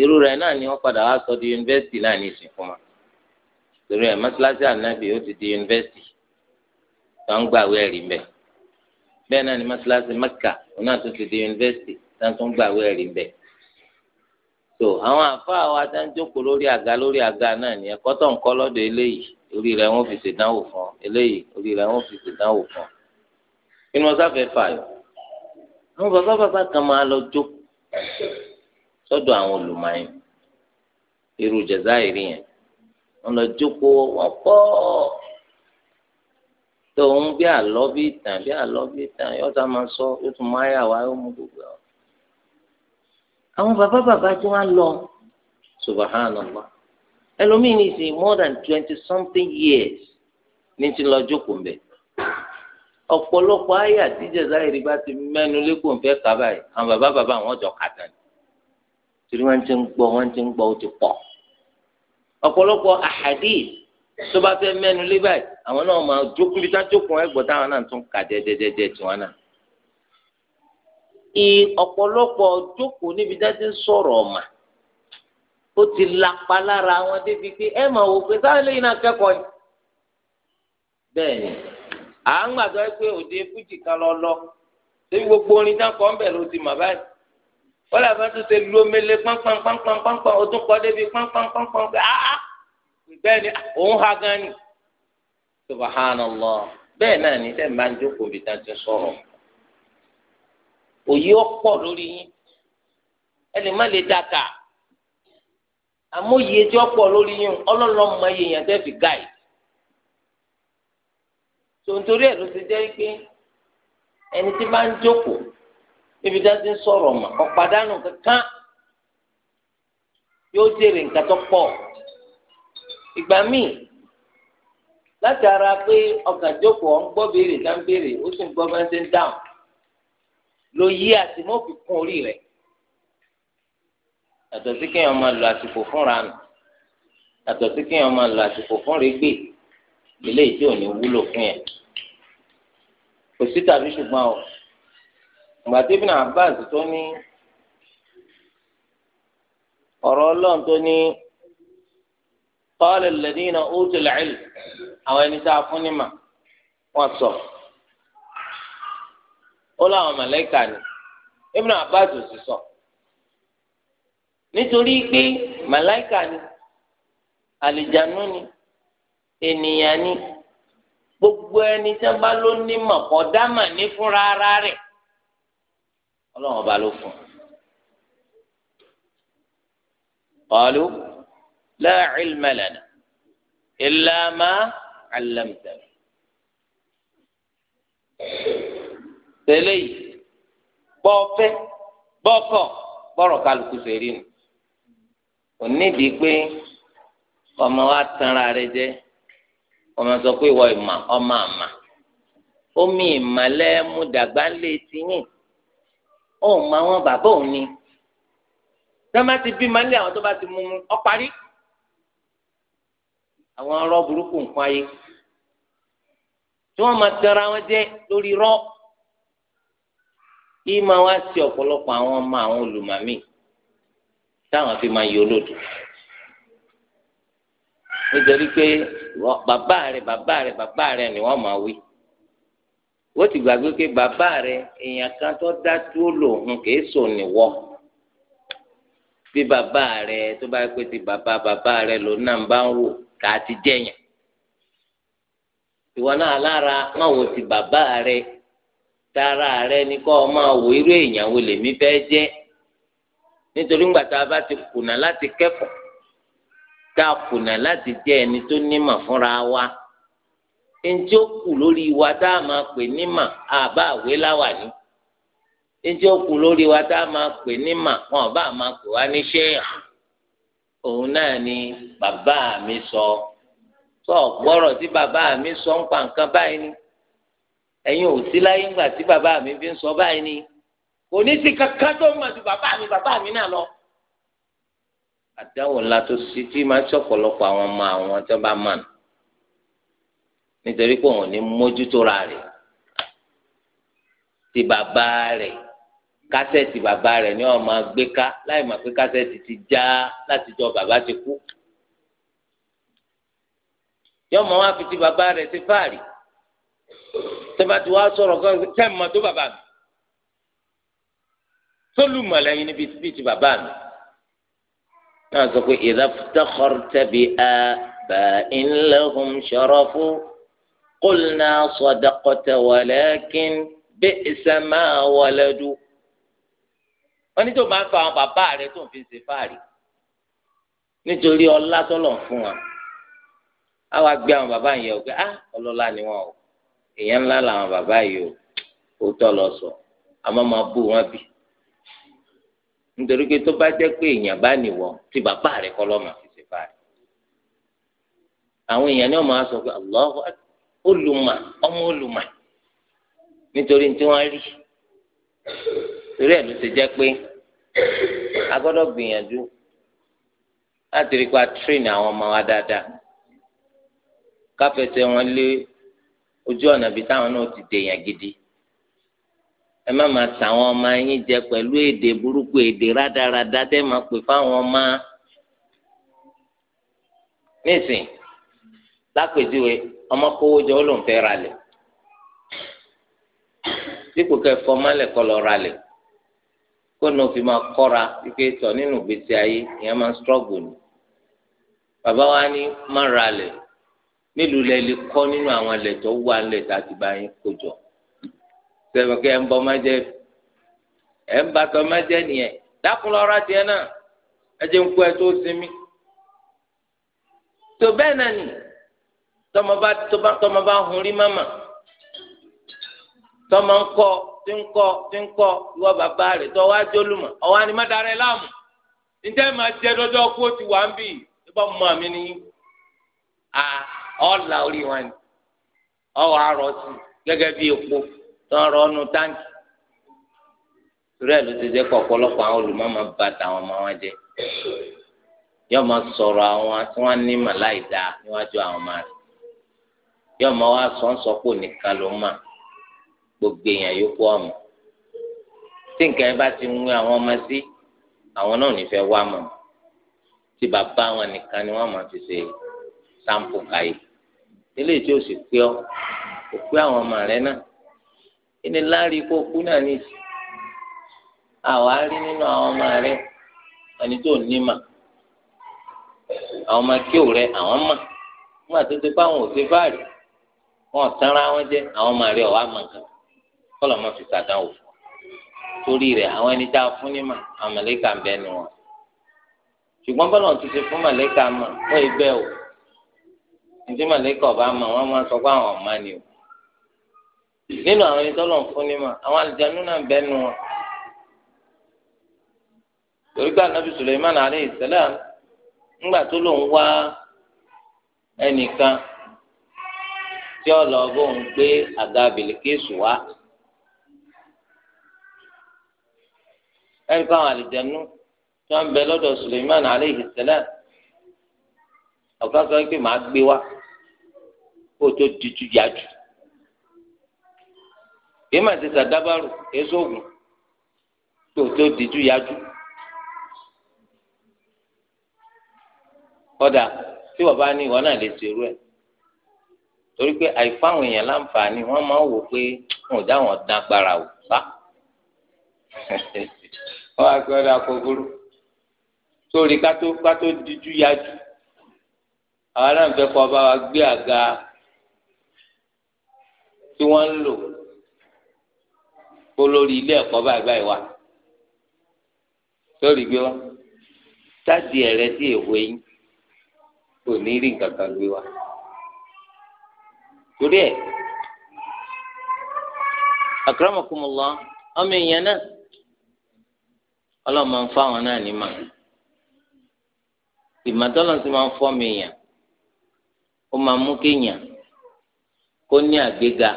[SPEAKER 1] irú rẹ̀ náà ni wọ́n padà wá sọ di yunifásitì náà ní ìsìn fún wa torí ẹ̀ mọ́ṣáláṣí ànábì ó ti di yunifásitì tó ń gbàwé ẹ̀rí mbẹ́ bẹ́ẹ̀ náà ni mọ́ṣáláṣí mẹ́kà òun náà tó ti di yunifásitì tá tó ń gbà wé ẹ̀rí bẹ́ẹ̀. tó àwọn àfáà wa tá ń jókòó lórí àga lórí àga náà ni ẹ̀kọ́ tó ń kọ́ lọ́dọ̀ eléyìí orí rẹ̀ wọ́n fi ṣèdánwò fún eléyìí orí rẹ̀ wọ́n fi ṣèdánwò fún. inú ọ̀sá fẹ́ fààyò àwọn bàbá bàbá kan máa lọ jó sọ́dọ̀ àwọn olùmọ̀ọ́yìn irú jẹ̀záìrì yẹn wọ́n lọ jókòó wọ́n pọ̀ tó ń bí àlọ́ bí ìtàn bí àlọ́ bí ìtàn yóò sá máa sọ yóò tún máa yà wá yóò mú gbogbo ẹ̀. àwọn bàbá bàbá tí wọ́n á lọ subhanallah ẹlòmíín ní sìn more than twenty something years ní ti lọ jókòó mbẹ ọ̀pọ̀lọpọ̀ ayé àtijọ́ sáyẹ̀rì bá ti mẹ́nu lẹ́kọ̀ọ́ nfẹ́ kábà yìí àwọn bàbá bàbá wọn jọ kàtà ni torí wọ́n ti ń gbọ́ wọ́n ti ń gbọ́ ó ti pọ̀ ọ̀pọ̀lọpọ̀ àhàdíì tó bá fẹ́ mẹ́nu lé báyìí àwọn náà máa jókòó bí tájókòó ẹ̀gbọ́n táwọn náà tún kà dẹ́dẹ́dẹ́dẹ́ tiwọn náà. ì ọ̀pọ̀lọpọ̀ jókòó níbi dájú sọ̀rọ̀ ọ̀mà ó ti lapa lára wọn débi pé ẹ máa wò pé sáré lẹ́yìn náà kẹ́kọ̀ọ́ ni. bẹ́ẹ̀ni à ń gbàgbọ́ pé òde fújì kan lọ lọ débi gbogbo orin náà kọ́ ń bẹ̀ ló ti mà báyìí wọ́n làbá tún ṣe lu omele pánpánpánpánpán tún kọ́ débi pánpánpánpán bẹ́ẹ̀ ni òun ha gan ni subhanallah bẹ́ẹ̀ náà ní sẹ́ẹ̀ máa ń jókòó bí táwọn ti sọ̀rọ̀ òye ọ̀pọ̀ lórí yín ẹ má lè dàkà àmọ́ tí ọ̀pọ̀ lórí yín ọlọ́lọ́ mọ iye yẹn tẹ́ fi gáì tòǹtòrí ẹ̀ ló ti jẹ́ pé ẹni tí bá ń jókòó ti ń kankan yóò jèrè nǹkan tó pọ̀. ìgbà míì láti ara pé ọkàn jókòó ọ̀ ń gbọ́ béèrè dá ń béèrè ó sì ń gbọ́ bá ń ṣe ń dáhùn ló yí àtìmọ́fì kún orí rẹ̀ yàtọ̀ sí kéèyàn máa lo àsìkò fúnra nù yàtọ̀ sí kéèyàn máa lo àsìkò fúnra gbé eléyìí tí ò ní wúlò fún yẹn kò sí tàbí ṣùgbọ́n o ìgbà tí Ibn Abbas tó ní ọ̀rọ̀ Ọlọ́run tó ní qala alladhina utul ilm àwọn ẹni tá a fún ní mà wọ́n sọ ó láwọn màláíkà ni Ibn Abbas ò sì sọ nítorí pé màláíkà ni àlìjánu ni ènìyàn ni gbogbo ẹni tí wọ́n bá ló ní mọ̀ kọ́ dámà ní fúnra ara rẹ̀ ọlọ́run ọba ló fún un la ilma lana illa ma 'allamtana. tẹ́lẹ̀ yìí bọ́ọ̀fẹ́ bọ́ọ̀kọ̀ bọ́ọ̀rọ̀ kálukú ṣe rí nu kò nídìí pé ọmọ wa tanra rẹ jẹ ọmọ sọ pé ìwọ ìmà ọmọ àmà omi ìmàlẹ́ mú dàgbà lé tiyín òun mọ àwọn bàbá òun ni tẹ́lẹ̀ bá ti bí malẹ́ àwọn tó bá ti mú mu ọ parí àwọn ọ̀rọ̀ burúkú nǹkan ayé tí wọ́n máa tẹra wọn jẹ lórí rọ yìí máa wá sí ọ̀pọ̀lọpọ̀ àwọn ọmọ àwọn olùmọ̀mí táwọn fi máa yọ olódò nítorí pé bàbá rẹ bàbá rẹ bàbá rẹ ni wọ́n máa wí wọ́n ti gbàgbé pé bàbá rẹ èèyàn kan tó dá dúró lòun kìí sọ nìwọ bí bàbá rẹ tó bá pé ti bàbá bàbá rẹ lòun náà bá ń wò kà á ti jẹyàn ìwọ náà lára máwọn ti bàbá rẹ tara rẹ ni kọ́ ọ máa wo irú èèyàn wo lèmi fẹ́ jẹ́ nítorí ńgbà tá a bá ti kùnà láti kẹ́kọ̀ọ́ tá a kùnà láti jẹ́ ẹni tó nímọ̀ fúnra wa ǹjẹ́ ó kù lórí wa tá a máa pè nímọ̀ àbá àwé láwà ní ǹjẹ́ ó kù lórí wa tá a máa pè nímọ̀ wọn àbá máa pè wá ní ṣẹ́yàn òun náà ni bàbá mi sọ sọ gbọ́rọ̀ tí bàbá mi sọ ń pa nǹkan báyìí ni ẹ̀yin ò sí láyé ńgbà tí bàbá mi fi ń sọ báyìí ni kò ní sí kankan tó mọ̀ ju bàbá mi bàbá mi náà lọ. àdáwò ńlá tó sí tí máa ń ṣọ̀pọ̀lọpọ̀ àwọn ọmọ àwọn tó bá mọ̀ nítorí pé òun ní mójútó ra rẹ̀ ti bàbá rẹ̀ kásẹ̀tì bàbá rẹ̀ ni wọ́n máa gbé ká láì mọ̀ pé kásẹ̀tì ti já láti jọ bàbá ti kú. yọ́mọ wa fi ti bàbá rẹ̀ ṣe fáàrí tẹ́fà tí wàá sọ̀rọ̀ kan tẹ́ mọ̀ tó bàbá mi sólùmọ̀ lẹ́yìn níbi tí ti bàbá mi náà sọ pé ìdáfúdákọ̀rọ̀ tẹ̀bi àbá ìnlẹ́hùn ṣọ̀rọ̀fù kólínà sọ̀dọ̀kọ̀tẹ̀ bí ìsẹ̀má wọn ní tó máa ń fa àwọn bàbá rẹ tó ń fi ṣe fáàrí nítorí ọlá tọ́lọ̀ fún wa á wá gbé àwọn bàbá yẹn o pé á ah, ọlọ́lá ni wọn o èèyàn ńlá làwọn bàbá yìí o ó tọ́ lọ sọ àmọ́ máa bù wọn bì nítorí pé tó bá jẹ́ pé èèyàn bá nìwọ tí bàbá rẹ kọ́ lọ́ọ́ máa fi ṣe fáàrí àwọn èèyàn ni wọn máa sọ pé Allahu olùmọ̀ ọmọ olùmọ̀ nítorí tí wọ́n rí torí ẹ̀ ló ti jẹ́ pé a gbọ́dọ̀ gbìyànjú láti rí pa tírìnì àwọn ọmọ wa dáadáa káfẹsẹ̀ wọn lé ojú ọ̀nà bíi táwọn náà ti dèèyàn gidi ẹ má máa tàwọn ọmọ yín jẹ pẹ̀lú èdè burúkú èdè rádaràda tẹ́ máa pè fáwọn ọmọ nísìn lápèjúwe ọmọ kówó jọ ó lòún fẹ́ ralẹ̀ dípò kẹfọ́ mọ́lẹ̀ kọ́ lọ ralẹ̀ kó nà máa kọ́ra wípé tọ̀ nínú gbèsè ayé ìyẹn máa ń strọ́gù ni bàbá wa ní mára lẹ̀ mélòó lẹ lè kọ́ nínú àwọn ilẹ̀ tó wà ńlẹ̀ tá a ti bá yín kó jọ sẹ́wọ̀n kí ẹ̀ ń bọ́ má ẹ̀ ń bàtọ́ má jẹ́ nìyẹn dákun lọ́ra tiẹ̀ náà ẹ tí ń kọ tí ń kọ́ ìwọ bàbá rẹ̀ tó wá ni má darẹ̀ láàmú ǹjẹ́ màá jẹ dọ́dọ́ kó ti wà ń bì nígbà mọ́ mi orí wọn arọ sí gẹgẹ bí epo tó ń rọ ọ́nù táǹkì torí ló ti àwọn bá tàwọn ọmọ wọn jẹ yóò máa àwọn tí ní níwájú àwọn ọmọ yóò gbogbo èèyàn yòókù ọmọ tí nǹkan yẹn bá ti ń wé àwọn ọmọ sí àwọn náà nífẹ̀ẹ́ wá mọ̀ tí bàbá wọn nìkan ni wọ́n máa fi ṣe sampo kàyé nílé tí ó sì pé ọ kò pé àwọn ọmọ rẹ náà ìní láàrin kó kú náà ní ìsìn àwa rí nínú àwọn ọmọ rẹ ẹni tó ní mà àwọn ọmọ kí ò rẹ àwọn mà wọn àti tó ti pa àwọn òsè fáàrí wọn ò tanra wọn jẹ àwọn ọmọ rẹ ọwọ àmọ nǹkan kọlọ ma fi sàdánwò torí rẹ àwọn ẹni tá a fún ní mà àwọn mẹlẹka ń bẹ nu wọn ṣùgbọ́n bọlọ ti ṣe fún mẹlẹka ma wọn yìí bẹ o ǹjẹ́ mẹlẹka ọba ma wọn máa sọ pé àwọn ọmọ ni o nínú àwọn ẹni fún àwọn náà ń bẹ ẹ̀rí fáwọn àlìjẹnú tí wọ́n bẹ lọ́dọ̀ Suleiman aleyhi salam ọ̀gá sọ pé màá gbé kó o tó dijú yájú èyí màá ti sàdábàrò èso kó o tó dijú yájú kódà tí bá ní ìwọ náà lè ṣerú torí pé àìfáwọn èèyàn láǹfààní máa wọn á gbọ́dọ̀ àkókòrò sórí kátó kátó díjú yájú àwọn náà fẹ́ kọ bá wa gbé àga tí wọ́n ń lò kó lórí ilé ẹ̀kọ́ báyìí báyìí wá sórí gbé wa táàdì ẹrẹ tí èwe yín kò ní rí nǹkan kan gbé wa torí ẹ̀ akramakumullah ọmọ èèyàn náà ọlọ́run máa ń fọ́ àwọn náà nímọ̀ ìmọ̀tọ́lọ́run sì máa ń fọ́ mi yàn ó máa mú kéèyàn kó ní àgbéga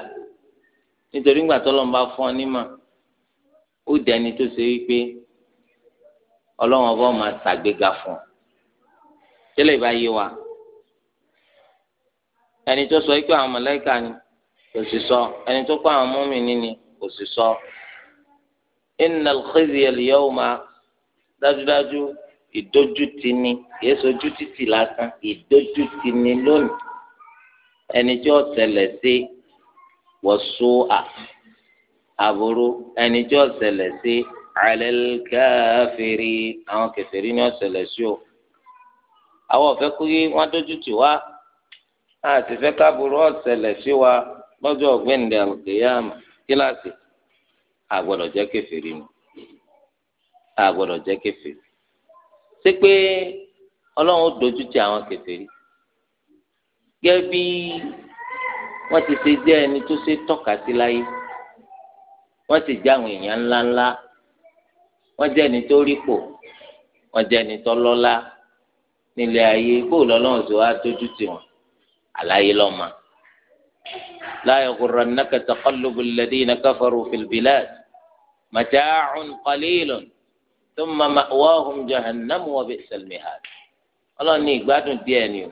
[SPEAKER 1] nítorí ńgbà tọ́lọ́run bá fọ́ nímọ̀ ó dẹni tó ṣe wípé ọlọ́run ọba máa ṣàgbéga fún ọ tẹ́lẹ̀ ìbáyé wa ẹni tó sọ wípé àwọn mọ̀lẹ́kà ni kò sì sọ ẹni tó kọ́ àwọn mọ́mìnì ni kò sì sọ inna al-khizi al-yawma dájúdájú ìdójútì ni kìí sojú títì lásán ìdójútì ni lónìí ẹni tí ó ṣẹlẹ̀ sí wasu'a aburú ẹni tí ó ṣẹlẹ̀ sí alẹ́lẹ́kàáfẹ́rì àwọn kèfèrí ni ó ṣẹlẹ̀ sí o àwọn ọ̀fẹ́ kú wọ́n dójú wá àti fẹ́ káburú ó ṣẹlẹ̀ sí wa lọ́jọ́ ọ̀gbẹ́ni dàrú kìí yá àmà kíláàsì àgbọ̀dọ̀ jẹ́ kèfèrí nù àgbọ̀dọ̀ jẹ́ kèfèrí ṣé pé ọlọ́run dojú ti àwọn kèfèrí gẹ́gẹ́ bí wọ́n ti ṣe jẹ́ ẹni tó ṣe tọ́ka sí láyé wọ́n sì jẹ́ àwọn èèyàn ńláńlá wọ́n jẹ́ ẹni tó rípò wọ́n jẹ́ ẹni tó lọ́lá nílé ayé kó lọ́lọ́run sì wá dojú tì wọ́n àlàyé lọ́mọ. la yaghurrannaka taqallubul ladina kafaru fil bilad mata'un قليل ثم مأواهم جهنم wa المهاد الله ọlọ́run ní ìgbádùn díẹ̀ ni o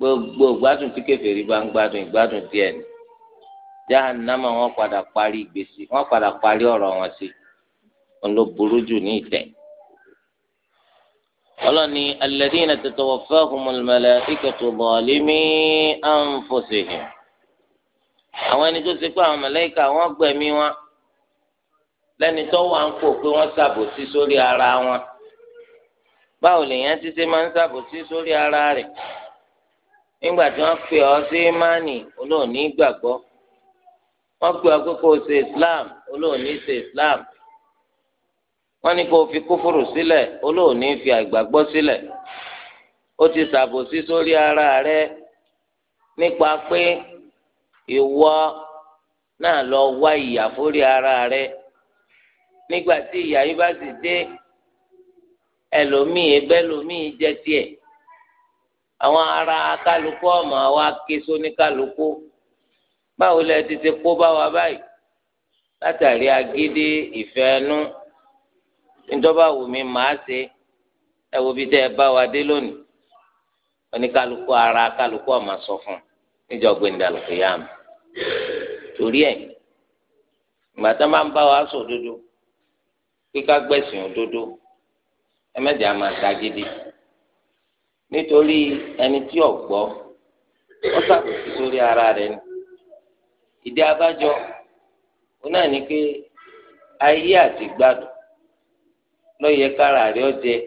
[SPEAKER 1] gbogbo ìgbádùn tí kèfèrí bá ń gbádùn ìgbádùn díẹ̀ ni jahannama wọn padà parí gbèsè wọn padà parí ọ̀rọ̀ wọn sí wọn ló burú jù ní ìtẹ̀. ọlọ́ni alẹ́dínà tètè wọ́n fẹ́ humnulmẹ́lẹ́ ìkẹtù bọ̀ọ̀lìmí ànfọ̀sẹ̀hìn. àwọn ẹni tó ti pé àwọn mẹlẹ́kà wọ́n gbẹ̀mí wọn lẹ́ni tó wà ń kó pé wọ́n ṣàbòsí sórí ara wọn báwo lèèyàn ti ṣe máa ń ṣàbòsí sórí ara rẹ̀ nígbà tí wọ́n pè ọ sí imani olóòní gbàgbọ́ wọ́n pè ọ́ pé kó o ṣe islam olóòní ṣe islam wọ́n ní kó o fi kúfùrù sílẹ̀ olóòní fi àìgbàgbọ́ sílẹ̀ ó ti ṣàbòsí sórí ara rẹ̀ nípa pé ìwọ náà lọ wá ìyà fórí ara rẹ̀ nígbà tí ìyá yìí bá sì dé ẹlòmíì ẹgbẹ́ ẹlòmíì jẹ́ tiẹ̀ àwọn ará kálukú ọmọ wa ké sóní kálukú báwo lẹ ti ti kó bá wa báyìí látàrí agídí ìfẹ́nu níjọba wù mí màá ṣe ẹ wo bí tẹ ẹ bá wa dé lónìí oníkálukú ara kálukú ọmọ sọ fún níjọba ìdàlùkù yá mi torí ẹ ìgbà tó máa ń bá wa sọ òdodo. So kíká gbẹ̀sìn òdodo ẹmẹ́jẹ̀ á máa dagídí nítorí ẹni tí ò gbọ́ ó ṣàkóso sórí ara rẹ̀ ni ìdí abájọ ó náà ní pé ayé àti gbádùn lọ́yẹ kára rẹ̀ ọ̀jẹ̀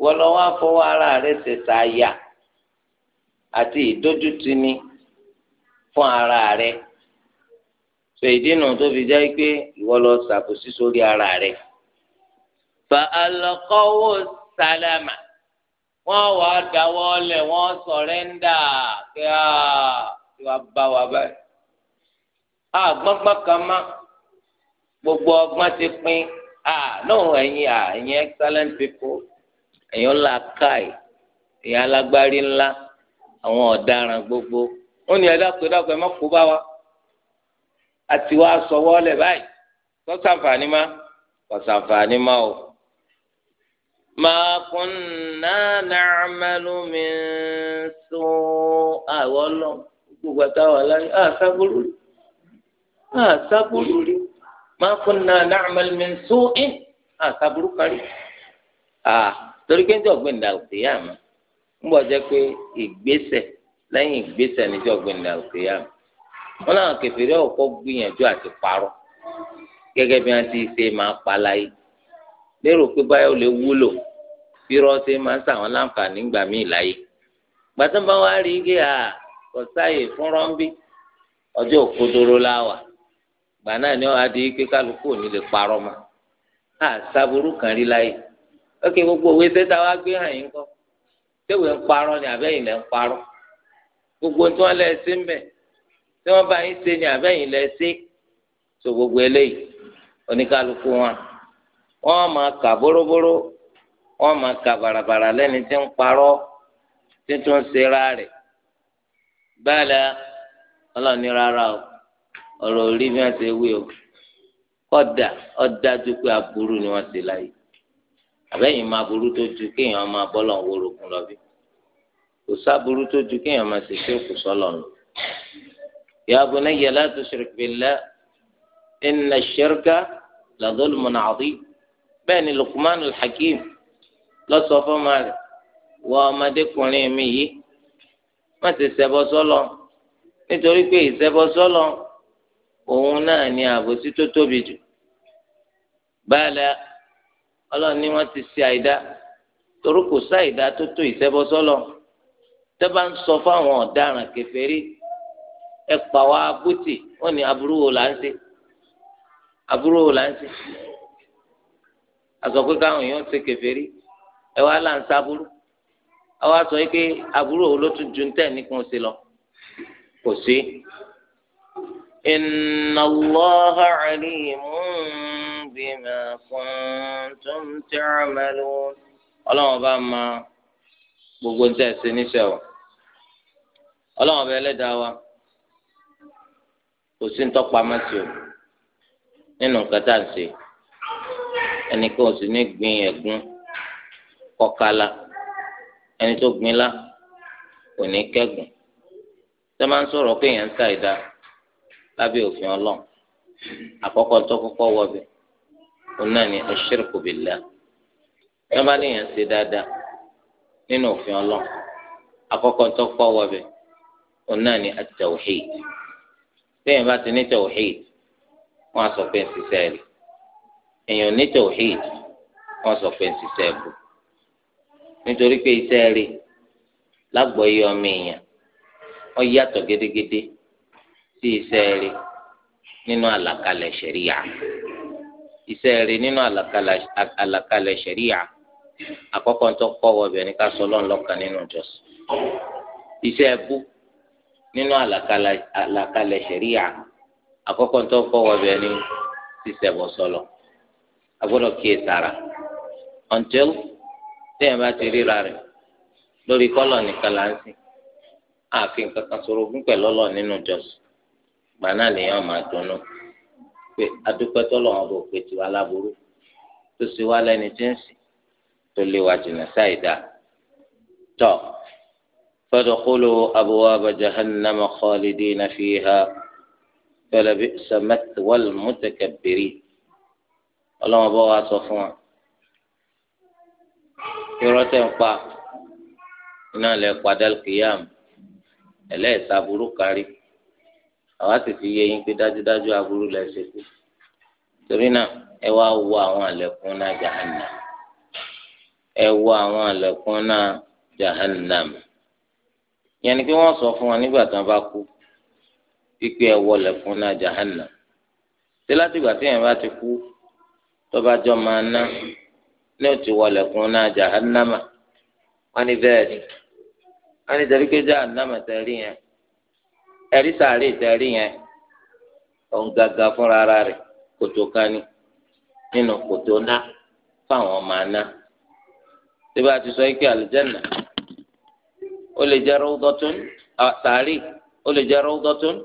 [SPEAKER 1] wọ́n lọ́wọ́ afọwọ́ ara rẹ̀ ṣẹ̀ṣà àyà àti ìdójútini fún ara rẹ̀ sọ èdè náà tó fi jẹ́ pé ìwọ lọ ṣàkóso sórí ara rẹ̀. fa alqawu sálámà wọ́n wàá dáwọ́ lẹ̀ wọ́n sọ̀rẹ́ńdà kí á tí wàá bá wa báyìí. àgbọ̀ngbọ̀n kan gbogbo ọgbọ́n ti pín náà ẹ̀yin ẹ̀yin excellent people ẹ̀yin ọ̀la káì ẹ̀yin alágbárí ńlá àwọn ọ̀daràn gbogbo wọ́n ní ẹ̀dá pé dákọ̀ ẹ̀ má kó bá wa. àti wá sọwọ́ lẹ̀ báyìí sọ́sàǹfààní má sọ́sàǹfààní má ma kunna na'malu min suu' àwọn lọ gbogbo àtàwọn aláyé àṣàbùrù àṣàbùrù rí ma kunna na'malu min suu' àṣàbùrù kárí. torí pé níjọ́ gbé ndà òkè yá ń bọ̀ jẹ́ pé ìgbésẹ̀ lẹ́yìn ìgbésẹ̀ wọn làwọn kẹfìrí ọkọ gbìyànjú àti parọ́ gẹ́gẹ́ bí wọn ti ṣe máa palayé lérò pé báyọ̀ lè wúlò bí rọ́ọ̀ṣe máa ń sàwọn láǹfààní gbà mí láyé gbàtàn bá wá rí gé à kò sáàyè fún rọ́ńbí ọjọ́ òkodoro láwà gbà náà ni wọ́n á di pé kálukú ò ní lè parọ́ mọ́ à sábúrú kan rí láyé ókè gbogbo òwe tẹ́tà wá gbé hàn yín kọ́ tẹ́wèé ń parọ́ ni àbẹ́yìn lẹ́ ń parọ́ gbogbo tí wọ́n lẹ́ẹ̀ sí ń bẹ̀ tí wọ́n bá yín ṣe ni àbẹ́yìn lẹ sí so gbogbo eléyìí oníkálukú wọn wọ́n máa kà bórobóró wọ́n máa kà bàràbàrà lẹ́ni tí ń parọ́ títún ṣera rẹ̀ bẹ́ẹ̀ lẹ ọlọ́ọ̀ni rárá o ọ̀rọ̀ orí bí wọ́n ṣe wí o kọ́dà ọ̀dájú pé aburú ni wọ́n ṣe láyé àbẹ́yìn máa burú tó ju kéèyàn máa bọ́lọ̀ ń wórogún lọ bí kò sáburú tó ju kéèyàn máa ṣe ṣé òkú sọ́lọ̀ lọ يا بني لا تشرك بالله إن الشرك لظلم عظيم بين لقمان الحكيم لا صفا مالك وما دكوني مي ما تسبو صلو nítorí pé ìṣẹbọ sọlọ òun náà ni àbòsí tó tóbi jù báyìí Ọlọ́run ni wọ́n ti ṣe àìdá torí kò sáìdá tó tó ìṣẹbọ sọlọ tó bá ń sọ fáwọn ọ̀daràn kèfèrí ẹ pa wá bùtì wọ́n ní aburú wo là ń ṣe aburú wo là ń ṣe àsọ káwọn èèyàn ṣe kèfèrí ẹ wá là ń sábúrú ẹ wá sọ pé aburú wo ló tún ju ń tẹ̀ nìkan ṣe lọ kò sí. inna Allaha alimun bima kuntum ta'malun ọlọ́run bá máa gbogbo ń tẹ̀ ṣe níṣẹ́ o ọlọ́run bá ẹlẹ́dàá wa kò sí ní tọ́pamọ́ sí o nínú nǹkan tá à ń ṣe ẹnìkan ò sì ní gbin ẹ̀gún kọkala ẹni tó gbin la kò ní kẹ́gùn tẹ́ máa ń sọ̀rọ̀ pé èèyàn ń ta ìdá lábẹ́ òfin ọlọ́run àkọ́kọ́ tó kọ́kọ́ wọbẹ̀ òun náà ni aṣirku billah tẹ́ bá léèyàn ṣe dáadáa nínú òfin ọlọ́run àkọ́kọ́ tó kọ́kọ́ wọbẹ̀ òun náà ni at téèyàn bá ti ní tawhid wọn á sọ pé ń ṣiṣẹ́ rẹ̀ èèyàn ní tawhid wọn á sọ pé ń ṣiṣẹ́ bù nítorí pé iṣẹ́ rẹ̀ lágbọ̀ọ́yé ọmọ èèyàn ó yàtọ̀ gédégédé sí iṣẹ́ rẹ̀ nínú àlàkalẹ̀ ṣẹ̀ríyà iṣẹ́ rẹ̀ nínú àlàkalẹ̀ ṣẹ̀ríyà àkọ́kọ́ ń tọ́ kọ́ wọ ibẹ̀ ní ká sọ lọ́nlọ́kan nínú ìjọsìn iṣẹ́ bú. nínú àlàkalẹ̀ ṣẹ̀ríà àkọ́kọ́ tó kọ́wọ́ bẹ ní sísẹ̀bọ̀ sọlọ agbọ́dọ̀ until bá ti ríra rẹ̀ lórí kọ́lọ̀ nìkan là ń sìn ààfin kankan sọ̀rọ̀ ogún nínú jọ̀sùn gbà lèèyàn máa dunnú pé adúpẹ́ tọ́lọ̀ wọn bò pé tiwa tó sì wá lẹ́ni tí ń sìn tó léwájú náà فادخلوا أبواب جهنم خالدين فيها فلبئس مثوى المتكبرين اللهم بوا صفوان يرتين قا iná lè padà kìyàm ẹlẹ́ẹ̀sà aburú kárí àwa sì fi yé yín pé dájúdájú aburú lẹ ṣe kú torí náà ẹ wá wo àwọn àlẹkùn náà jahannam ẹ wo àwọn àlẹkùn náà jahannam. yẹn ni pé wọ́n sọ fún wa nígbà tí wọ́n bá kú pípé ẹ wọlé fún náà jahanna tí látìgbà tí yẹn bá ti kú tó bá jọ máa ná ní òtí wọlé fún náà jahannama wọ́n ní bẹ́ẹ̀ ni wọ́n ní tẹ̀lé pé jahannama tẹ̀lé yẹn ẹ̀rí sàárè tẹ̀lé yẹn òun gàgà fúnra ara rẹ̀ kòtò kan ni nínú kòtò ná fáwọn ọmọ àná tí bá ti sọ ike àlùjẹ́nà. ó lè jẹ́ tún sàárì ó lè jẹ́ rawdatun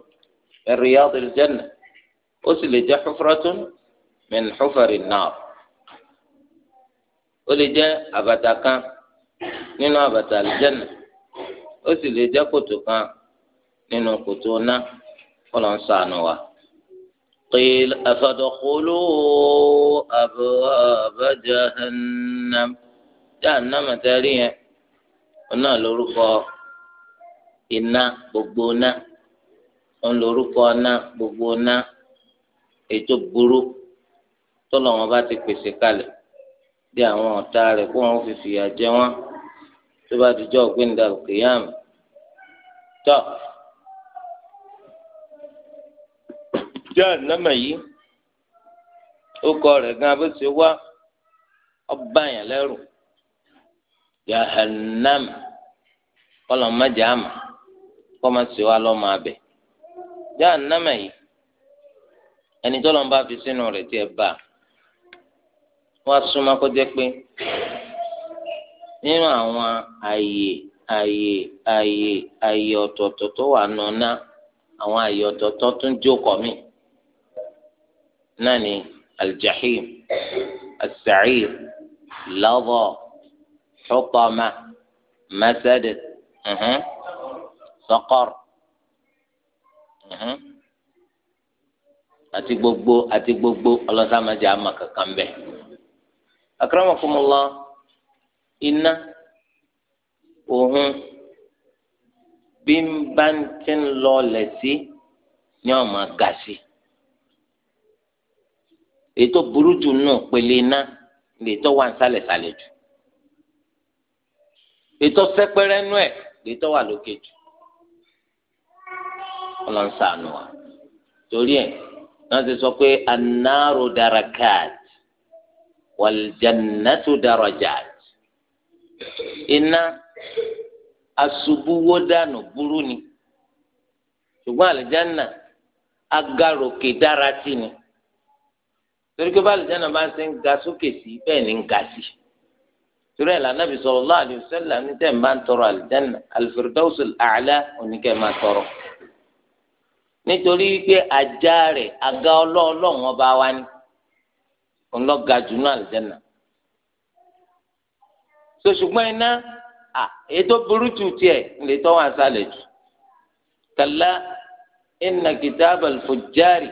[SPEAKER 1] min riyadil janna ó sì lè jẹ́ tún min xufari náà ó lè jẹ́ àbàtà kan nínú àbàtà aljanna ó sì lè jẹ́ kòtò kan nínú kòtò náà kó lọ́n sànù wa. قيل أفدخلوا أبواب جهنم جهنم تاريه ọ̀nà lórúkọ iná gbogbo ná ọ̀nà lórúkọ ọ̀nà gbogbo ná ètò burú tọ́lọ̀ wọn bá ti pèsè kalẹ̀ bí àwọn ọ̀tá rẹ̀ kó wọn fi fìyà jẹ wọn tó bá dijọ́ gbẹ̀ndà kìyàmù tọ́ Jahannama yìí ó kọ rẹ̀ gan abó ṣe wá ọba yẹn lẹ́rù. jahannam kọlọ ma ama kọma si wa lọ ma bẹ jahannama yìí ẹni tọlọ ń bá fi sínú rẹ̀ tiẹ̀ bá wọn súnmọ́ kó jẹ pé nínú àwọn ààyè ààyè ààyè ọ̀tọ̀ọ̀tọ̀ tó wà nọ́nà àwọn ọ̀tọ̀ọ̀tọ̀ حطمة مسدد أه. سقر أه. àti gbogbo ọlọsà gbogbo ọlọ́sàmájà àmà kankan bẹ́ẹ̀. akramakumullah iná òhun bí n bá ń ti lọ ọlẹ̀ ni máa ga sí. ètò burú náà pèlè iná lè tọ́ ń ètò sẹpẹrẹ nú ẹ lẹtọ wà lókè jù ọlọ́nsàánù wa torí ẹ náà ti sọ pé anáàrò darakat wàlìjànàtò darajat iná asubúwó dànù burú ni ṣùgbọ́n àlìjánà agarókè dára sí ni torí pé bá àlìjánà bá ń ṣe ń ga sókè sí bẹ́ẹ̀ ni ń ga sí i. torí ẹ̀ lànà bí sallallahu alaihi wasallam ní tẹ̀ ń bá ń tọrọ àlìjáná al-firdawsul a'la oníkẹ́ máa tọrọ nítorí pé ajá rẹ̀ aga ọlọ́ọ̀lọ́ọ̀ wọn bá wá ní ńlọ́ga jù ní àlìjáná so ṣùgbọ́n iná ètò burúkú tiẹ̀ lè tọ́ wọn sálẹ̀ jù kàlá inna kitab al-fujjari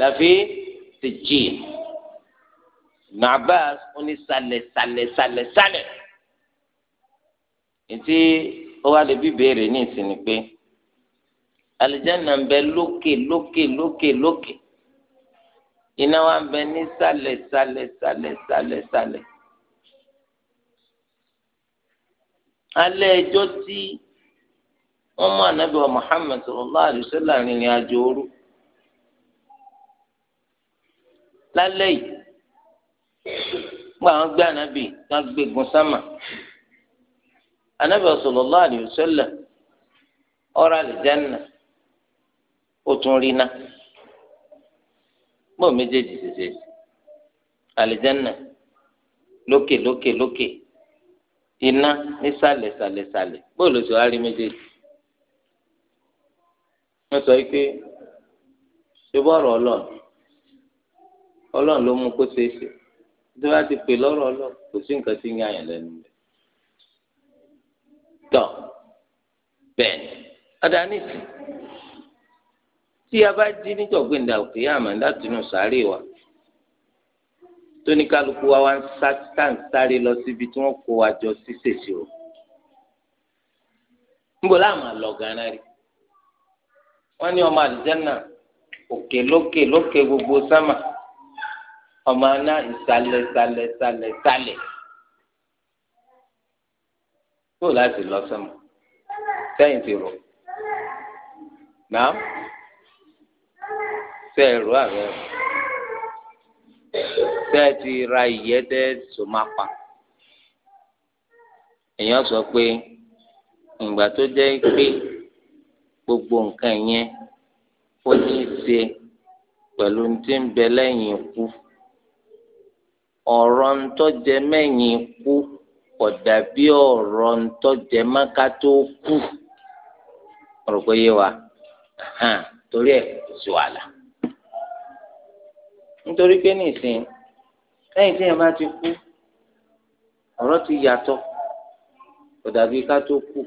[SPEAKER 1] lafi sijjin. Ibn Abbas oní sálẹ̀ sálẹ̀ sálẹ̀ sálẹ̀ ètí ó wá lè bí béèrè ní ìsinmi pé alìjẹ́nà ń bẹ lókè lókè lókè lókè iná wa ń bẹ ní sálẹ̀ sálẹ̀ sálẹ̀ sálẹ̀ sálẹ̀ alẹ́ ẹjọ́ tí wọ́n mú anabi wa Muhammad sallallahu alaihi wasallam rìnrìn àjò òru lálẹ́ yìí gba àwọn gbé anabi wọn gbé gun sámà anabi sallallahu alaihi wasallam ọ̀rọ̀ àlìjáná ó tún rí ná bó méjèèjì ṣèṣe àlìjáná lókè lókè lókè iná nísàlẹ̀ sàlẹ̀ sàlẹ̀ bó ló sọ àrí méjèèjì wọn sọ pé ṣé bọ́ọ̀rọ̀ ọlọ́run ọlọ́run ló mú kó ṣeé ṣe tí wọ́n ti pè lọ́rọ̀ lọ kò sí nǹkan tí ń yà yàn lẹ́nu rẹ̀ tọ́ bẹ́ẹ̀ ni adanisi tí a bá jí níjọ̀gbìn dà òkè yá àmàlà tìǹù sáré wa tóní kálukú wa wá ń sá tá sáré lọ síbi tí wọ́n kó wa jọ sí ṣèṣe o níbo láàmú àlọ gánà rí wọ́n ní ọmọ àdìjẹ náà òkè lókè lókè gbogbo sámà ọmọ aná ìsàlẹ̀ ìsàlẹ̀ ìsàlẹ̀ ìsàlẹ̀ tó láti lọ sọmọ sẹ́yìn ti rò náà sẹ ẹ rò àrẹ sẹ ẹ ti ra ìyẹ́ tẹ́ sọmápa èèyàn sọ pé ìgbà tó jẹ́ pé gbogbo nǹkan yẹn ó ní í ṣe pẹ̀lú tí ń bẹ lẹ́yìn ikú ọ̀rọ̀ ntọ́jẹ mẹ́yìn kú kódà bí ọ̀rọ̀ ntọ́jẹ mẹ́ka tó kú ọ̀rọ̀ yé wa torí ẹ̀ kò sí wàhálà. nítorí pé nìsín lẹ́yìn tí yẹn bá ti kú ọ̀rọ̀ ti yàtọ̀ kódà bí ká tó kú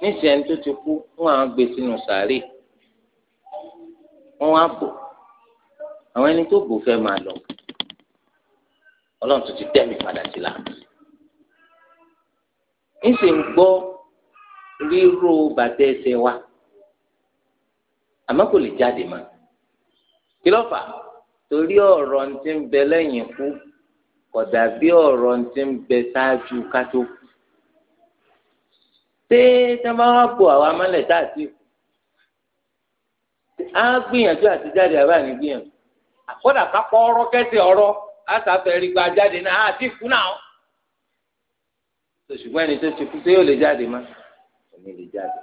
[SPEAKER 1] nísìnyí ẹni tó ti kú wọn àwọn gbé sínú sàárè wọn wá bò àwọn ẹni tó bò fẹ́ máa lọ ọlọ́run tó ti dẹ́mi padà sí la ń sì ń gbọ́ ríró bàtà ẹsẹ̀ wa àmọ́ kò lè jáde mọ́ kí ló fà torí ọ̀rọ̀ ti ń bẹ lẹ́yìn kú kò dàbí ọ̀rọ̀ ti ń bẹ ṣáájú ká tó kú ṣé tí wọ́n àwọn amálẹ̀ tá a ti á gbìyànjú àti jáde àbá gbìyànjú àkọ́dà ká ọ̀rọ̀ kẹ́sì ọ̀rọ̀ àtàfẹ́ rí gba jáde náà àti ìkú náà ṣùgbọ́n ẹni tó ti kú tó yóò lè jáde má òní lè jáde.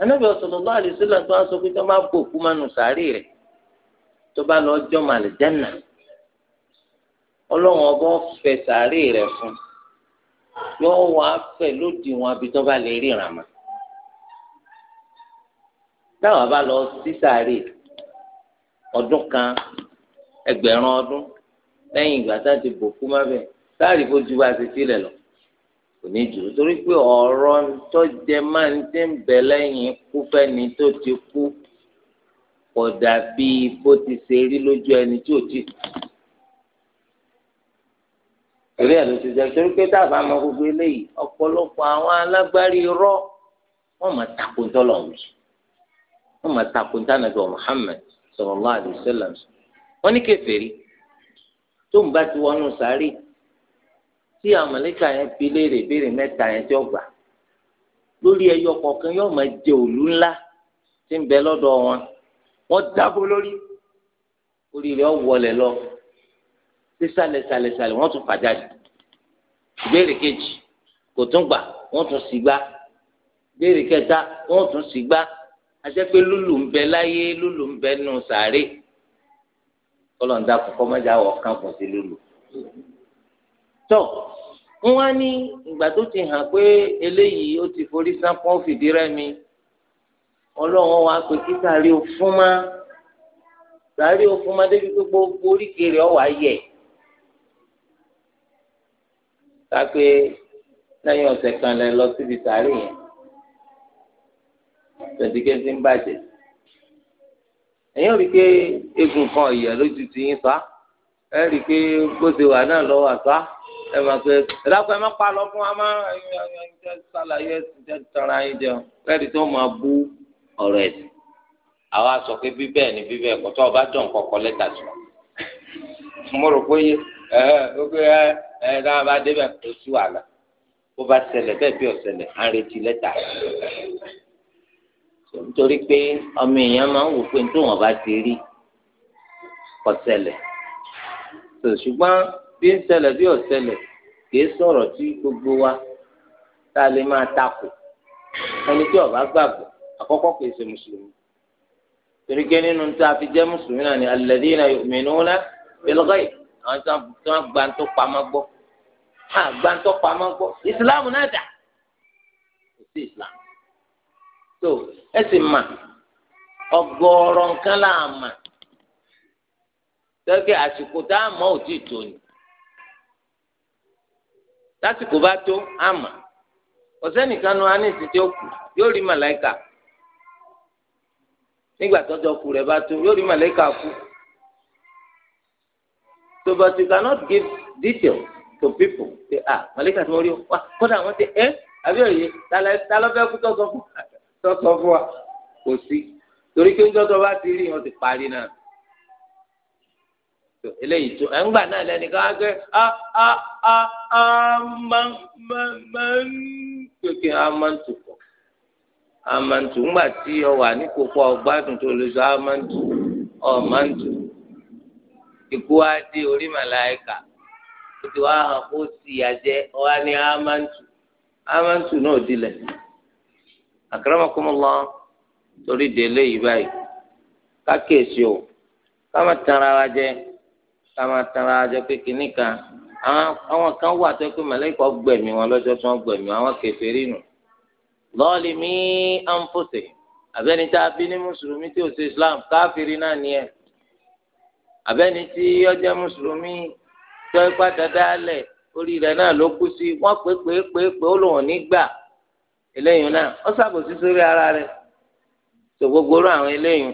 [SPEAKER 1] Ànábì sallallahu alaihi wasallam tó wá sọ pé tó máa bò kú mánu sàárè rẹ̀ tó bá lọ jọ́ màlìjánà ọlọ́run ọba fẹ̀ sàárè rẹ̀ fún yóò wá fẹ̀ lódì wọn àbí tó bá lè ríran mọ́. táwọn bá lọ sí sàárè ọdún kan ẹgbẹ̀rún ọdún lẹ́yìn ìgbà tá a ti bòkú má bẹ̀ táàrí kó ju bá a ti sílẹ̀ lọ kò ní jù torí pé ọ̀rọ̀ tó jẹ máa ń tẹ́ ń bẹ lẹ́yìn ikú fẹ́ni tó ti kú kò dàbí bó ti ṣe rí lójú ẹni tí ò tí kú. ẹ̀ ló ti jẹ́ torí pé táàbà máa gbogbo eléyìí ọ̀pọ̀lọpọ̀ àwọn alágbárí rọ́ wọ́n máa takò ń tọ́lọ̀ wí wọ́n máa takò ń tánàbí Muhammad sallallahu alaihi wasallam wọ́n ní kèfèrí tó ń bá ti wọnú sáré tí àmàlẹ́kà yẹn fi léèrè béèrè mẹ́ta yẹn tí ó gbà lórí ẹyọ kọ̀ọ̀kan yóò máa jẹ òòlù ńlá tí ń bẹ lọ́dọ̀ wọn wọ́n dábò lórí orí rẹ̀ wọlé lọ sísàlẹ̀ sàlẹ̀ sàlẹ̀ wọ́n tún fàjà jù ìbéèrè kejì kò tún gbà wọ́n tún sì gbà ìbéèrè kẹta wọ́n tún sì gbà àti pé lùlù ń bẹ láyé lùlù ń bẹ nù sàárè kọlọ̀ ń dákun kọ́ mọ́jà wọ̀ kán kùn sí lólu. tó wọn á ní ìgbà tó ti hàn pé eléyìí ó ti forí sápọ́n fìdí rẹ́mi ọlọ́run wa pé kí sáré o fún má sáré o fún má débi pé gbogbo oríkèrè ọ̀ wá yẹ. ká pé lẹ́yìn ọ̀sẹ̀ kan lẹ lọ síbi sáré yẹn tẹ̀síkẹ́ ti ń bàjẹ́ ẹ̀yin rí i pé egun kan ìyà lójú ti yín fa ẹ rí i pé bó ṣe wà náà lọ́wọ́ àfa ẹ máa pe ìdáko ẹ má pa lọ fún wa má ẹ ṣàlàyé ẹsìn jẹ tọra yín jẹun lẹ́ẹ̀dì tó máa bú ọ̀rọ̀ ẹ̀sìn. àwa sọ pé bíbẹ̀ ni bíbẹ̀ kò tó ọba dùn kọ̀ọ̀kan lẹ́tà sí wa. mo rò pé ẹ ẹ sí wàhálà bó bá ṣẹlẹ̀ bẹ́ẹ̀ bí ọ̀ṣẹlẹ̀ nítorí pé ọmọ èèyàn máa ń wò pé nítorí wọn bá ti rí ọ̀sẹ̀lẹ̀ tó ṣùgbọ́n bí ń ṣẹlẹ̀ bí ọ̀sẹ̀lẹ̀ kì í sọ̀rọ̀ tí gbogbo wa tá a lè máa takò ẹni tí ó bá gbàgbọ́ àkọ́kọ́ kì í ṣe mùsùlùmí torí pé nínú tá a fi jẹ́ mùsùlùmí náà ni alladhina yu'minuna bil ghaib àwọn tí wọ́n gba tó pamọ́ gbọ́ àgbà pamọ́ gbọ́ ìsìláàmù náà dà kò sí ìsìláàmù tó ẹ sì mà ọgọ́rọ̀ nǹkan là mà tẹ́kẹ́ àsìkò tá a mọ̀ ò tí ì tó ni lásìkò bá tó a mà ọ̀sẹ́nìkan nu anisi tí ó kù yóò rí màláìka nígbà tọ́jọ́ kù rẹ̀ bá tó yóò rí màláìka kú so but you cannot give details to people say ah màláìka tí mo rí o wa kódà wọ́n ti ẹ́ eh, àbí òye ta ló fẹ́ kú tó sọ fún sọ́sọ fún wa kò sí torí pé ńjọ́tọ̀ bá ti rí wọn ti parí náà eléyìí tó ẹ̀ ń
[SPEAKER 2] gbà náà lẹ́nu ká gbé a a a a máa máa máa ń
[SPEAKER 1] kéèké a máa ń tukọ̀ a máa ń tu ńgbà tí ọ wà ní kókó ọgbádùn tó lè sọ a máa ń tu ọ máa ń tu ikú wa dé orí màláìka ó ti wá hàn kó sì yà jẹ ọ wá ní a máa ń tu a máa ń tu náà dilẹ̀ akramakumullah torí délé yìí báyìí kákèsì o ká má tanra wa jẹ ká má tanra wa jẹ pé kínní kan àwọn kan wà tó pé mọ̀lẹ́kọ̀ gbẹ̀mí wọn lọ́jọ́ tí wọ́n gbẹ̀mí àwọn kèfèrí nù lọ́ọ̀lìmí ànfọ̀sẹ̀ àbẹ́ni tá a bí ní mùsùlùmí tí ò ṣe islam káfíìrì náà ni ẹ̀ àbẹ́ni tí ó jẹ́ mùsùlùmí tó ipá dáadáa lẹ̀ orí rẹ̀ náà ló kú sí wọ́n pé pé pé pé ó lòun nígbà eléyìí náà ó ṣàbòsí sórí ara rẹ̀ tó gbogbo rú àwọn eléyìí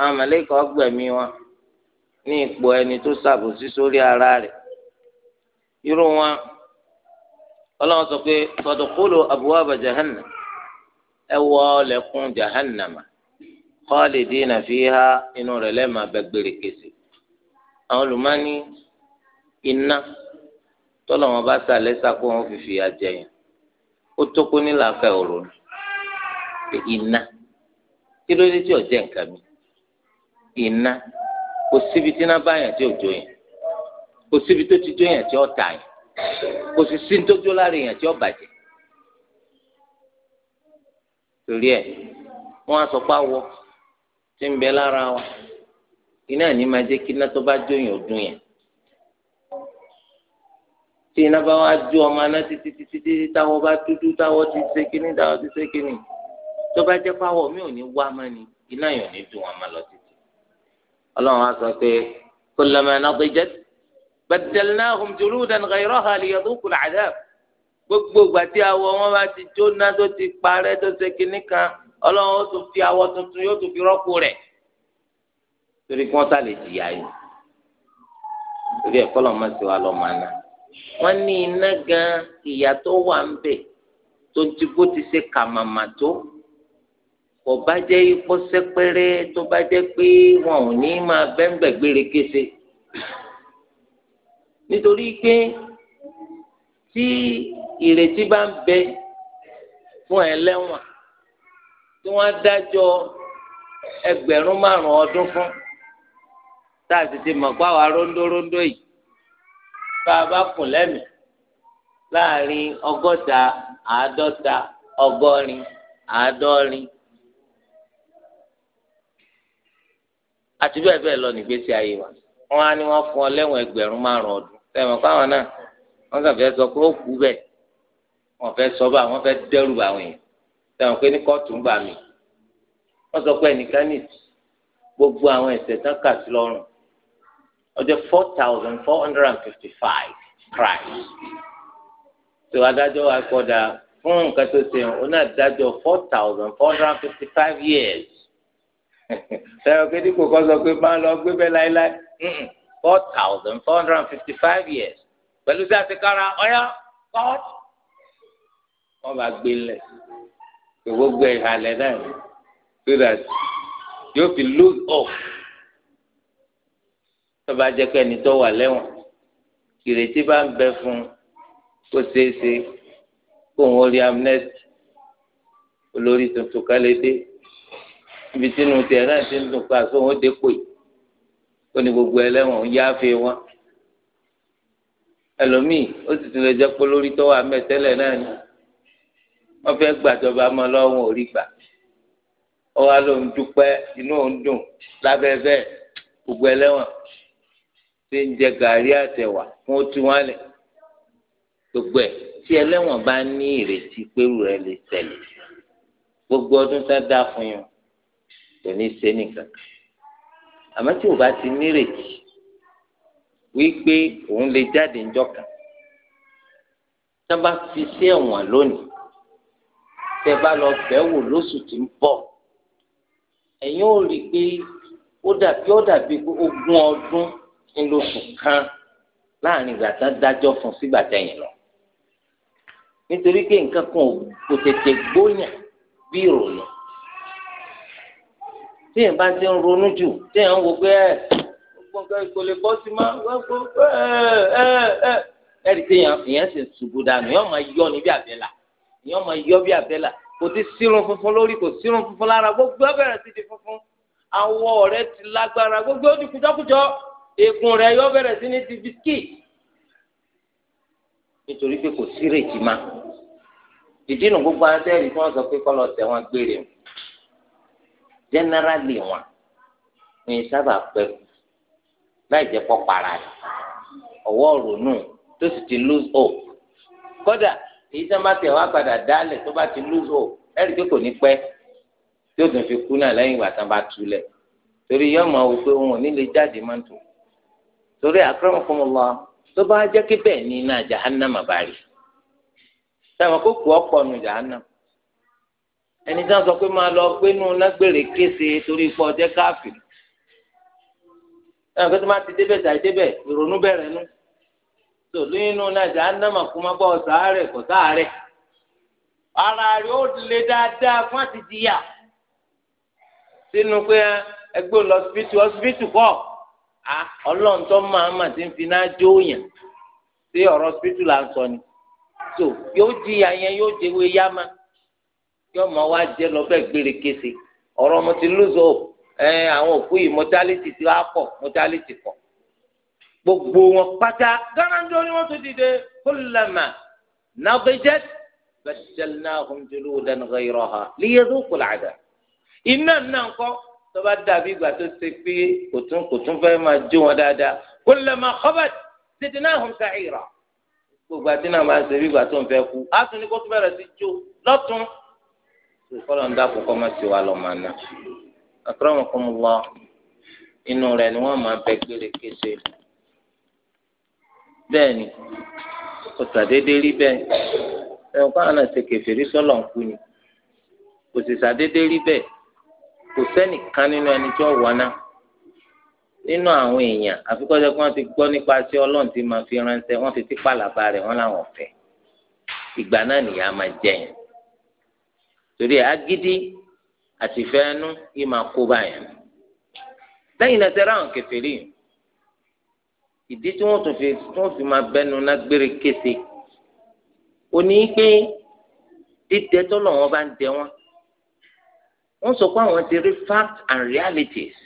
[SPEAKER 1] àwọn mọ̀lẹ́kà ọgbẹ̀mí wọn ní ipò ẹni tó ṣàbòsí sórí ara rẹ̀ irú wọn ọlọ́run sọ pé tọdùkúlù abúwábà jahannam ẹ wọ lẹ́kùn jahannama khalidina fiha inú rẹ̀ lẹ́ẹ̀ma bẹ gbére àwọn olùmọ́ni iná tọ́lọ̀ wọn bá sàlẹ̀ sàkó wọn fìfì àjẹyìn ó tókó nílà afẹ òrùn pé iná kí ló dé tí ò jẹ nǹkan mi iná kò síbi tí iná bá yàn tí ò jó yàn kò síbi tó ti jó yàn tí ó tà yàn kò sì sí tó jó lára yàn tí ó bàjẹ́ torí ẹ wọn á sọ pé àwọ tí ń bẹ lára wa iná ní máa jẹ kí iná tó bá jó yàn ó dún yàn tí iná bá wá jó ọmọ náà títí títí títí táwọ bá dúdú táwọ ti ṣe kínní táwọ ti ṣe kínní tó bá jẹ́ pàwọ̀ mi ò ní wá mọ́ ni iná yẹn ò ní dùn wọn má lọ títí. ọlọ́run á sọ pé kullama nadijat baddalnahum juludan ghayraha liyadhuqul adhab gbogbo ìgbà tí awọ wọn bá ti jóná tó ti parẹ́ tó ṣe kínní kan ọlọ́run ó tún fi awọ tuntun yóò tún fi rọ́pò rẹ̀ torí kí wọ́n sá wọ́n ní iná gan ìyà tó wà ń bẹ̀ tó ti bó ti ṣe kàmàmà tó kò bá jẹ́ ipò sẹ́pẹ́rẹ́ tó bá jẹ́ pé wọn ò ní máa bẹ́ńbẹ̀ kése nítorí pé tí ìrètí bá ń bẹ fún ẹlẹ́wọ̀n tí wọ́n dájọ́ ẹgbẹ̀rún márùn-ún ọdún fún tá a sì ti mọ̀ pé àwa róńdó róńdó yìí bá a bá kùn lẹ́mìí láàrin ọgọ́ta àádọ́ta ọgọ́rin àádọ́rin àti bẹ́ẹ̀ bẹ́ẹ̀ lọ nígbésí ayé wa wọ́n á ní wọ́n fún ọ lẹ́wọ̀n ẹgbẹ̀rún márùn-ún ọdún sẹ́wọ̀n fáwọn náà wọ́n kàn fẹ́ sọ pé ó kú bẹ́ẹ̀ wọ́n fẹ́ sọ bá wọ́n fẹ́ dẹ́rù bá àwọn èèyàn sẹ́wọ̀n pé ní kóòtù ń gbà mí wọ́n sọ pé ẹnìkan ní gbogbo àwọn ẹ̀ṣẹ̀ tán kà sí lọ́rùn ọjọ́ four thousand four hundred and fifty five price tó adájọ́ wa kọ́dà fún nǹkan tó ṣe hàn ó náà dájọ́ four thousand four hundred and fifty five years ṣẹ́yọ̀ pé dípò kọ́ sọ pé máa lọ gbé bẹ́ẹ̀ láéláé four thousand four hundred and fifty five years pẹ̀lú sí àtikára ọ̀yá court wọ́n bá gbé lẹ̀ gbogbo ìhàlẹ̀ náà so that yóò fi lose off tó bá jẹ́ pé ẹni tó wà lẹ́wọ̀n ìrètí bá ń bẹ fún un kó ṣeé ṣe kó òun ó rí amnesty olórí tuntun kálẹ̀ dé ibi tínú tiẹ̀ náà ti ń dùn pa àti òun ó dépò yìí ó ní gbogbo ẹlẹ́wọ̀n ń wọn ẹlòmíì ó sì tún lè jẹ́ pé lórí tó wà mẹ́tẹ́lẹ̀ náà ni wọ́n fẹ́ gbàjọba mọ́ lọ́wọ́n ò rí gbà ó wá lóun inú òun dùn lábẹ́ bẹ́ẹ̀ gbogbo ẹlẹ́wọ̀n ṣe ń jẹ gàrí àtẹwà fún ó tú wọn lẹ gbogbo ẹ tí ẹlẹ́wọ̀n bá ní ìrètí pẹ̀lú rẹ lè tẹ̀lé gbogbo ọdún tá a dá fún yín kò ní ṣe nìkan àmọ́ tí o bá ti nírètí wípé òun lè jáde ńjọ́ kan tá a bá fi sí ẹ̀wọ̀n lónìí tẹ́ bá lọ bẹ̀ lóṣù tí ń bọ̀ ẹ̀yin ò rí i pé ó dàbí ó dàbí ogún ọdún ńlọsùn kan láàrin ìgbà tán dájọ́ fún sígbà tẹ̀yìn lọ nítorí pé nǹkan kan kò tètè gbóyàn bí ìrònú tí èèyàn bá ti ń ronú jù tí èèyàn ń wo pé ẹ gbogbo nǹkan kò lè bọ́ sí ma gbogbo ẹ ẹ ẹ ẹ̀rí tí èèyàn sì ṣubú dànù èèyàn máa yọ ní bí àbẹ́là èèyàn máa yọ bí àbẹ́là kò ti sírun funfun lórí kò sírun funfun lára gbogbo ẹ bẹ̀rẹ̀ sí di funfun awọ rẹ ti lágbára gbogbo ó di kújọkújọ eegun rẹ yóò bẹ̀rẹ̀ sí ní ti bisikíìtì nítorí pé kò sí rèjì má ìdí nu gbogbo adẹ́rì tí wọ́n sọ pé kọ́ lọ tẹ̀ wọ́n gbére o jẹ́nẹ́rálì wọn ní sábà pẹ́ láì jẹ́ pọ́ para rẹ̀ ọwọ́ ronú tó sì ti lose hope kódà èyí tí wọ́n bá tẹ̀ wá padà dálẹ̀ tó bá ti lose hope ẹ̀rí pé kò ní pẹ́ tí ó tún fi kú náà lẹ́yìn ìgbà tí wọ́n bá túlẹ̀ torí yọ́ọ̀mọ̀ wò òun ò ní lè jáde mọ́tò torí akramakumullah tó bá jẹ́ kí ni iná bá rí táwọn kó kú ọ̀pọ̀ nu ẹni tí sọ pé máa lọ gbénu lágbèrè kése torí ipò ọjẹ káfíìn táwọn kó máa ti débẹ̀ tàì ìrònú tó náà má bọ sàárẹ kò sàárẹ ara ó dáadáa fún àtijìyà sínú pé ẹgbẹ́ a ọlọ́run tó máa ma ti ń fi náà jó yàn sí ọ̀rọ̀ spiritu là ń sọ ni so yóò di àyẹn yóò jẹwé yáma yóò máa wá jẹ lọ bẹ́ẹ̀ gbére kése ọ̀rọ̀ mo ti lóso ẹ àwọn òkú yìí mortality ti wá pọ̀ mortality pọ̀ gbogbo wọn pátá gánàdó ni wọn tún dìde kullama nabijat badalnahum juludan ghayraha liyadhuqul adhab iná náà kọ́ tó bá dàbí ìgbà tó ṣe pé kò tún kò tún fẹ́ máa jó wọn dáadáa kullama khabat zidnahum sa'ira gbogbo àti náà máa ń ṣe bí ìgbà tó ń fẹ́ kú á tún ní kó tún bẹ̀rẹ̀ sí jó lọ́tún kọ́lọ̀ ń dákun kọ́ máa ti wà lọ́ máa ná akramakumullah inú rẹ̀ ni wọ́n máa bẹ gbére kése bẹ́ẹ̀ ni kò sàdédé rí bẹ́ẹ̀ ẹ̀wọ̀n káwọn náà ṣe kẹfẹ́ rí sọ́lọ̀ ń kú ni kò sì sàdédé rí bẹ́ẹ̀ kò sẹ́nìkan nínú ẹni tí wọ́n wà náà nínú àwọn èèyàn àfikọ́jọ́ kí wọ́n ti gbọ́ nípa sí ọlọ́run tí máa fi ránṣẹ́ wọ́n fi tipa làbá rẹ̀ wọ́n làwọn fẹ́ ìgbà náà nìyá máa jẹyàn torí agídí àtìfẹ́nu yìí máa kó báyẹn lẹ́yìn náà tẹ́lẹ̀ àwọn kẹfẹ́rì ìdí tí wọ́n tún fi tún fi máa bẹ́nu náà kése òní pé dídẹ lọ́wọ́ bá ń dẹ wọ́n wọ́n sọ pé àwọn ti rí facts and realities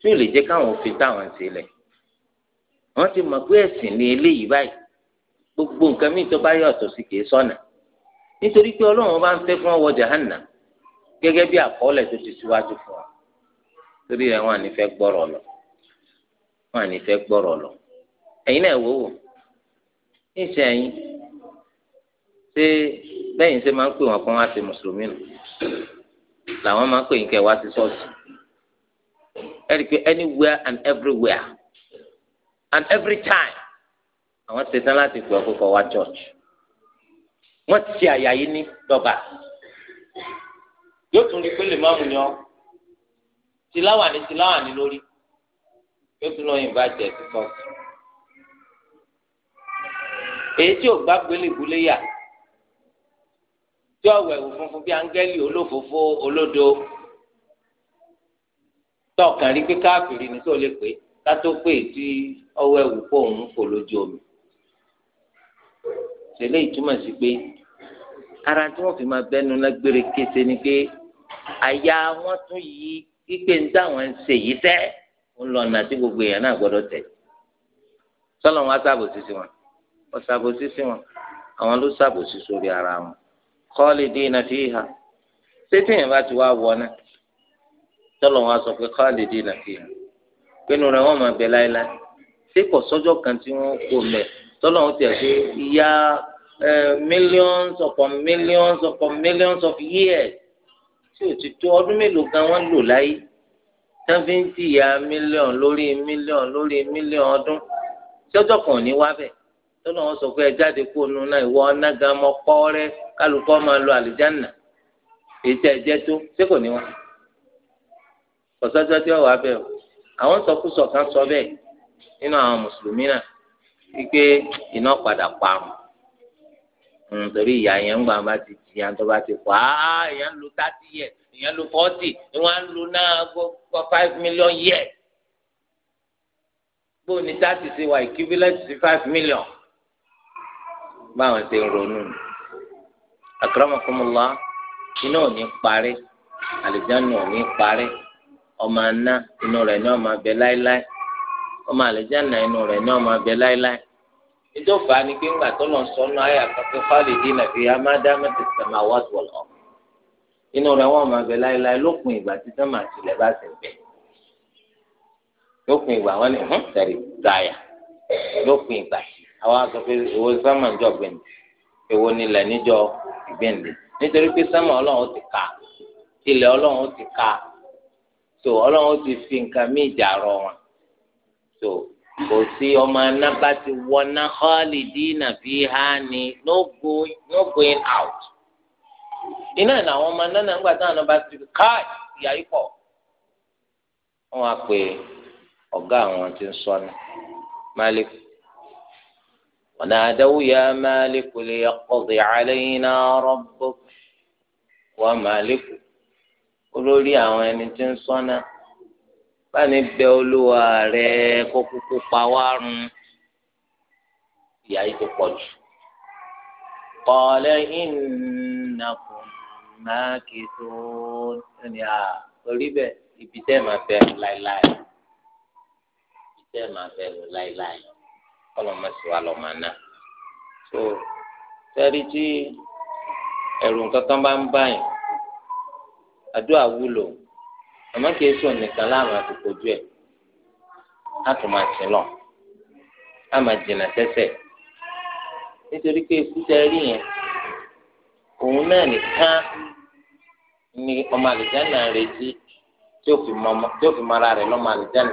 [SPEAKER 1] tí ò lè jẹ́ káwọn fi táwọn sílẹ̀ wọ́n ti mọ̀ pé ẹ̀sìn ní eléyìí báyìí gbogbo nǹkan míì tó bá yàtọ̀ sí kìí sọ̀nà nítorí pé ọlọ́run bá ń fẹ́ fún ọwọ́ jahanna gẹ́gẹ́ bí àkọọ́lẹ̀ tó ti síwájú fún wa torí rẹ̀ wọ́n ànífẹ́ gbọ́rọ̀ lọ wọ́n ànífẹ́ gbọ́rọ̀ lọ ẹ̀yin náà wò wò níṣẹ́ ẹ̀yin ṣé bẹ́yìn ṣe máa ń pè wọ́n kó wá sí mùsùlùmí nù làwọn máa ń pè yín kẹ́ wá sí ṣọ́ọ̀ṣì ẹ pé anywhere and everywhere and every time àwọn ṣetán láti pè ọkọ̀ kọ́ wá church wọ́n ti ṣe àyà yìí ní dọ́gba yóò tún rí i pé lè má mú yan tìláwà ní tìláwà ní lórí yóò tún lọ yìnbá jẹ sí ṣọ́ọ̀ṣì èyí tí ò gbàgbé lè bú léyà tí ọwọ ẹwù funfun bíi áńgẹ́lì olófòófó olódo tọkàn rí pé káàkiri ni tó lè pé kátó pé tí ọwọ ẹwù kó òun kò lójú omi tẹ́lẹ̀ ìtumọ̀ sí pé ara tí wọ́n fi máa bẹ́nu lágbére kése ni pé àyà wọn tún yí pípé ń táwọn ń ṣe yìí tẹ́ ń lọ ọ̀nà tí gbogbo èèyàn náà gbọ́dọ̀ tẹ̀ sọlọ wọn sábòsí sí wọn wọn sábòsí sí wọn àwọn ló sábòsí sórí ara wọn khalidina fiha sétí yẹn bá ti wá wọ náà tọ́lọ̀ wọn sọ pé khalidina fiha pinnu rẹ̀ wọ́n máa bẹ láéláé ṣé kò sọ́jọ́ kan tí wọ́n kó mẹ́ tọ́lọ̀ wọn tiẹ̀ pé ìyá millions upon millions upon millions of years tí ò ti tó ọdún mélòó gan wọ́n lò láyé tán fi ń jìyà mílíọ̀n lórí mílíọ̀n lórí mílíọ̀n ọdún sọ́jọ́ kan ò ní wá bẹ́ẹ̀ tọ́lọ́ wọn sọ pé ẹ jáde kó nu náà ìwọ ọ̀nàgà mọ pọ́ọ́rẹ́ kálukọ́ máa lọ àlìjánà èyí tẹ́ ẹ jẹ́ tó ṣé kò ní wọn. ọ̀sọ́jọ́ tí ọ̀wá bẹ̀ o àwọn sọkúsọ kan sọ bẹ́ẹ̀ nínú àwọn mùsùlùmí náà wípé iná padà parun nítorí hmm, ìyá yẹn ń gbà bá ti jìyà tó bá ti pa á èèyàn lo thirty years èèyàn lo forty ìwọ̀n á lo náà gbọ́ five million years. gbóòní thirty ṣe wà equivalent to five million báwọn ṣe ń ronú ni akramakumullah iná ò ní parí àlìjánu ò ní parí ọmọ aná inú rẹ̀ ní ọmọ abẹ láéláé ọmọ àlìjánu inú rẹ̀ ní ọmọ abẹ láéláé ìjọba ni pé ńgbà tó lọ sọnù ayé àkọsí khalidina fiha ma damatis samawati wal ard inú rẹ̀ wọn máa bẹ láéláé lópin ìgbà tí sọmọ àtìlẹ bá sì bẹ lópin ìgbà wọn ni hàn sẹrí gàyà lópin ìgbà tí àwọn aṣọ pé èwo sámà níjọ gbẹ̀ǹdì èwo nílẹ̀ níjọ gbẹ̀ǹdì nítorí pé sámà ọlọ́run ti kà ilẹ̀ ọlọ́run ti kà so ọlọ́run ti fi nǹkan mí ìjà rọ wọn so kò sí ọmọ aná bá ti wọná ọ́ọ́lì dínà fi há ni no going no going out iná làwọn ọmọ aná náà ń gbà táwọn náà bá ti káì ìyá yìí pọ̀ wọ́n á pe ọ̀gá àwọn tí ń sọ ní Malik ونادوا يا مالك ليقض علينا ربك ومالك olórí àwọn ẹni tí ń ṣọ́nà báni bẹ olúwa rẹ kó kúkú pa wá run ìyà yìí ti pọ̀ jù. qala innakum ní à torí bẹ́ẹ̀ ibi tẹ́ ẹ̀ máa bẹ̀rù láéláé ibi tẹ́ ẹ̀ máa bẹ̀rù láéláé kọlọmọsí wa lọ máa so sẹ́rí tí ẹ̀rù kankan bá ń báyìí àdúrà wúlò àmọ́ kìí sùn nìkan láàmú àti kojú ẹ̀ láti máa sìn lọ láti máa jìnnà sẹ́sẹ̀ nítorí pé ikú tẹ rí yẹn òun náà nìkan ni ọmọ àlùjáná retí tí ó fi mọ ara rẹ̀ lọ́mọ àlùjáná.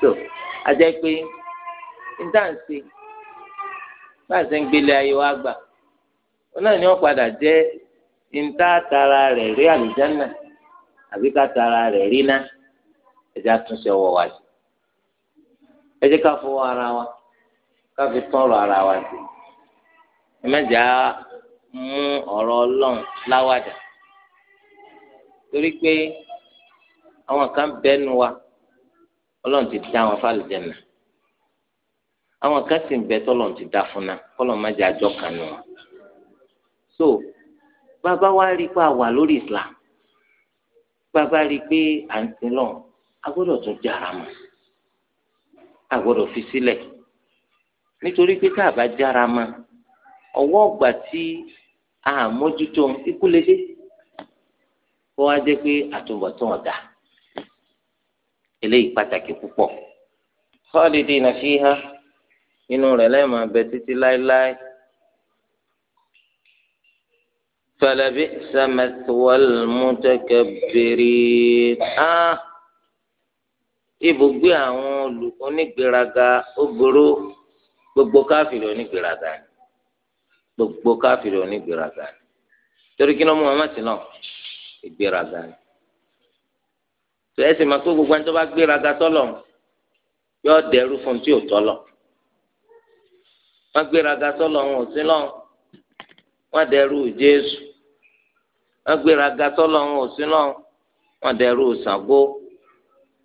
[SPEAKER 1] so ajẹ́ pé ntáǹsì báàsì ń gbélé ayé wa gbà wọn náà ni wọn padà jẹ ntá tara rẹ rí àlùjánnà àbí ká tara rẹ rí ná ẹjẹ àtúnṣe ọwọ́ wa sí ẹjẹ ká fọwọ́ ara wa ká fi tọrọ ara wa sí ẹmẹjà mú ọ̀rọ̀ Ọlọ́run láwàdà torí pé àwọn kan bẹnu wa. ọlọ́run ti dá wọn fáàlì jẹ́nà àwọn kan sì ń bẹ tọ́lọ́run ti dá fún náà kọ́lọ́run má jẹ́ àjọ kan nù wọn. so bàbá wa rí i pé a wà lórí Islam bàbá rí i pé à ń sin lọ́run a gbọ́dọ̀ tún jára mọ́ a gbọ́dọ̀ fi sílẹ̀ nítorí pé tá a bá jára mọ́ ọwọ́ ọgbà tí a mójútó ikú lédè kó wá jẹ́ pé àtúbọ̀tán ọ̀dà eléyìí pàtàkì púpọ̀ khalidina fiha inú rẹ̀ lẹ́yìn máa bẹ títí láéláé falabi'sa mathwal mutakabbirin á ah! ibùgbé àwọn onígbéraga ó burú gbogbo káfíìrì onígbéraga ni gbogbo káfíìrì onígbéraga ni torí kí ló mú wọn má ti náà ìgbéraga ni. tó ẹ sì máa gbogbo ẹni tó bá gbéra ga sọlọ yọ dẹrú fún tí ò tọlọ wọn gbéra ga sọlọ wọn ò sí lọ wọn dẹrú Jésù wọn gbéra ga sọlọ wọn ò sí lọ wọn dẹrú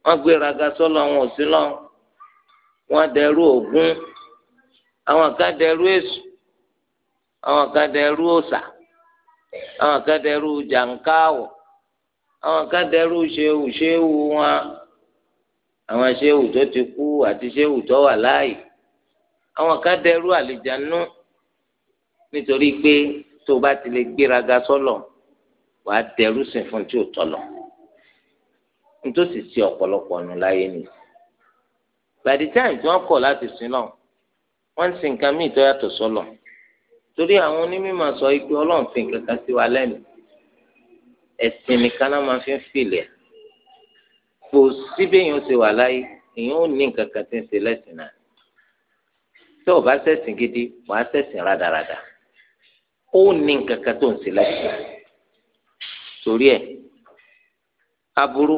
[SPEAKER 1] wọn gbéra ga sọlọ wọn ò sí lọ wọn dẹrú àwọn kan dẹrú àwọn kan dẹrú àwọn kan dẹrú àwọn kan dẹrú ṣéwù ṣéwù wọn àwọn ṣéwù tó ti kú àti ṣéwù tó wà láàyè àwọn kan dẹrú àlìjánu nítorí pé tó o bá ti lè gbéraga sọlọ wàá dẹrú sìn fún tí ò tọlọ nítòsí sí ọ̀pọ̀lọpọ̀ ọ̀nù láyé ni gbàdí tí wọ́n kọ̀ láti sin náà wọ́n ń sin nǹkan míì tó yàtọ̀ sọlọ torí àwọn onímọ̀ sọ pé ọlọ́run fi nǹkan kan sí wa lẹ́nu ẹ̀sìn nìkan náà máa fi ń filẹ̀ kò síbẹ̀ yẹn ó ti wà láyé èèyàn ò ní nǹkan kan tí ń ṣe lẹ́sìn náà tí ò bá ṣẹ̀sìn gidi wàá ṣẹ̀sìn rádaràda ó ní nǹkan kan tó ń ṣe lẹ́sìn torí ẹ̀ aburú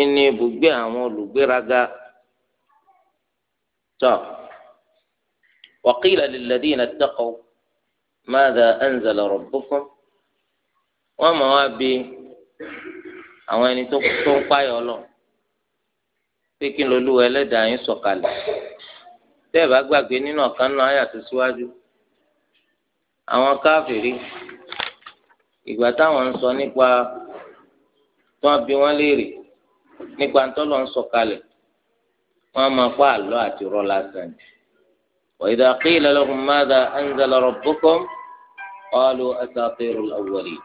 [SPEAKER 1] ẹni ibùgbé àwọn olùgbéraga tọ́ wàkìlà lè lẹ́dí iná tẹ́kọ̀ọ́ máa dà ẹ̀ rọ̀ bó wọ́n mọ̀ wá bí àwọn ẹni tó ń páyọ̀ lọ pé kí n lolú ẹlẹ́dàá yín sọ̀kalẹ̀ tẹ́ ẹ bá gbàgbé nínú ọ̀kan náà àyà tó síwájú àwọn káfìrí ìgbà táwọn ń sọ nípa tí wọ́n bi wọ́n léèrè nípa ntọ́lọ́ ń sọ̀kalẹ̀ wọ́n máa pa àlọ́ àti irọ́ lásán ni. wa idha qila lahum madha anzala rabbukum qalu asatirul awwalin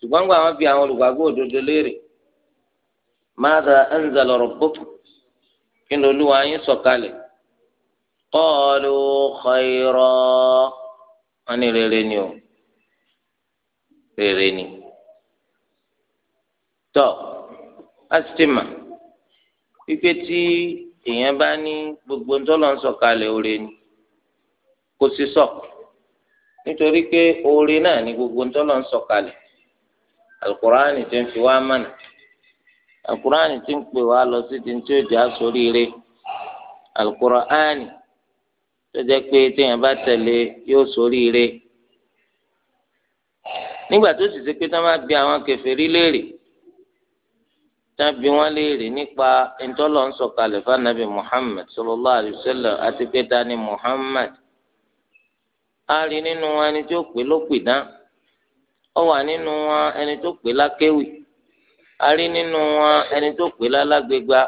[SPEAKER 1] ṣùgbọ́n gba àwọn bí àwọn olùgbàgbọ́ òdodo léèrè madha anzala rabbukum kí ni olúwa yín sọ̀kalẹ̀ qalu khayra wọn ní rere ni o rere ni tọ asitima pípé tí èèyàn bá ní gbogbo ńtọ́lọ́ ń oore ni kò sí sọ nítorí pé oore náà ni gbogbo ńtọ́lọ́ ń alukur'ani ti ń fi wá mọ̀nà alukur'ani ti ń pè wá lọ sí ti ń tí ó jà sóríire alukur'ani tó jẹ́ pé téèyàn bá tẹ̀lé yóò sóríire nígbà tó sì ṣe pé tá má bi àwọn kèfèrí léèrè tá bi wọ́n léèrè nípa ntọ́lọ̀ ń sọ̀kalẹ̀ fanabi Muhammad sallallahu alayhi wa sallam àti pé ta ni Muhammad a rí nínú wọn ẹni tí ó pè ló pè ó wà nínú wọn ẹni tó pè lákéwì a rí nínú wọn ẹni tó pè lálágbègbà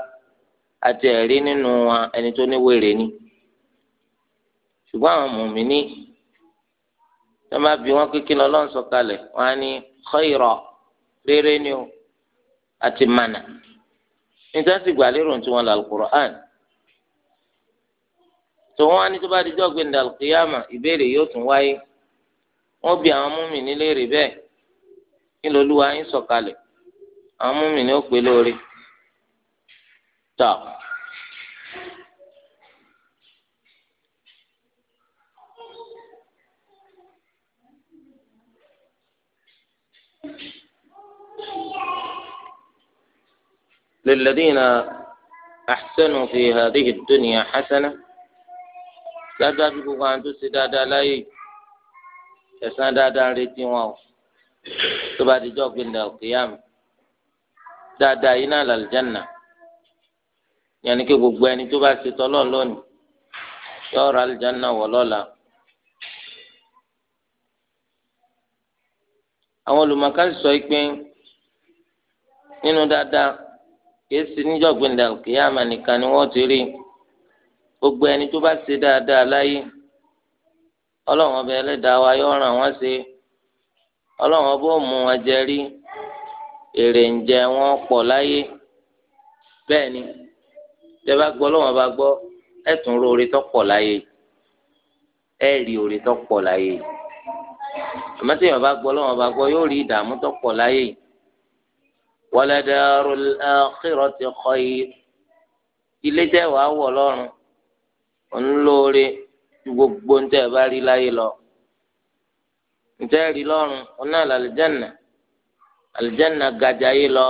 [SPEAKER 1] àti ẹ̀rí nínú wọn ẹni tó níwèrè ni ṣùgbọ́n àwọn mùmíní tó máa bí wọn kékeré lọ́lọ́run sọ̀kalẹ̀ wọn á ní khayra rere ni o àti mana níta sì gbà lérò tí wọn là al-Qur'an tó wọn á ní tó bá di jọ́gbìn dàlùkìyàmà ìbéèrè yóò tún wáyé wọn bí àwọn mùmíní léèrè bẹ́ẹ̀ ńlọlúwa ń sọ̀kalẹ̀ àwọn múmi ni ó pè lóore tọ. للذين أحسنوا في هذه الدنيا حسنة لا تجب أن تسدى لا يسدى لا tó bá dijọ́ gbẹ̀ndà òkèèyàn dáadáa yìí náà làlùjáná yẹnni kí gbogbo ẹni tó bá ṣe tọ́lọ́ lónìí yọ ọ̀rọ̀ àlùjáná wọ̀ lọ́la. àwọn olùmọ̀kárì sọ pé nínú dáadáa kìí ṣe níjọ́ gbẹ̀ndà òkèèyàn nìkan ni wọ́n ti rí gbogbo ẹni tó bá ṣe dáadáa láyé ọlọ́run ọba ẹlẹ́dàá wa yọ ọ̀ràn wọn ṣe ọlọ́run ọbọ̀ mú wọn jẹ rí èrè ń jẹ wọn pọ̀ láyé bẹ́ẹ̀ ni tẹ bá gbọ́ ọlọ́run ọba gbọ́ ẹ tún rí oore tó pọ̀ láyé ẹ rí oore tó pọ̀ láyé àmọ́ tí èèyàn bá gbọ́ ọlọ́run ọba gbọ́ yóò rí ìdààmú tó pọ̀ láyé waladarul akhirati khayr ilé tẹ́ wọ̀ lọ́run òun gbogbo ń tẹ́ bá rí láyé lọ. njẹ́ rí lọ́rùn ọ̀nà alijanna! àlùjánnà gàjà yìí lọ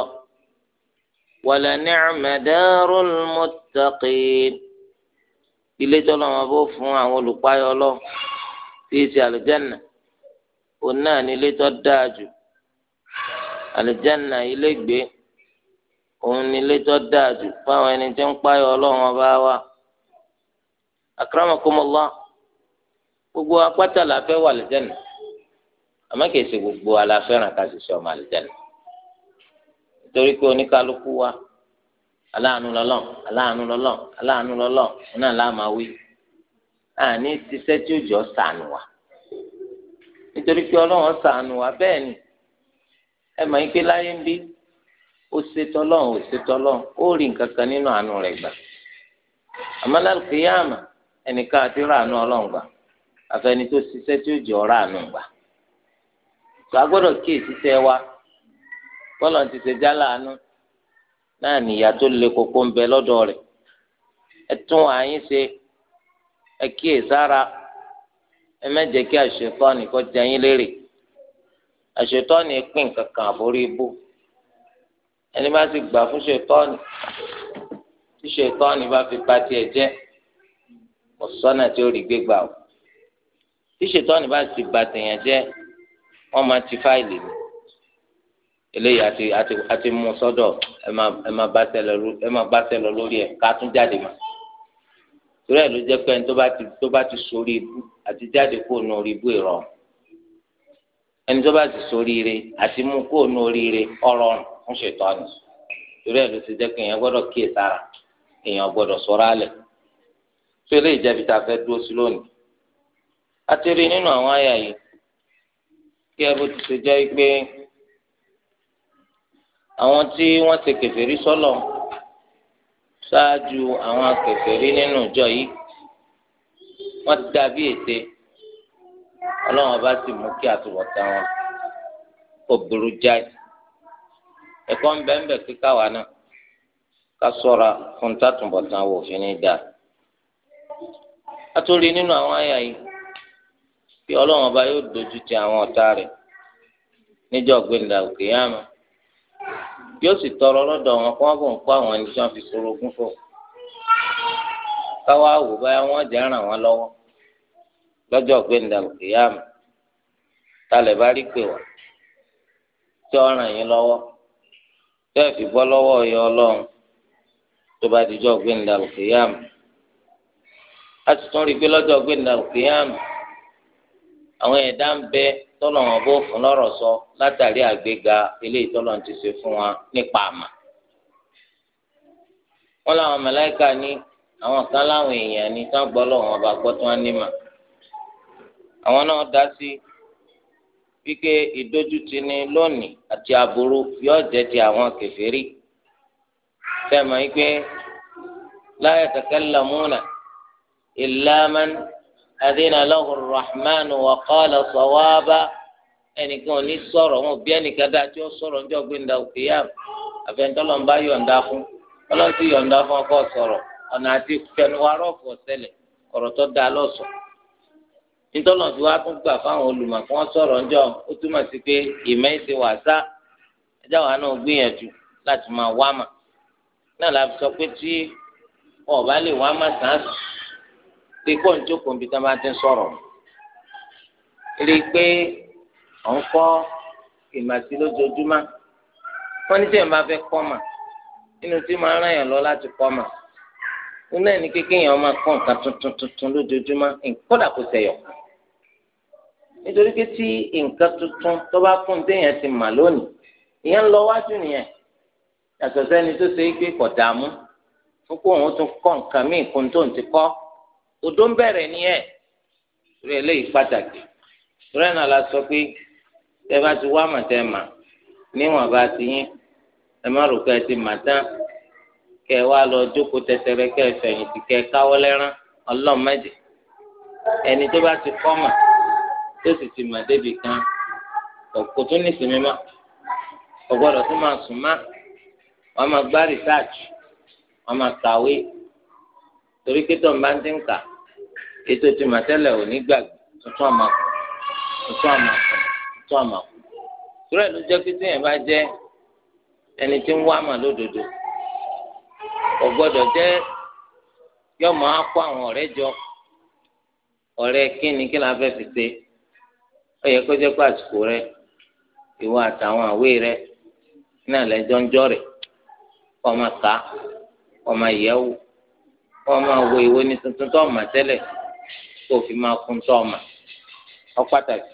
[SPEAKER 1] wala ni'ma darul muttaqin ilé tọ́lọ́ wọn bó fún àwọn olùpáyọ lọ tí ì ṣe alijanna, òun ní ilé tó dáa jù àlùjánnà ilé gbé òun ní ilé tó dáa jù fáwọn ẹni tí ń wa gbogbo apátá la wà alijanna. àmọ́ kìí gbogbo ala ká ṣiṣẹ́ ọmọ àlùjáde nítorí pé oníkálukú wa aláàánú lọ́lọ́n aláàánú lọ́lọ́n aláàánú lọ́lọ́n iná láàmà wí àní ṣiṣẹ́ tí ó jọ sànù wa nítorí pé wa ni ẹ ike láyé ń bí ó ṣetán lọ́run ó ó rí nǹkan kan nínú àánú gbà ẹnìkan àti gbà tí ó tó a kí èsì tẹ wa bọ́lá ti ṣe jálá àánú náà nìyà tó le koko ń bẹ lọ́dọ̀ rẹ̀ ẹ tún àyín ṣe ẹ kí èsára ẹ mẹ́jẹ̀ kí àṣetọ́ni kọ́ jẹ yín lérè àṣetọ́ni pín kankan àbórí ibú ẹni bá ti gbà fún ṣetọ́ni tí ṣetọ́ni bá fi ba tiẹ̀ jẹ́ ọ̀sọ́nà tí ó rí gbégbá o tí ṣetọ́ni bá ti ba tèèyàn jẹ́ wọ́n máa ti fáìlì ni eléyìí àti àti àti mú sọ́dọ̀ ẹ máa ẹ máa bá sẹlọ ẹ máa bá sẹlọ lórí ẹ ká tún jáde mà torí ẹ ló jẹ́ pé ẹni tó bá ti tó bá ti sórí ibú àti jáde kó nu orí ibú ìrọ ẹni tó bá ti sórí ire àti mú kó nu orí ire ọ̀rọ̀ ń ṣètò torí ẹ ló ti jẹ́ pé èèyàn gbọ́dọ̀ kíyè sára èèyàn gbọ́dọ̀ sọ̀rọ̀ alẹ tó eléyìí jẹ̀bi tá a fẹ́ dúró sí lónìí a rí nínú àwọn àyà yìí kí ẹ bó ti ṣe jẹ́ pé àwọn tí wọ́n ṣe kèfèrí sọ́lọ̀ ṣáájú àwọn akèfèrí nínú ìjọ yìí wọ́n ti dà bí ète ọlọ́run ọba sì mú kí àtúbọ̀tán wọn kó burú jáì ẹ̀kọ́ ń bẹ́ẹ̀ ń bẹ̀ kíkà wá náà ká sọ̀ra fún tàtúbọ̀tán wò fi ní dáa. a tó rí nínú àwọn àyà yìí. pé ọlọ́run ọba yóò dojú ti àwọn ọ̀tá rẹ̀ níjọ́ gbẹ̀ndà òkè yáàmù tọrọ lọ́dọ̀ wọn kó wọn bò ń kó àwọn ẹni tí wọ́n fi sorogún fò káwá wò báyà ràn lọ́wọ́ lọ́jọ́ gbẹ̀ndà òkè yáàmù bá rí pè wá tí ó ràn yín tí fi tó bá àwọn ẹ̀dá ń bẹ tọ́lọ̀ wọn bó fún lọ́rọ̀ sọ látàrí àgbéga eléyìí tọ́lọ̀ ti ṣe fún wa nípa àmà. wọ́n láwọn mẹ̀láìkà ní àwọn kan láwọn èèyàn ní tán gbọ́ lọ́wọ́ ọba gbọ́ tí wọ́n àwọn náà dá sí wípé ìdójútì ni lónìí àti aburú yóò jẹ́ ti àwọn kèfèrí. sẹ́ẹ̀ mọ̀ wípé la yatakallamuna illa adina lahu rahman wa qala sawaba ẹnìkan ò ní sọ̀rọ̀ wọn bí ẹnìkan dá tí ó sọrọ ní bá yọ̀ǹda fún Ọlọ́run ti yọ̀ǹda fún ọkọ sọ̀rọ̀ ọ̀nà àti ọ̀fọ̀ ọ̀rọ̀ tó da fi wá tún gbà fáwọn kí wọ́n sọ̀rọ̀ ó túmọ̀ sí pé ìmọ̀ wà sá wa náà gbìyànjú láti rí pọ̀ ní jókòó níbi tí wọ́n bá ti ń sọ̀rọ̀ rí i pé ọ̀ ń kọ́ ìmàsí lójoojúmọ́ wọ́n ní sẹ́yìn bá fẹ́ kọ́ mà nínú tí máa ń ràn yàn lọ láti kọ́ mà nínú ẹ̀ ní kékeré yẹn máa kọ́ nǹkan tuntun tuntun lójoojúmọ́ kódà kò sẹ̀yọ̀ nítorí pé tí nǹkan tuntun tó bá fún un téèyàn ti mà lónìí ìyẹn ń lọ wájú nìyẹn yàtọ̀ sẹ́ni tó ṣe é gbé kọ̀ dààmú fún kó òun tún kọ́ nǹkan míì kó tó ń ti kọ́ odò ń bẹ̀rẹ̀ ní ẹ̀ rẹ̀ eléyìí pàtàkì rẹ̀ la sọ pé ẹ bá ti wá màtẹ́ mà níwọ̀n bá ti yín ẹ má rò pé ẹ ti mà tán kẹ wá lọ jókòó tẹsẹrẹ kẹ fẹ̀yìntì kẹ káwọ́ lẹ́rán ọlọ́mọdé ẹni tó bá ti kọ́ mà tó sì ti mà débi kan kò tún ní sinmi mọ́ ọgbọ́dọ̀ tó máa sùn má wọ́n máa gbá rìsáàjì wọ́n máa kàwé torí pé tó ń bá ń ti ń kà ètò tìmọ̀tẹ́lẹ̀ ò ní gbàgbé tuntun àmàkù tuntun àmàkù tuntun àmàkù torí ẹ̀ ló jẹ́ pé tíyẹn bá jẹ́ ẹni tí ń wá mà lódodo kò gbọ́dọ̀ jẹ́ yọ máa kó àwọn ọ̀rẹ́ jọ ọ̀rẹ́ kíni kí la fẹ́ fi ṣe ó yẹ kó jẹ́ pé àsìkò rẹ ìwọ àtàwọn àwé rẹ náà lẹ́jọ́ ń jọ rẹ̀ kọ́ máa kà á wọn máa wo ìwé ní tuntun tó ọmọ tẹ́lẹ̀ tó fi máa kún tó ọmọ ọ pàtàkì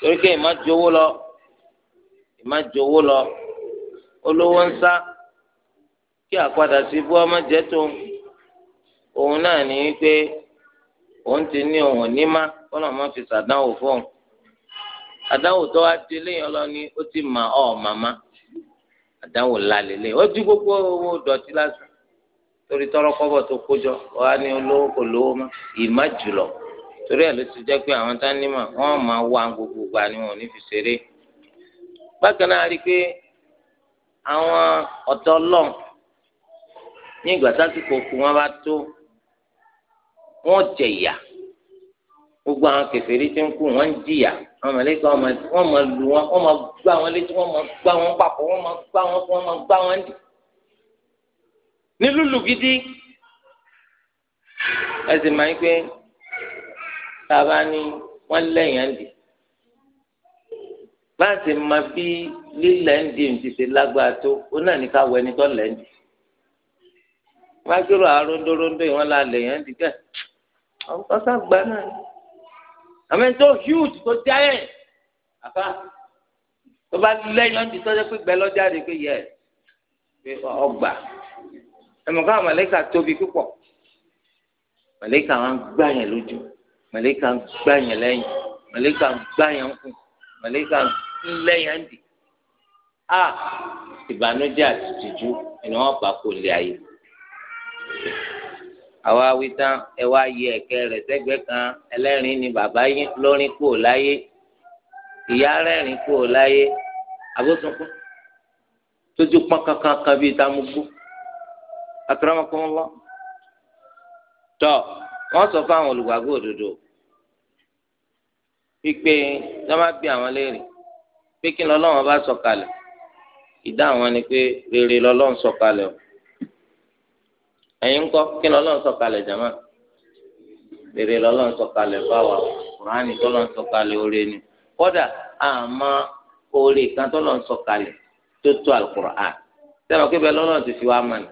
[SPEAKER 1] torí pé ìmá ju owó lọ ìmá ju owó lọ olówó ń sá kí àpadà sí bú ọmọ jẹ tó òun náà ní pé òun ti ní òun ní má kọ́nà má fi sàdánwò fóun àdánwò tó wá di léèyàn lọ ni ó ti mà ọ́ màmá àdánwò lálẹ́ lẹ́yìn ó di gbogbo owó dọ̀tí lásán torí tọrọ kọ́bọ̀ tó kójọ wàá ní olówó kò lówó mọ́ ìmá jùlọ torí ẹ̀ ló ti jẹ́ pé àwọn tá nímọ̀ wọ́n máa wá gbogbo gbà ni wọn ò ní fi ṣeré bákan náà rí i pé àwọn ọ̀tọ̀ ọlọ́run ní ìgbà sásìkò kù wọn bá tó wọn jẹ gbogbo àwọn kèfèrí tí ń kú wọn ń jìyà àwọn mẹlẹkà wọn máa lu wọn wọn máa gbá wọn létí wọn máa gbá wọn papọ̀ wọn máa gbá wọn wọn máa gbá wọn dì ní lùlù gidi ẹ máa ń pé tá ní wọ́n lẹ́yìn àǹdí bá máa bí lílẹ̀ ń di ti ṣe lágbára tó ó náà ní ká wọ ẹni tó lẹ̀ ń di wọ́n á kérò àròndòròndò yìí wọ́n la lẹ̀yìn àǹdí kẹ́ àwọn
[SPEAKER 2] kan sá gbà náà
[SPEAKER 1] àmì tó huge tó giant àbá tó bá lẹ́yìn àǹdí tó jẹ́ pé gbẹ́ lọ́jà rẹ̀ pé yẹ ọgbà. Yes ẹ̀mọ̀ká màlẹ́kà tóbi púpọ̀ màlẹ́kà wọn gbá yẹn lójú màlẹ́kà gbá yẹn lẹ́yìn màlẹ́kà gbá yẹn kù màlẹ́kà
[SPEAKER 2] lẹ́yìn dì a
[SPEAKER 1] ìbànújẹ́ àti tìjú ni wọ́n bá kó lé ayé àwa wí tán ẹ wá yẹ ẹ̀kẹ́ rẹ̀ sẹ́gbẹ́ kan ẹlẹ́rìn ni bàbá lórin kúò láyé ìyá rẹ́rìn kúò láyé àbótúnkún tójú pọ́n kankan kan bíi tamugbó akramakumullah tọ wọ́n sọ fún àwọn olùgbàgbọ́ òdodo wípé wọ́n máa bí àwọn léèrè pé kí lọ́lọ́run bá sọ kalẹ̀ ìdá àwọn ni pé rere lọ́lọ́run sọ kalẹ̀ o ẹ̀yin ńkọ́ kí lọ́lọ́run sọ kalẹ̀ jàmá rere lọ́lọ́run sọ kalẹ̀ báwa kùránì tọ́lọ́run sọ kalẹ̀ oore ni kódà àmọ́ oore kan tọ́lọ́run sọ kalẹ̀ tó tó àlùkùránì sẹ́wọ̀n kébẹ̀ lọ́lọ́run ti fi wá mọ̀ ní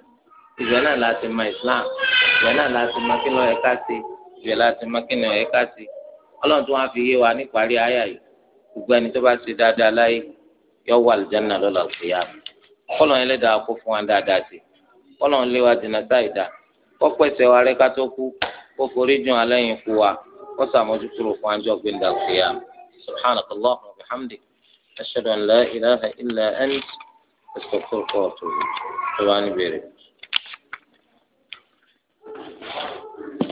[SPEAKER 1] ìgbà náà la ti mọ islam ìgbà náà la ti mọ kí ló yẹ ká ṣe ìgbà la ti mọ kí ló yẹ ká ṣe ọlọ́run tó wá fi yé wa níparí àyà yìí gbogbo ẹni tó bá ṣe dáadáa láyé yọ wà lùjánà lọ́la òkèèyà kọ́lọ́n ẹlẹ́dàá kó fún wa dáadáa sí kọ́lọ́n lé wa dènà sáìdá kó pèsè wa rẹ́ ká tó kú kó forí jùn alẹ́yìn kú wa kó sàmójúkúrò fún àjọ gbẹ̀ndà òkèèyà subhanaka wa bihamdik ashhadu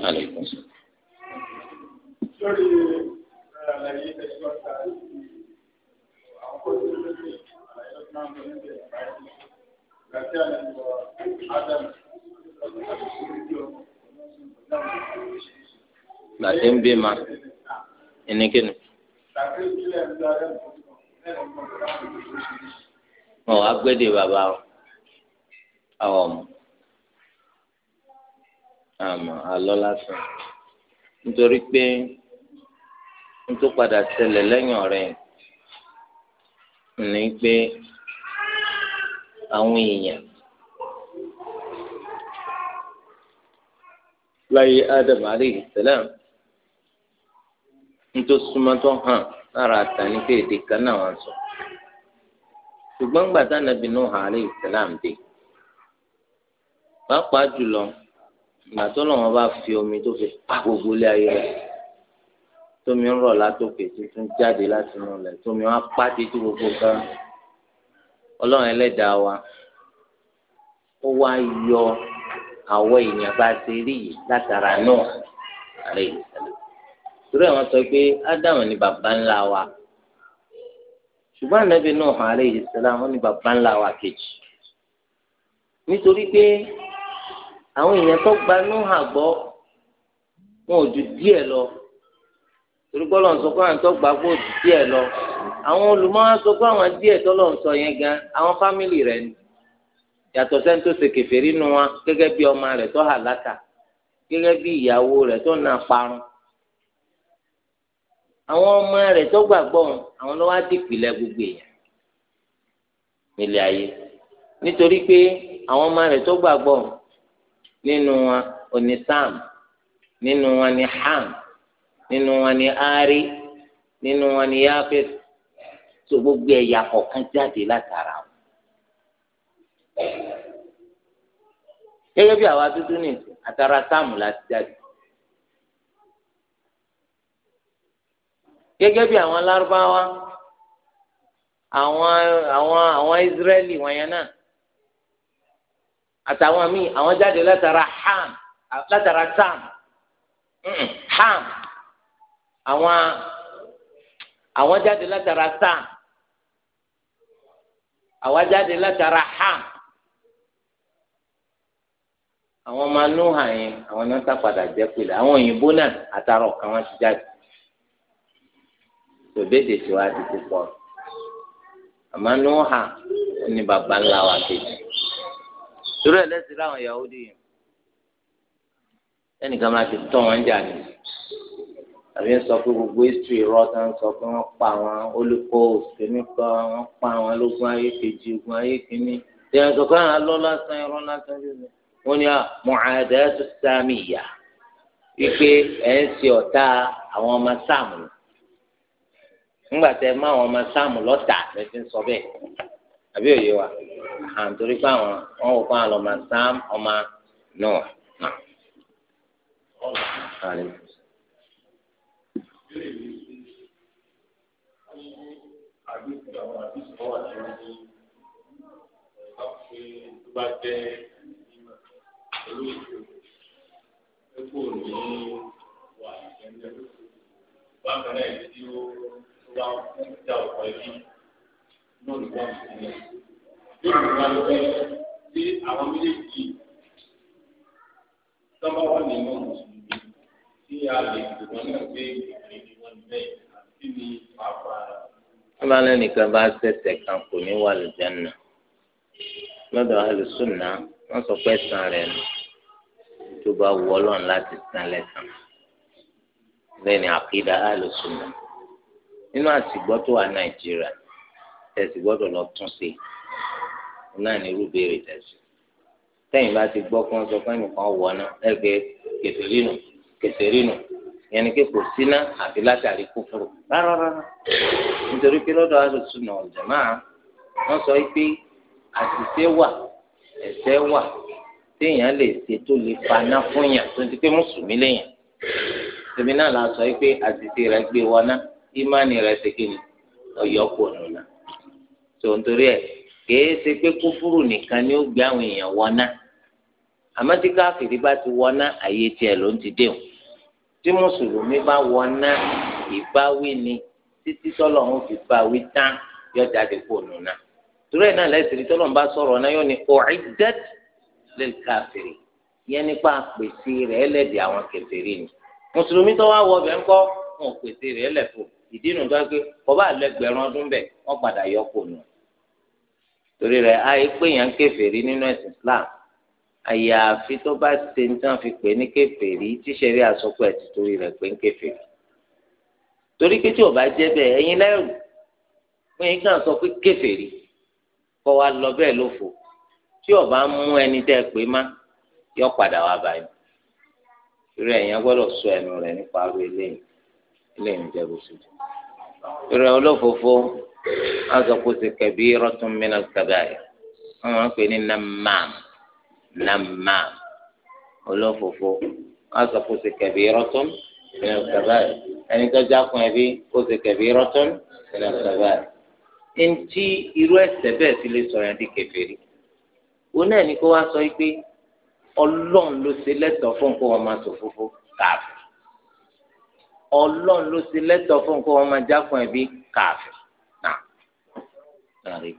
[SPEAKER 2] Alaikum. Sọ́rí eh, àlàyé ẹ̀ṣọ́ ta àwọn kòtò lórí àlàyé ọ̀sán àwọn ọ̀sán ìgbà tí a lè wọ Ádámù àti Sùúrù
[SPEAKER 1] Gbàtí ń bí ma, ẹnikẹ́ni. Ọ̀ agbẹ́dẹ bàbá ọ̀, àwọn ọmọ. àmọ́ àlọ́ lásán nítorí pé nítorí padà ṣẹlẹ̀ lẹ́yìn ọ̀rẹ́ ní pé àwọn èèyàn láyé ádámù alayhi salam nítorí súnmọ́tò hàn lára àtàní pé èdè kan náà wọ́n sọ ṣùgbọ́n gbàtà nàbì Nuh ìgbà tó lọ́wọ́ bá fi omi tó fi pa gbogbo ilé ayé rẹ̀ tómi ń rọ̀ látòkè tuntun jáde láti inú rẹ̀ tómi wọn apá títí gbogbo gan ọlọ́run ẹlẹ́dàá wa ó wá yọ àwọ̀ èèyàn bá ṣe rí yìí látara náà àlẹ́ ìsẹ̀lẹ̀ torí àwọn sọ pé ádámù ni bàbá ńlá wa ṣùgbọ́n ànábì náà àlẹ́ ìsẹ̀lẹ̀ àwọn ni bàbá ńlá wa kejì nítorí pé àwọn èèyàn tó gba núhà gbọ́ wọn ò ju díẹ̀ lọ torí pé ọlọ́run sọ pé àwọn tó gba gbọ́ ò ju díẹ̀ lọ àwọn olùmọ́wá sọ pé àwọn díẹ̀ tó lọ́n sọ yẹn gan àwọn fámìlì rẹ̀ ni yàtọ̀ sẹ́ni tó ṣe kèfèrí nu wa gẹ́gẹ́ bí ọmọ rẹ̀ tó hà láta gẹ́gẹ́ bí ìyàwó rẹ̀ tó nà parun àwọn ọmọ rẹ̀ tó gbàgbọ́ àwọn ló wá dìpìlẹ̀ gbogbo èèyàn nílé ayé nítorí pé àwọn ọmọ rẹ̀ tó gbàgbọ́ nínú wọn òní sam nínú wọn ni ham nínú wọn ni ari nínú wọn ni yafet tó gbogbo ẹ̀yà kọ̀ọ̀kan jáde látara wọn. gẹ́gẹ́ bí àwa dúdú ní àtàrà sáàmù láti jáde. gẹ́gẹ́ bí àwọn lárúbáwá àwọn àwọn àwọn israẹli wọ̀nyẹn náà àtàwọn míì àwọn jáde látara ham látara sam ham àwọn àwọn jáde látara sam àwọn jáde látara ham àwọn ọmọ anúhà yẹn àwọn náà sàpadà jẹ pèlè àwọn òyìnbó náà àtàrà ọkàn wọn ti jáde tòbédè tí wàá di púpọ̀ àmọ́ anúhà ni baba ńlá wa kejì sórí ẹ̀ lẹ́sìn láwọn Yahudi yẹn ẹnìkan máa ti tọ́ wọn jà ní àbí ń sọ pé gbogbo history irọ́ tó ń sọ pé wọ́n pa àwọn olùkọ́ òsèmí kan wọ́n pa àwọn lógún ayé kejì ogun ayé kìíní ìyẹn sọ pé àwọn alọ́ lásán irọ́ lásán yìí wọ́n ní mu'adatu Samiyya wípé ẹ̀ ń ṣe ọ̀tá àwọn ọmọ sáàmù ńgbà tẹ má àwọn ọmọ sáàmù lọ́tà lẹ́sìn sọ bẹ́ẹ̀ àbí òye wa à ń torí pé àwọn wọn wò fún àwọn ọmọ sam ọmọ náà náà.
[SPEAKER 2] bá tí ó bá fún ìjà ọ̀pọ̀ ẹbí náà ló wà nílẹ̀ yóò lè wá lọ́wọ́ sí àwọn méjèèjì tọ́ba wà nínú mùsùlùmí tí a lè pè wọ́n náà pé ìgbàlè ni wọ́n bẹ́ẹ̀ àti ní pàápàá.
[SPEAKER 1] wọ́n bá lẹ́nìkan bá ṣẹ̀ṣẹ̀ kan kò ní wà lùjánà lọ́dọ̀ àlùsùnà wọ́n sọ pé san rẹ̀ nù tó bá wù ọlọ́run láti san lẹ́sàn lẹ́ni àkídà àlùsùnà nínú àtìgbọ́ tó wà nàìjíríà tẹ̀sígbọ́dọ̀ lọ tún sí i náà ní irú béèrè tẹ̀sí tẹ́yìn bá ti gbọ́ kí wọ́n sọ fún ẹnìkan wọ̀ ọ́nà ẹgbẹ́ kẹsìrínù kẹsìrínù yẹn ni pé kò síná àfi látàrí kúfúrú rárá nítorí pé lọ́dọ̀ àlùsùnà ọ̀jọ̀mọ́ wọ́n sọ pé àṣìṣe wà ẹ̀ṣẹ̀ wà téèyàn lè ṣe tó lè paná fún yàn tó ti pé mùsùlùmí lèyàn tèmi náà la sọ pé àṣìṣe rẹ̀ gbé wọná ìmánì rẹ̀ ṣe kí ni ọ̀yọ́ kò nù náà tó ń torí ẹ̀ kìí ṣe pé kúfúrú nìkan ni ó gbé àwọn èèyàn wọná àmọ́ tí káfíìrì bá ti wọná àyè tiẹ̀ ló ń ti dé o tí mùsùlùmí bá wọná ìbáwí ni títí tọ́lọ̀ ń fi báwí tán yọ jáde kó nù náà torí ẹ̀ náà lẹ́sìn tí tọ́lọ̀ ń bá sọ̀rọ̀ náà yóò ní ọ̀ẹ́dẹ́t lè káfíìrì yẹn nípa àpèsè rẹ̀ ẹlẹ́dẹ̀ àwọn kèfèrí ni mùsùlùmí tó wá wọ bẹ́ẹ̀ ńkọ́ wọn pèsè rẹ̀ ẹlẹ́fọ̀ ìdí nù torí rẹ̀ ayé pé yàn kèfèrí nínú ẹ̀sìn Islam àyàfi tó bá ṣe ní tán fi pè ní kèfèrí tíṣẹrí àsopọ̀ ẹtì torí rẹ̀ pé ń kèfèrí torí pé tí ò bá jẹ́ bẹ́ẹ̀ ẹ̀yin lẹrù fún yín kàn sọ pé kèfèrí kọ wa lọ bẹ́ẹ̀ lófo tí ò bá mú ẹni tẹ́ pé má yọ padà wá báyìí torí ẹ̀yin gbọ́dọ̀ sọ ẹnu rẹ̀ nípa aró eléyìí eléyìí ń jẹ bó ṣe jù torí ẹ olófòfó azọkùsì kabiratun minal kabair wọn máa ń pè ní namam namam olófòfó azọkùsì kabiratun minal kabair ẹni tó jákun ẹbí ó sì kabiratun minal kabair ntí irú ẹ̀ṣẹ̀ bẹ́ẹ̀ sì lè sọ̀rọ̀ ẹni kèfèrí wọn náà ní kó wá sọ pé Ọlọ́run ló ṣe lẹ́tọ̀ọ́ fún kó wọn máa ṣòfófó káàfin Ọlọ́run ló ṣe lẹ́tọ̀ọ́ fún kó wọn máa jákun ẹbí káàfin
[SPEAKER 2] láàrin.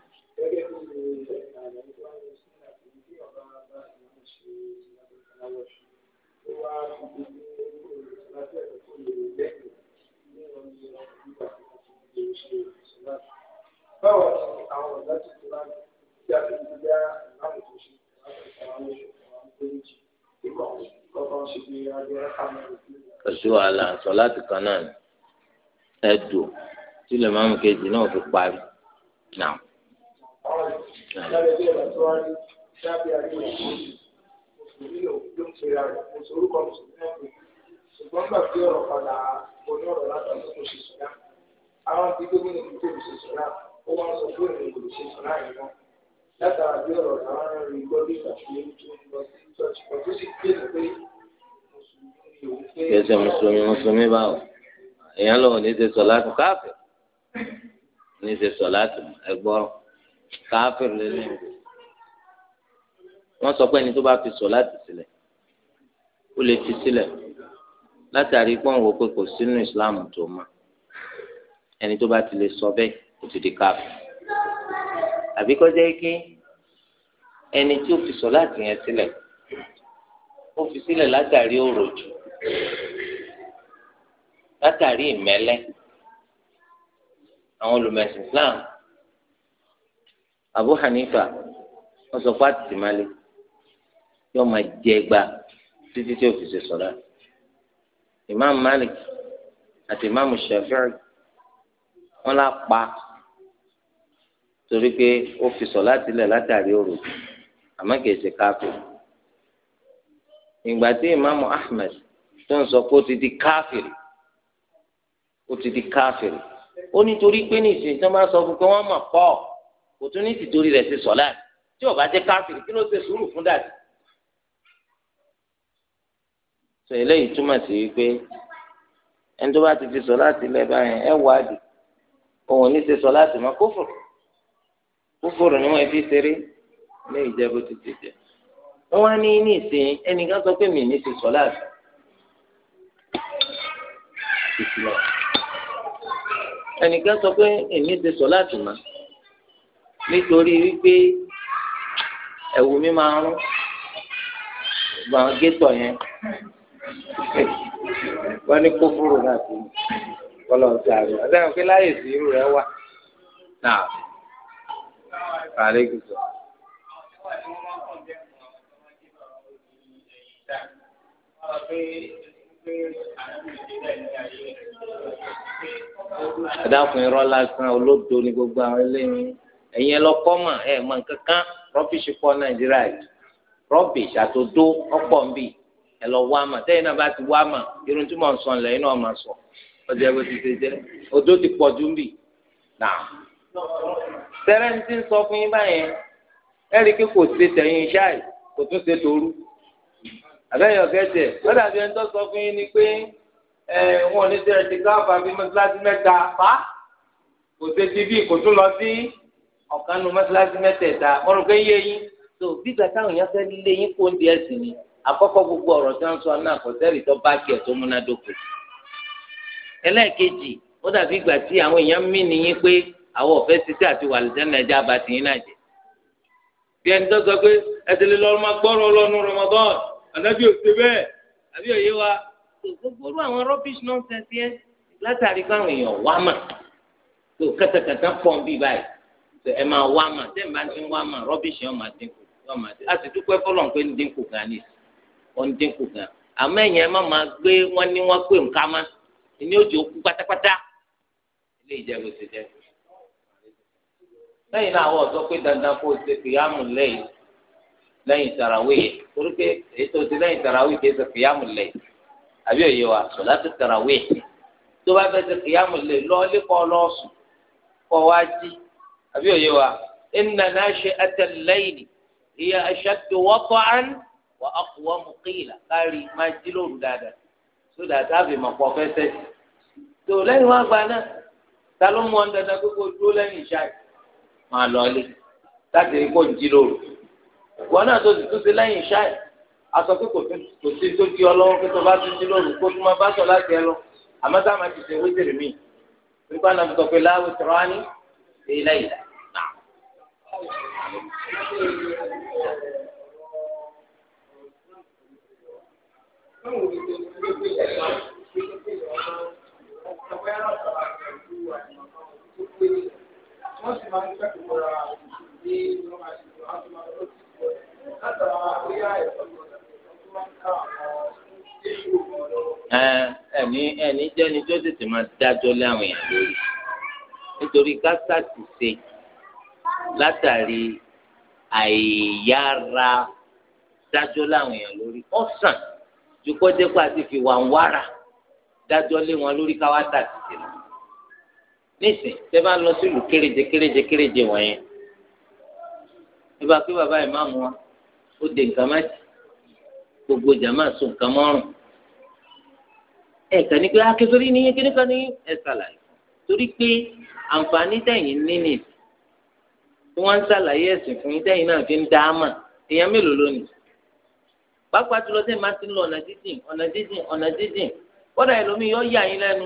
[SPEAKER 2] báwo ni àwọn ọ̀dọ́ ti ti
[SPEAKER 1] máa ń kan náà ẹdùn tí lè máàmù kejì náà fi parí
[SPEAKER 2] Naam. ṣùgbọ́n mùsùlùmí mùsùlùmí
[SPEAKER 1] báwo èèyàn lòun ní ti sọ láti káàfẹ́ ní ṣe sọ láti ẹgbọràn káfíìn lélẹ wọn sọ pé ẹni tó bá fi sọ láti sílẹ̀ ó lè fi sílẹ̀ látàrí pọ́n wo pé kò sínú islam tó mọ ẹni tó bá ti lè sọ bẹ́ẹ̀ kò ti di káfíìn àbí kọjá ike ẹni tí ó fi sọ yẹn sílẹ̀ ó fi sílẹ̀ látàrí òròjù látàrí ìmẹ́lẹ́ àwọn olùmẹ̀sìn Islam Abu Hanifa wọ́n sọ fún àtìmálé yóò máa jẹ gba títí tí ó fi Imam Malik àti Imam Shafi'i wọ́n lá pa torí pé ó fi sọ láti lẹ̀ látàrí òru àmọ́ kìí ṣe káfíìn ìgbà tí Imam Ahmed tó ń sọ pé ó ti di káfíìn ó ti di káfíìn ó nítorí pé ní ìsìn tí wọ́n bá sọ fún pé wọ́n mọ̀ pọ̀ kò tún ní tìtorí rẹ̀ ṣe sọ̀lá tí ò bá jẹ́ káfíìrì kí ló ṣe sùúrù fún dàdí. sọ eléyìí túmọ̀ sí wípé ẹni tó bá ti fi sọ láti lẹ́ báyẹn ẹ wádìí òun ní ṣe sọ láti mọ kófòrò kófòrò ni wọ́n fi ṣeré ní ìjẹ́bù títí jẹ. wọ́n á ní ní ìsìn ẹnìkan sọ pé mi ní ṣe sọ láti ẹnìkan sọ pé èmi ti sọ láti mọ nítorí wípé ẹ̀wù mi máa ń gba gétọ yẹn wọn ní kófóró náà sí kọlọ ń sáré ọdẹ wọn pé láyè sí irú rẹ̀ wà náà àlékún sọ.
[SPEAKER 2] Thank you ẹdáàfin irọ́
[SPEAKER 1] lásán olódo ni gbogbo àwọn eléyìí ẹ̀yin ẹlọ́kọ́ mà ẹ̀ mọ̀ nǹkankan rọ́bìṣì pọ̀ nàìjíríà yìí rọ́bìṣì àtòdó ọ̀pọ̀ ń bì ẹ̀ lọ wá mà tẹ́yìn náà bá ti wá mà irun tí mò ń sọ ń lẹ̀ inú ọ̀ mà sọ ọjà ìwé ti ṣe jẹ́ odó ti pọ̀ jù ń bì nà. sẹ́rẹ́ntì ń sọ fún yín báyẹn ẹ̀rí kí kò ṣe tẹ̀yìn iṣẹ́ àì
[SPEAKER 2] kò tún ṣe torú. àbẹ́yọ̀ gẹ̀ẹ́sẹ̀ wọ́n
[SPEAKER 1] dàbí ẹni tó sọ fún yín ni pé wọn ò ní sẹ́yìn ti káfà bíi mọ́tíláṣí mẹ́ta pa
[SPEAKER 2] kò ṣe ti bí kò tún
[SPEAKER 1] lọ sí ọ̀kan nu mọ́tíláṣí mẹ́tẹ̀ẹ̀ta wọ́n rò pé yé yín tó bí àwọn fẹ́ lé yín kó ń di ẹ̀sìn ni gbogbo ọ̀rọ̀ tí náà kò sẹ́rì tó bá kí ẹ̀ tó ẹlẹ́ẹ̀kejì ó dàbí ìgbà tí àwọn èèyàn mí nìyín pé àwọn ọ̀fẹ́ títí àti ànábì òsè bẹ́ẹ̀ àbí òye wa gbogbo orú àwọn rubbish nonsense yẹn látàrí káwọn èèyàn wá mà tó kẹtẹkẹtẹ pọ̀ ń bí báyìí tó ẹ máa wá mà tẹ́ ẹ máa ti ń wá mà rubbish yẹn máa dínkù yẹn máa dínkù a sì dúpẹ́ fọlọ́n pé ń dínkù gan ni ó ń dínkù gan àmọ́ ẹ̀yìn ẹ má máa gbé wọ́n ní wọ́n pè nǹkan mọ́ ìní òjò kú pátápátá ilé ìjẹun ti jẹ lẹ́yìn náà àwọn ọ̀dọ́ pé dandan kó o ṣe kìyàmù lẹ́yìn lẹ́yìn tarawih torí pé ètò ti lẹ́yìn tarawih kì í ṣe kìyàmù lẹ̀ àbí òye wa sọlá ti tarawih tó bá fẹ́ ṣe kìyàmù lẹ̀ lọ́ọ́lé kọ́ lọ́ọ̀sùn kọ́ wá jí àbí òye wa inna nashi'ata al-layli wa aqwamu qila kárí máa jí lóru dáadáa sódà táàbì mọ̀ pọ̀ fẹ́ tó lẹ́yìn wá gba náà ta ló mú dandan dúró lẹ́yìn máa lọ wọn náà tó ti tún sí lẹ́yìn ṣáì aṣọ pé kò sí tó di ọlọ́wọ́ pé tó bá tún sí lóru kó tó máa bá sọ láti ẹ lọ àmọ́ tá a máa ti ṣe wíṣìrì míì nípa náà fi sọ pé láwùjọ tí wọ́n á ní ṣe
[SPEAKER 2] lẹ́yìn. Wọ́n sì máa ń fẹ́ kó rọra ní ọmọ àti ìlú àti ìlú àti ìlú látara bóyá ẹ̀kọ́ tó máa ń ká àwọn iṣu wọn lọ́wọ́.
[SPEAKER 1] ẹni ẹni jẹ́ni tó tètè máa dájọ́ lé àwọn èèyàn lórí nítorí gáàsà ti ṣe
[SPEAKER 2] látàrí
[SPEAKER 1] àìyára dájọ́ láwọn èèyàn lórí ọ̀sán ju kó jẹ́ pé a ti fi wà ń wára dájọ́ lé wọn lórí káwá tà tìtì lọ. nísìn tẹ́ bá lọ sílùú kéréje kéréje kéréje wọ̀nyẹn. ìbá pé bàbá ìmáàmù wa ó de nǹkan má jì gbogbo jàmáà so nǹkan mọ́rùn ẹ kàn ní pé akẹ́sọ́rí ah, ní ni, kan ní ẹ ṣàlàyé torí pé àǹfààní tẹ̀yìn nínì tí wọ́n ń ṣàlàyé ẹ̀sìn fún yín tẹ̀yìn náà fi ń dá a mà èèyàn mélòó lónìí pápá tó lọ sí máa ti ń lọ ọ̀nà jíjìn ọ̀nà jíjìn ọ̀nà jíjìn kọ́dà ẹlòmíì yọ yà yín lẹ́nu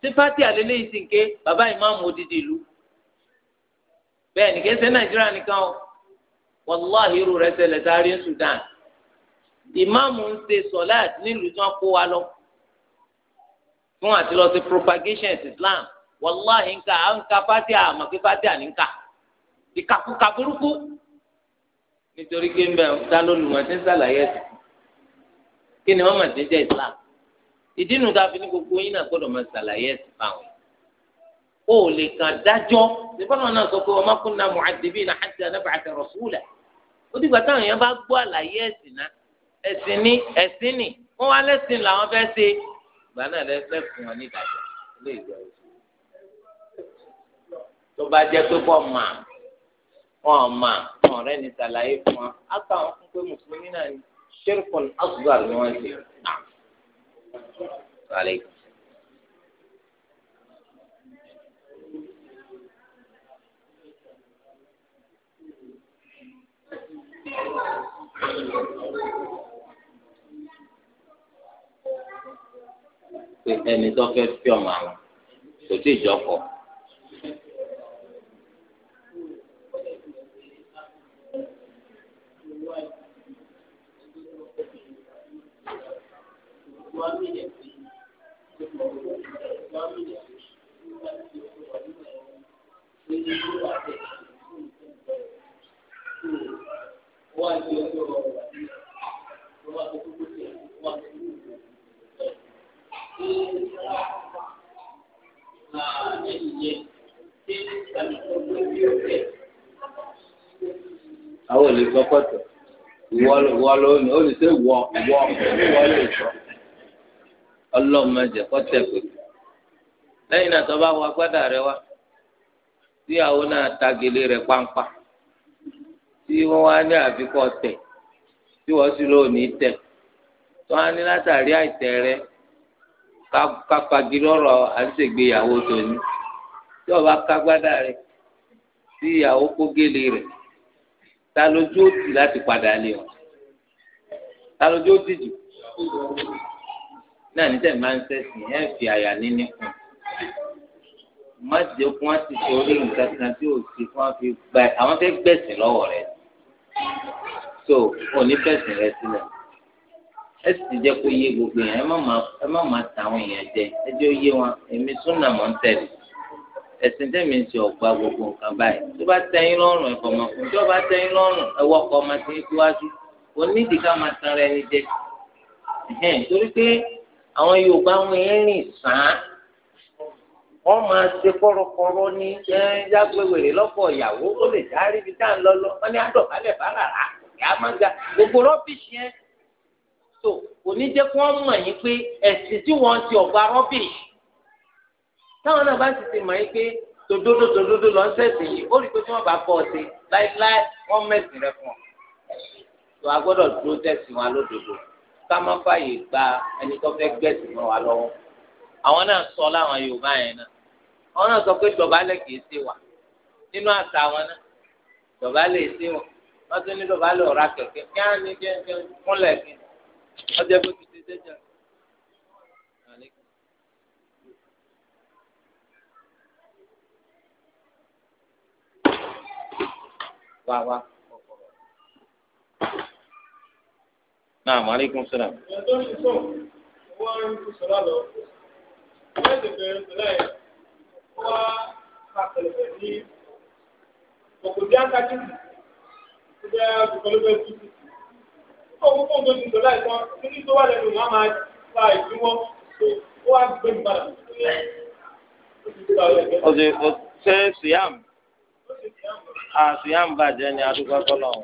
[SPEAKER 1] sí fati àlélẹ́yìn sì ń ké bàbá ìmáàmù odidi ìlú bẹ́ẹ̀ nìkẹ́sẹ́ nàìjíríà nìkan o wàláhì irú rẹ̀ ṣẹlẹ̀ sáré ní Sudan ìmáàmù ń ṣe sọ̀láàt nílùú tí wọ́n kó wa lọ fún àti lọ sí propagation Islam wàláhì nǹka à ń ka fatia àmọ́ pé fatia ní nǹka ìkàkùkà burúkú nítorí pé mbẹ ta ló lù wọn ti ń sàlàyé ẹsẹ kí ni wọn mà ti jẹ Islam ìdí nu ta fi ní gbogbo yín náà gbọ́dọ̀ máa sàlàyé ẹsẹ fáwọn o lè kàn dájọ́ nígbà náà sọ pé wọn má kunna mu'addibina hatta nab'atha rasula ó dìgbà táwọn èèyàn bá gbọ́ àlàyé ẹ̀sìn náà ẹ̀sìn ní ẹ̀sìn nì wọ́n wá lẹ́sìn làwọn fẹ́ ṣe ìgbà náà lẹ́fún wọn ní ìdájọ́ ilé ìgbà òsì tó bá jẹ́ pé kọ́ mà wọ́n mà wọ́n rẹ́ ní sàlàyé fún wọn á kà wọ́n fún pé mùsùlùmí náà ní asùgbà ni wọ́n ṣe pé ẹni tó fẹ́ fi ọmọ àwọn kò tí ì jọkọ.
[SPEAKER 2] Thank you. wọ́n ti ọjọ́ ọ̀rọ̀ wọ́n na ti kúkú àwọn olè sọ pọ̀tọ̀ ìwọ
[SPEAKER 1] ìwọ lónìí wọ lè sọ náà wọ agbádá rẹ wá tíyàwó náà tagilé rẹ tí wọ́n wá ní àfikọ́ tẹ̀ tí wọ́n sì lò ní tẹ̀ tó wá ní látàrí àìtẹ̀ rẹ kápagi lọ́rọ̀ àṣègbéyàwó tòní tí ọba kágbádá rẹ tí ìyàwó kógélé rẹ ta lójú òtì láti padà lé ọ ta lójú òtì jù náà níta máa ń sẹ́sìn ẹ̀ fi àyà níní kùn má jẹ́ kó wọ́n ti sọ orí nǹkan kan tí ò sí kó wọ́n fi gbà àwọn fẹ́ gbẹ̀sìn lọ́wọ́ rẹ̀ sí so òní fẹsẹ̀ rẹ sílẹ̀ ẹ sì jẹ́ kó yé gbogbo yẹn ẹ má má tàwọn èèyàn jẹ ẹ jẹ́ ó yé wọn èmi súnà mọ́ ń tẹ̀lé ẹ̀sìn tẹ̀mí ń ṣe ọ̀gbà gbogbo nǹkan báyìí tó bá tẹ́yìn lọ́rùn ẹ̀fọ́ máa fún tó bá tẹ́yìn lọ́rùn ẹ̀wọ́ ọkọ̀ máa ti ń síwájú onídìí ká máa tan ara ẹni jẹ torí pé àwọn Yorùbá wọn yẹn rìn sàn án wọ́n máa ṣe kọ́rọ́kọ́rọ́ ní yàgbéwèrè lọ́pọ̀ ìyàwó ó lè dárí ibi tá à ń lọ lọ wọ́n ní àdọ̀bálẹ̀ bára rà yàá má ga gbogbo
[SPEAKER 2] rọ́bìṣì yẹn
[SPEAKER 1] tó kò ní jẹ́ kí wọ́n mọ̀ yín pé ẹ̀sìn tí wọ́n ti ọ̀gá rọ́bìṣì táwọn náà bá sì ti mọ̀ yín pé tòdodo tòdodo lọ sẹ́sìn yìí ó rí i pé tí wọ́n bá kọ́ ọ sí láíláí wọ́n mẹ́sìn rẹ fún ọ tó a gbọ́dọ̀ dúró tẹ̀sìn wa lódodo ká má fààyè gba ẹni tó fẹ́ gbẹ̀sìn mọ́ wa lọ́wọ́ àwọn náà sọ láwọn Yorùbá yẹn náà wọn náà sọ pé dọ̀bálẹ̀ kìí ṣe wà nínú àṣà wọn náà dọ̀bálẹ̀ ṣe wọn wọn tún ní dọ̀bálẹ̀ ọ̀rá kẹ̀kẹ́ kí á ní jẹ́ jẹ́ kúnlẹ̀ kí ọjọ́ bó ti ṣe jẹ́jẹ́. wá wá. náà maaleykum salaam.
[SPEAKER 2] ẹ̀jọ̀ ń sọ wọ́n ń sọ̀rọ̀ lọ. wọ́n ti bẹ̀rẹ̀ sọ̀rọ̀ yẹn wá pàtẹ́lẹ̀ ní òkòdì àtàkìtì tó jẹ́ olùkọ́lọ́gbẹ́ tuntun. ó kún fún òjòjì tó láìsàn títí tó wà lẹ́nu wọn máa fa ìdíwọ́ tó wá gbé mi padà. ọ̀sẹ̀ ṣé ṣìyàm
[SPEAKER 1] àṣìyàm ah, bàjẹ́ ni adúgbò ọlọ́run.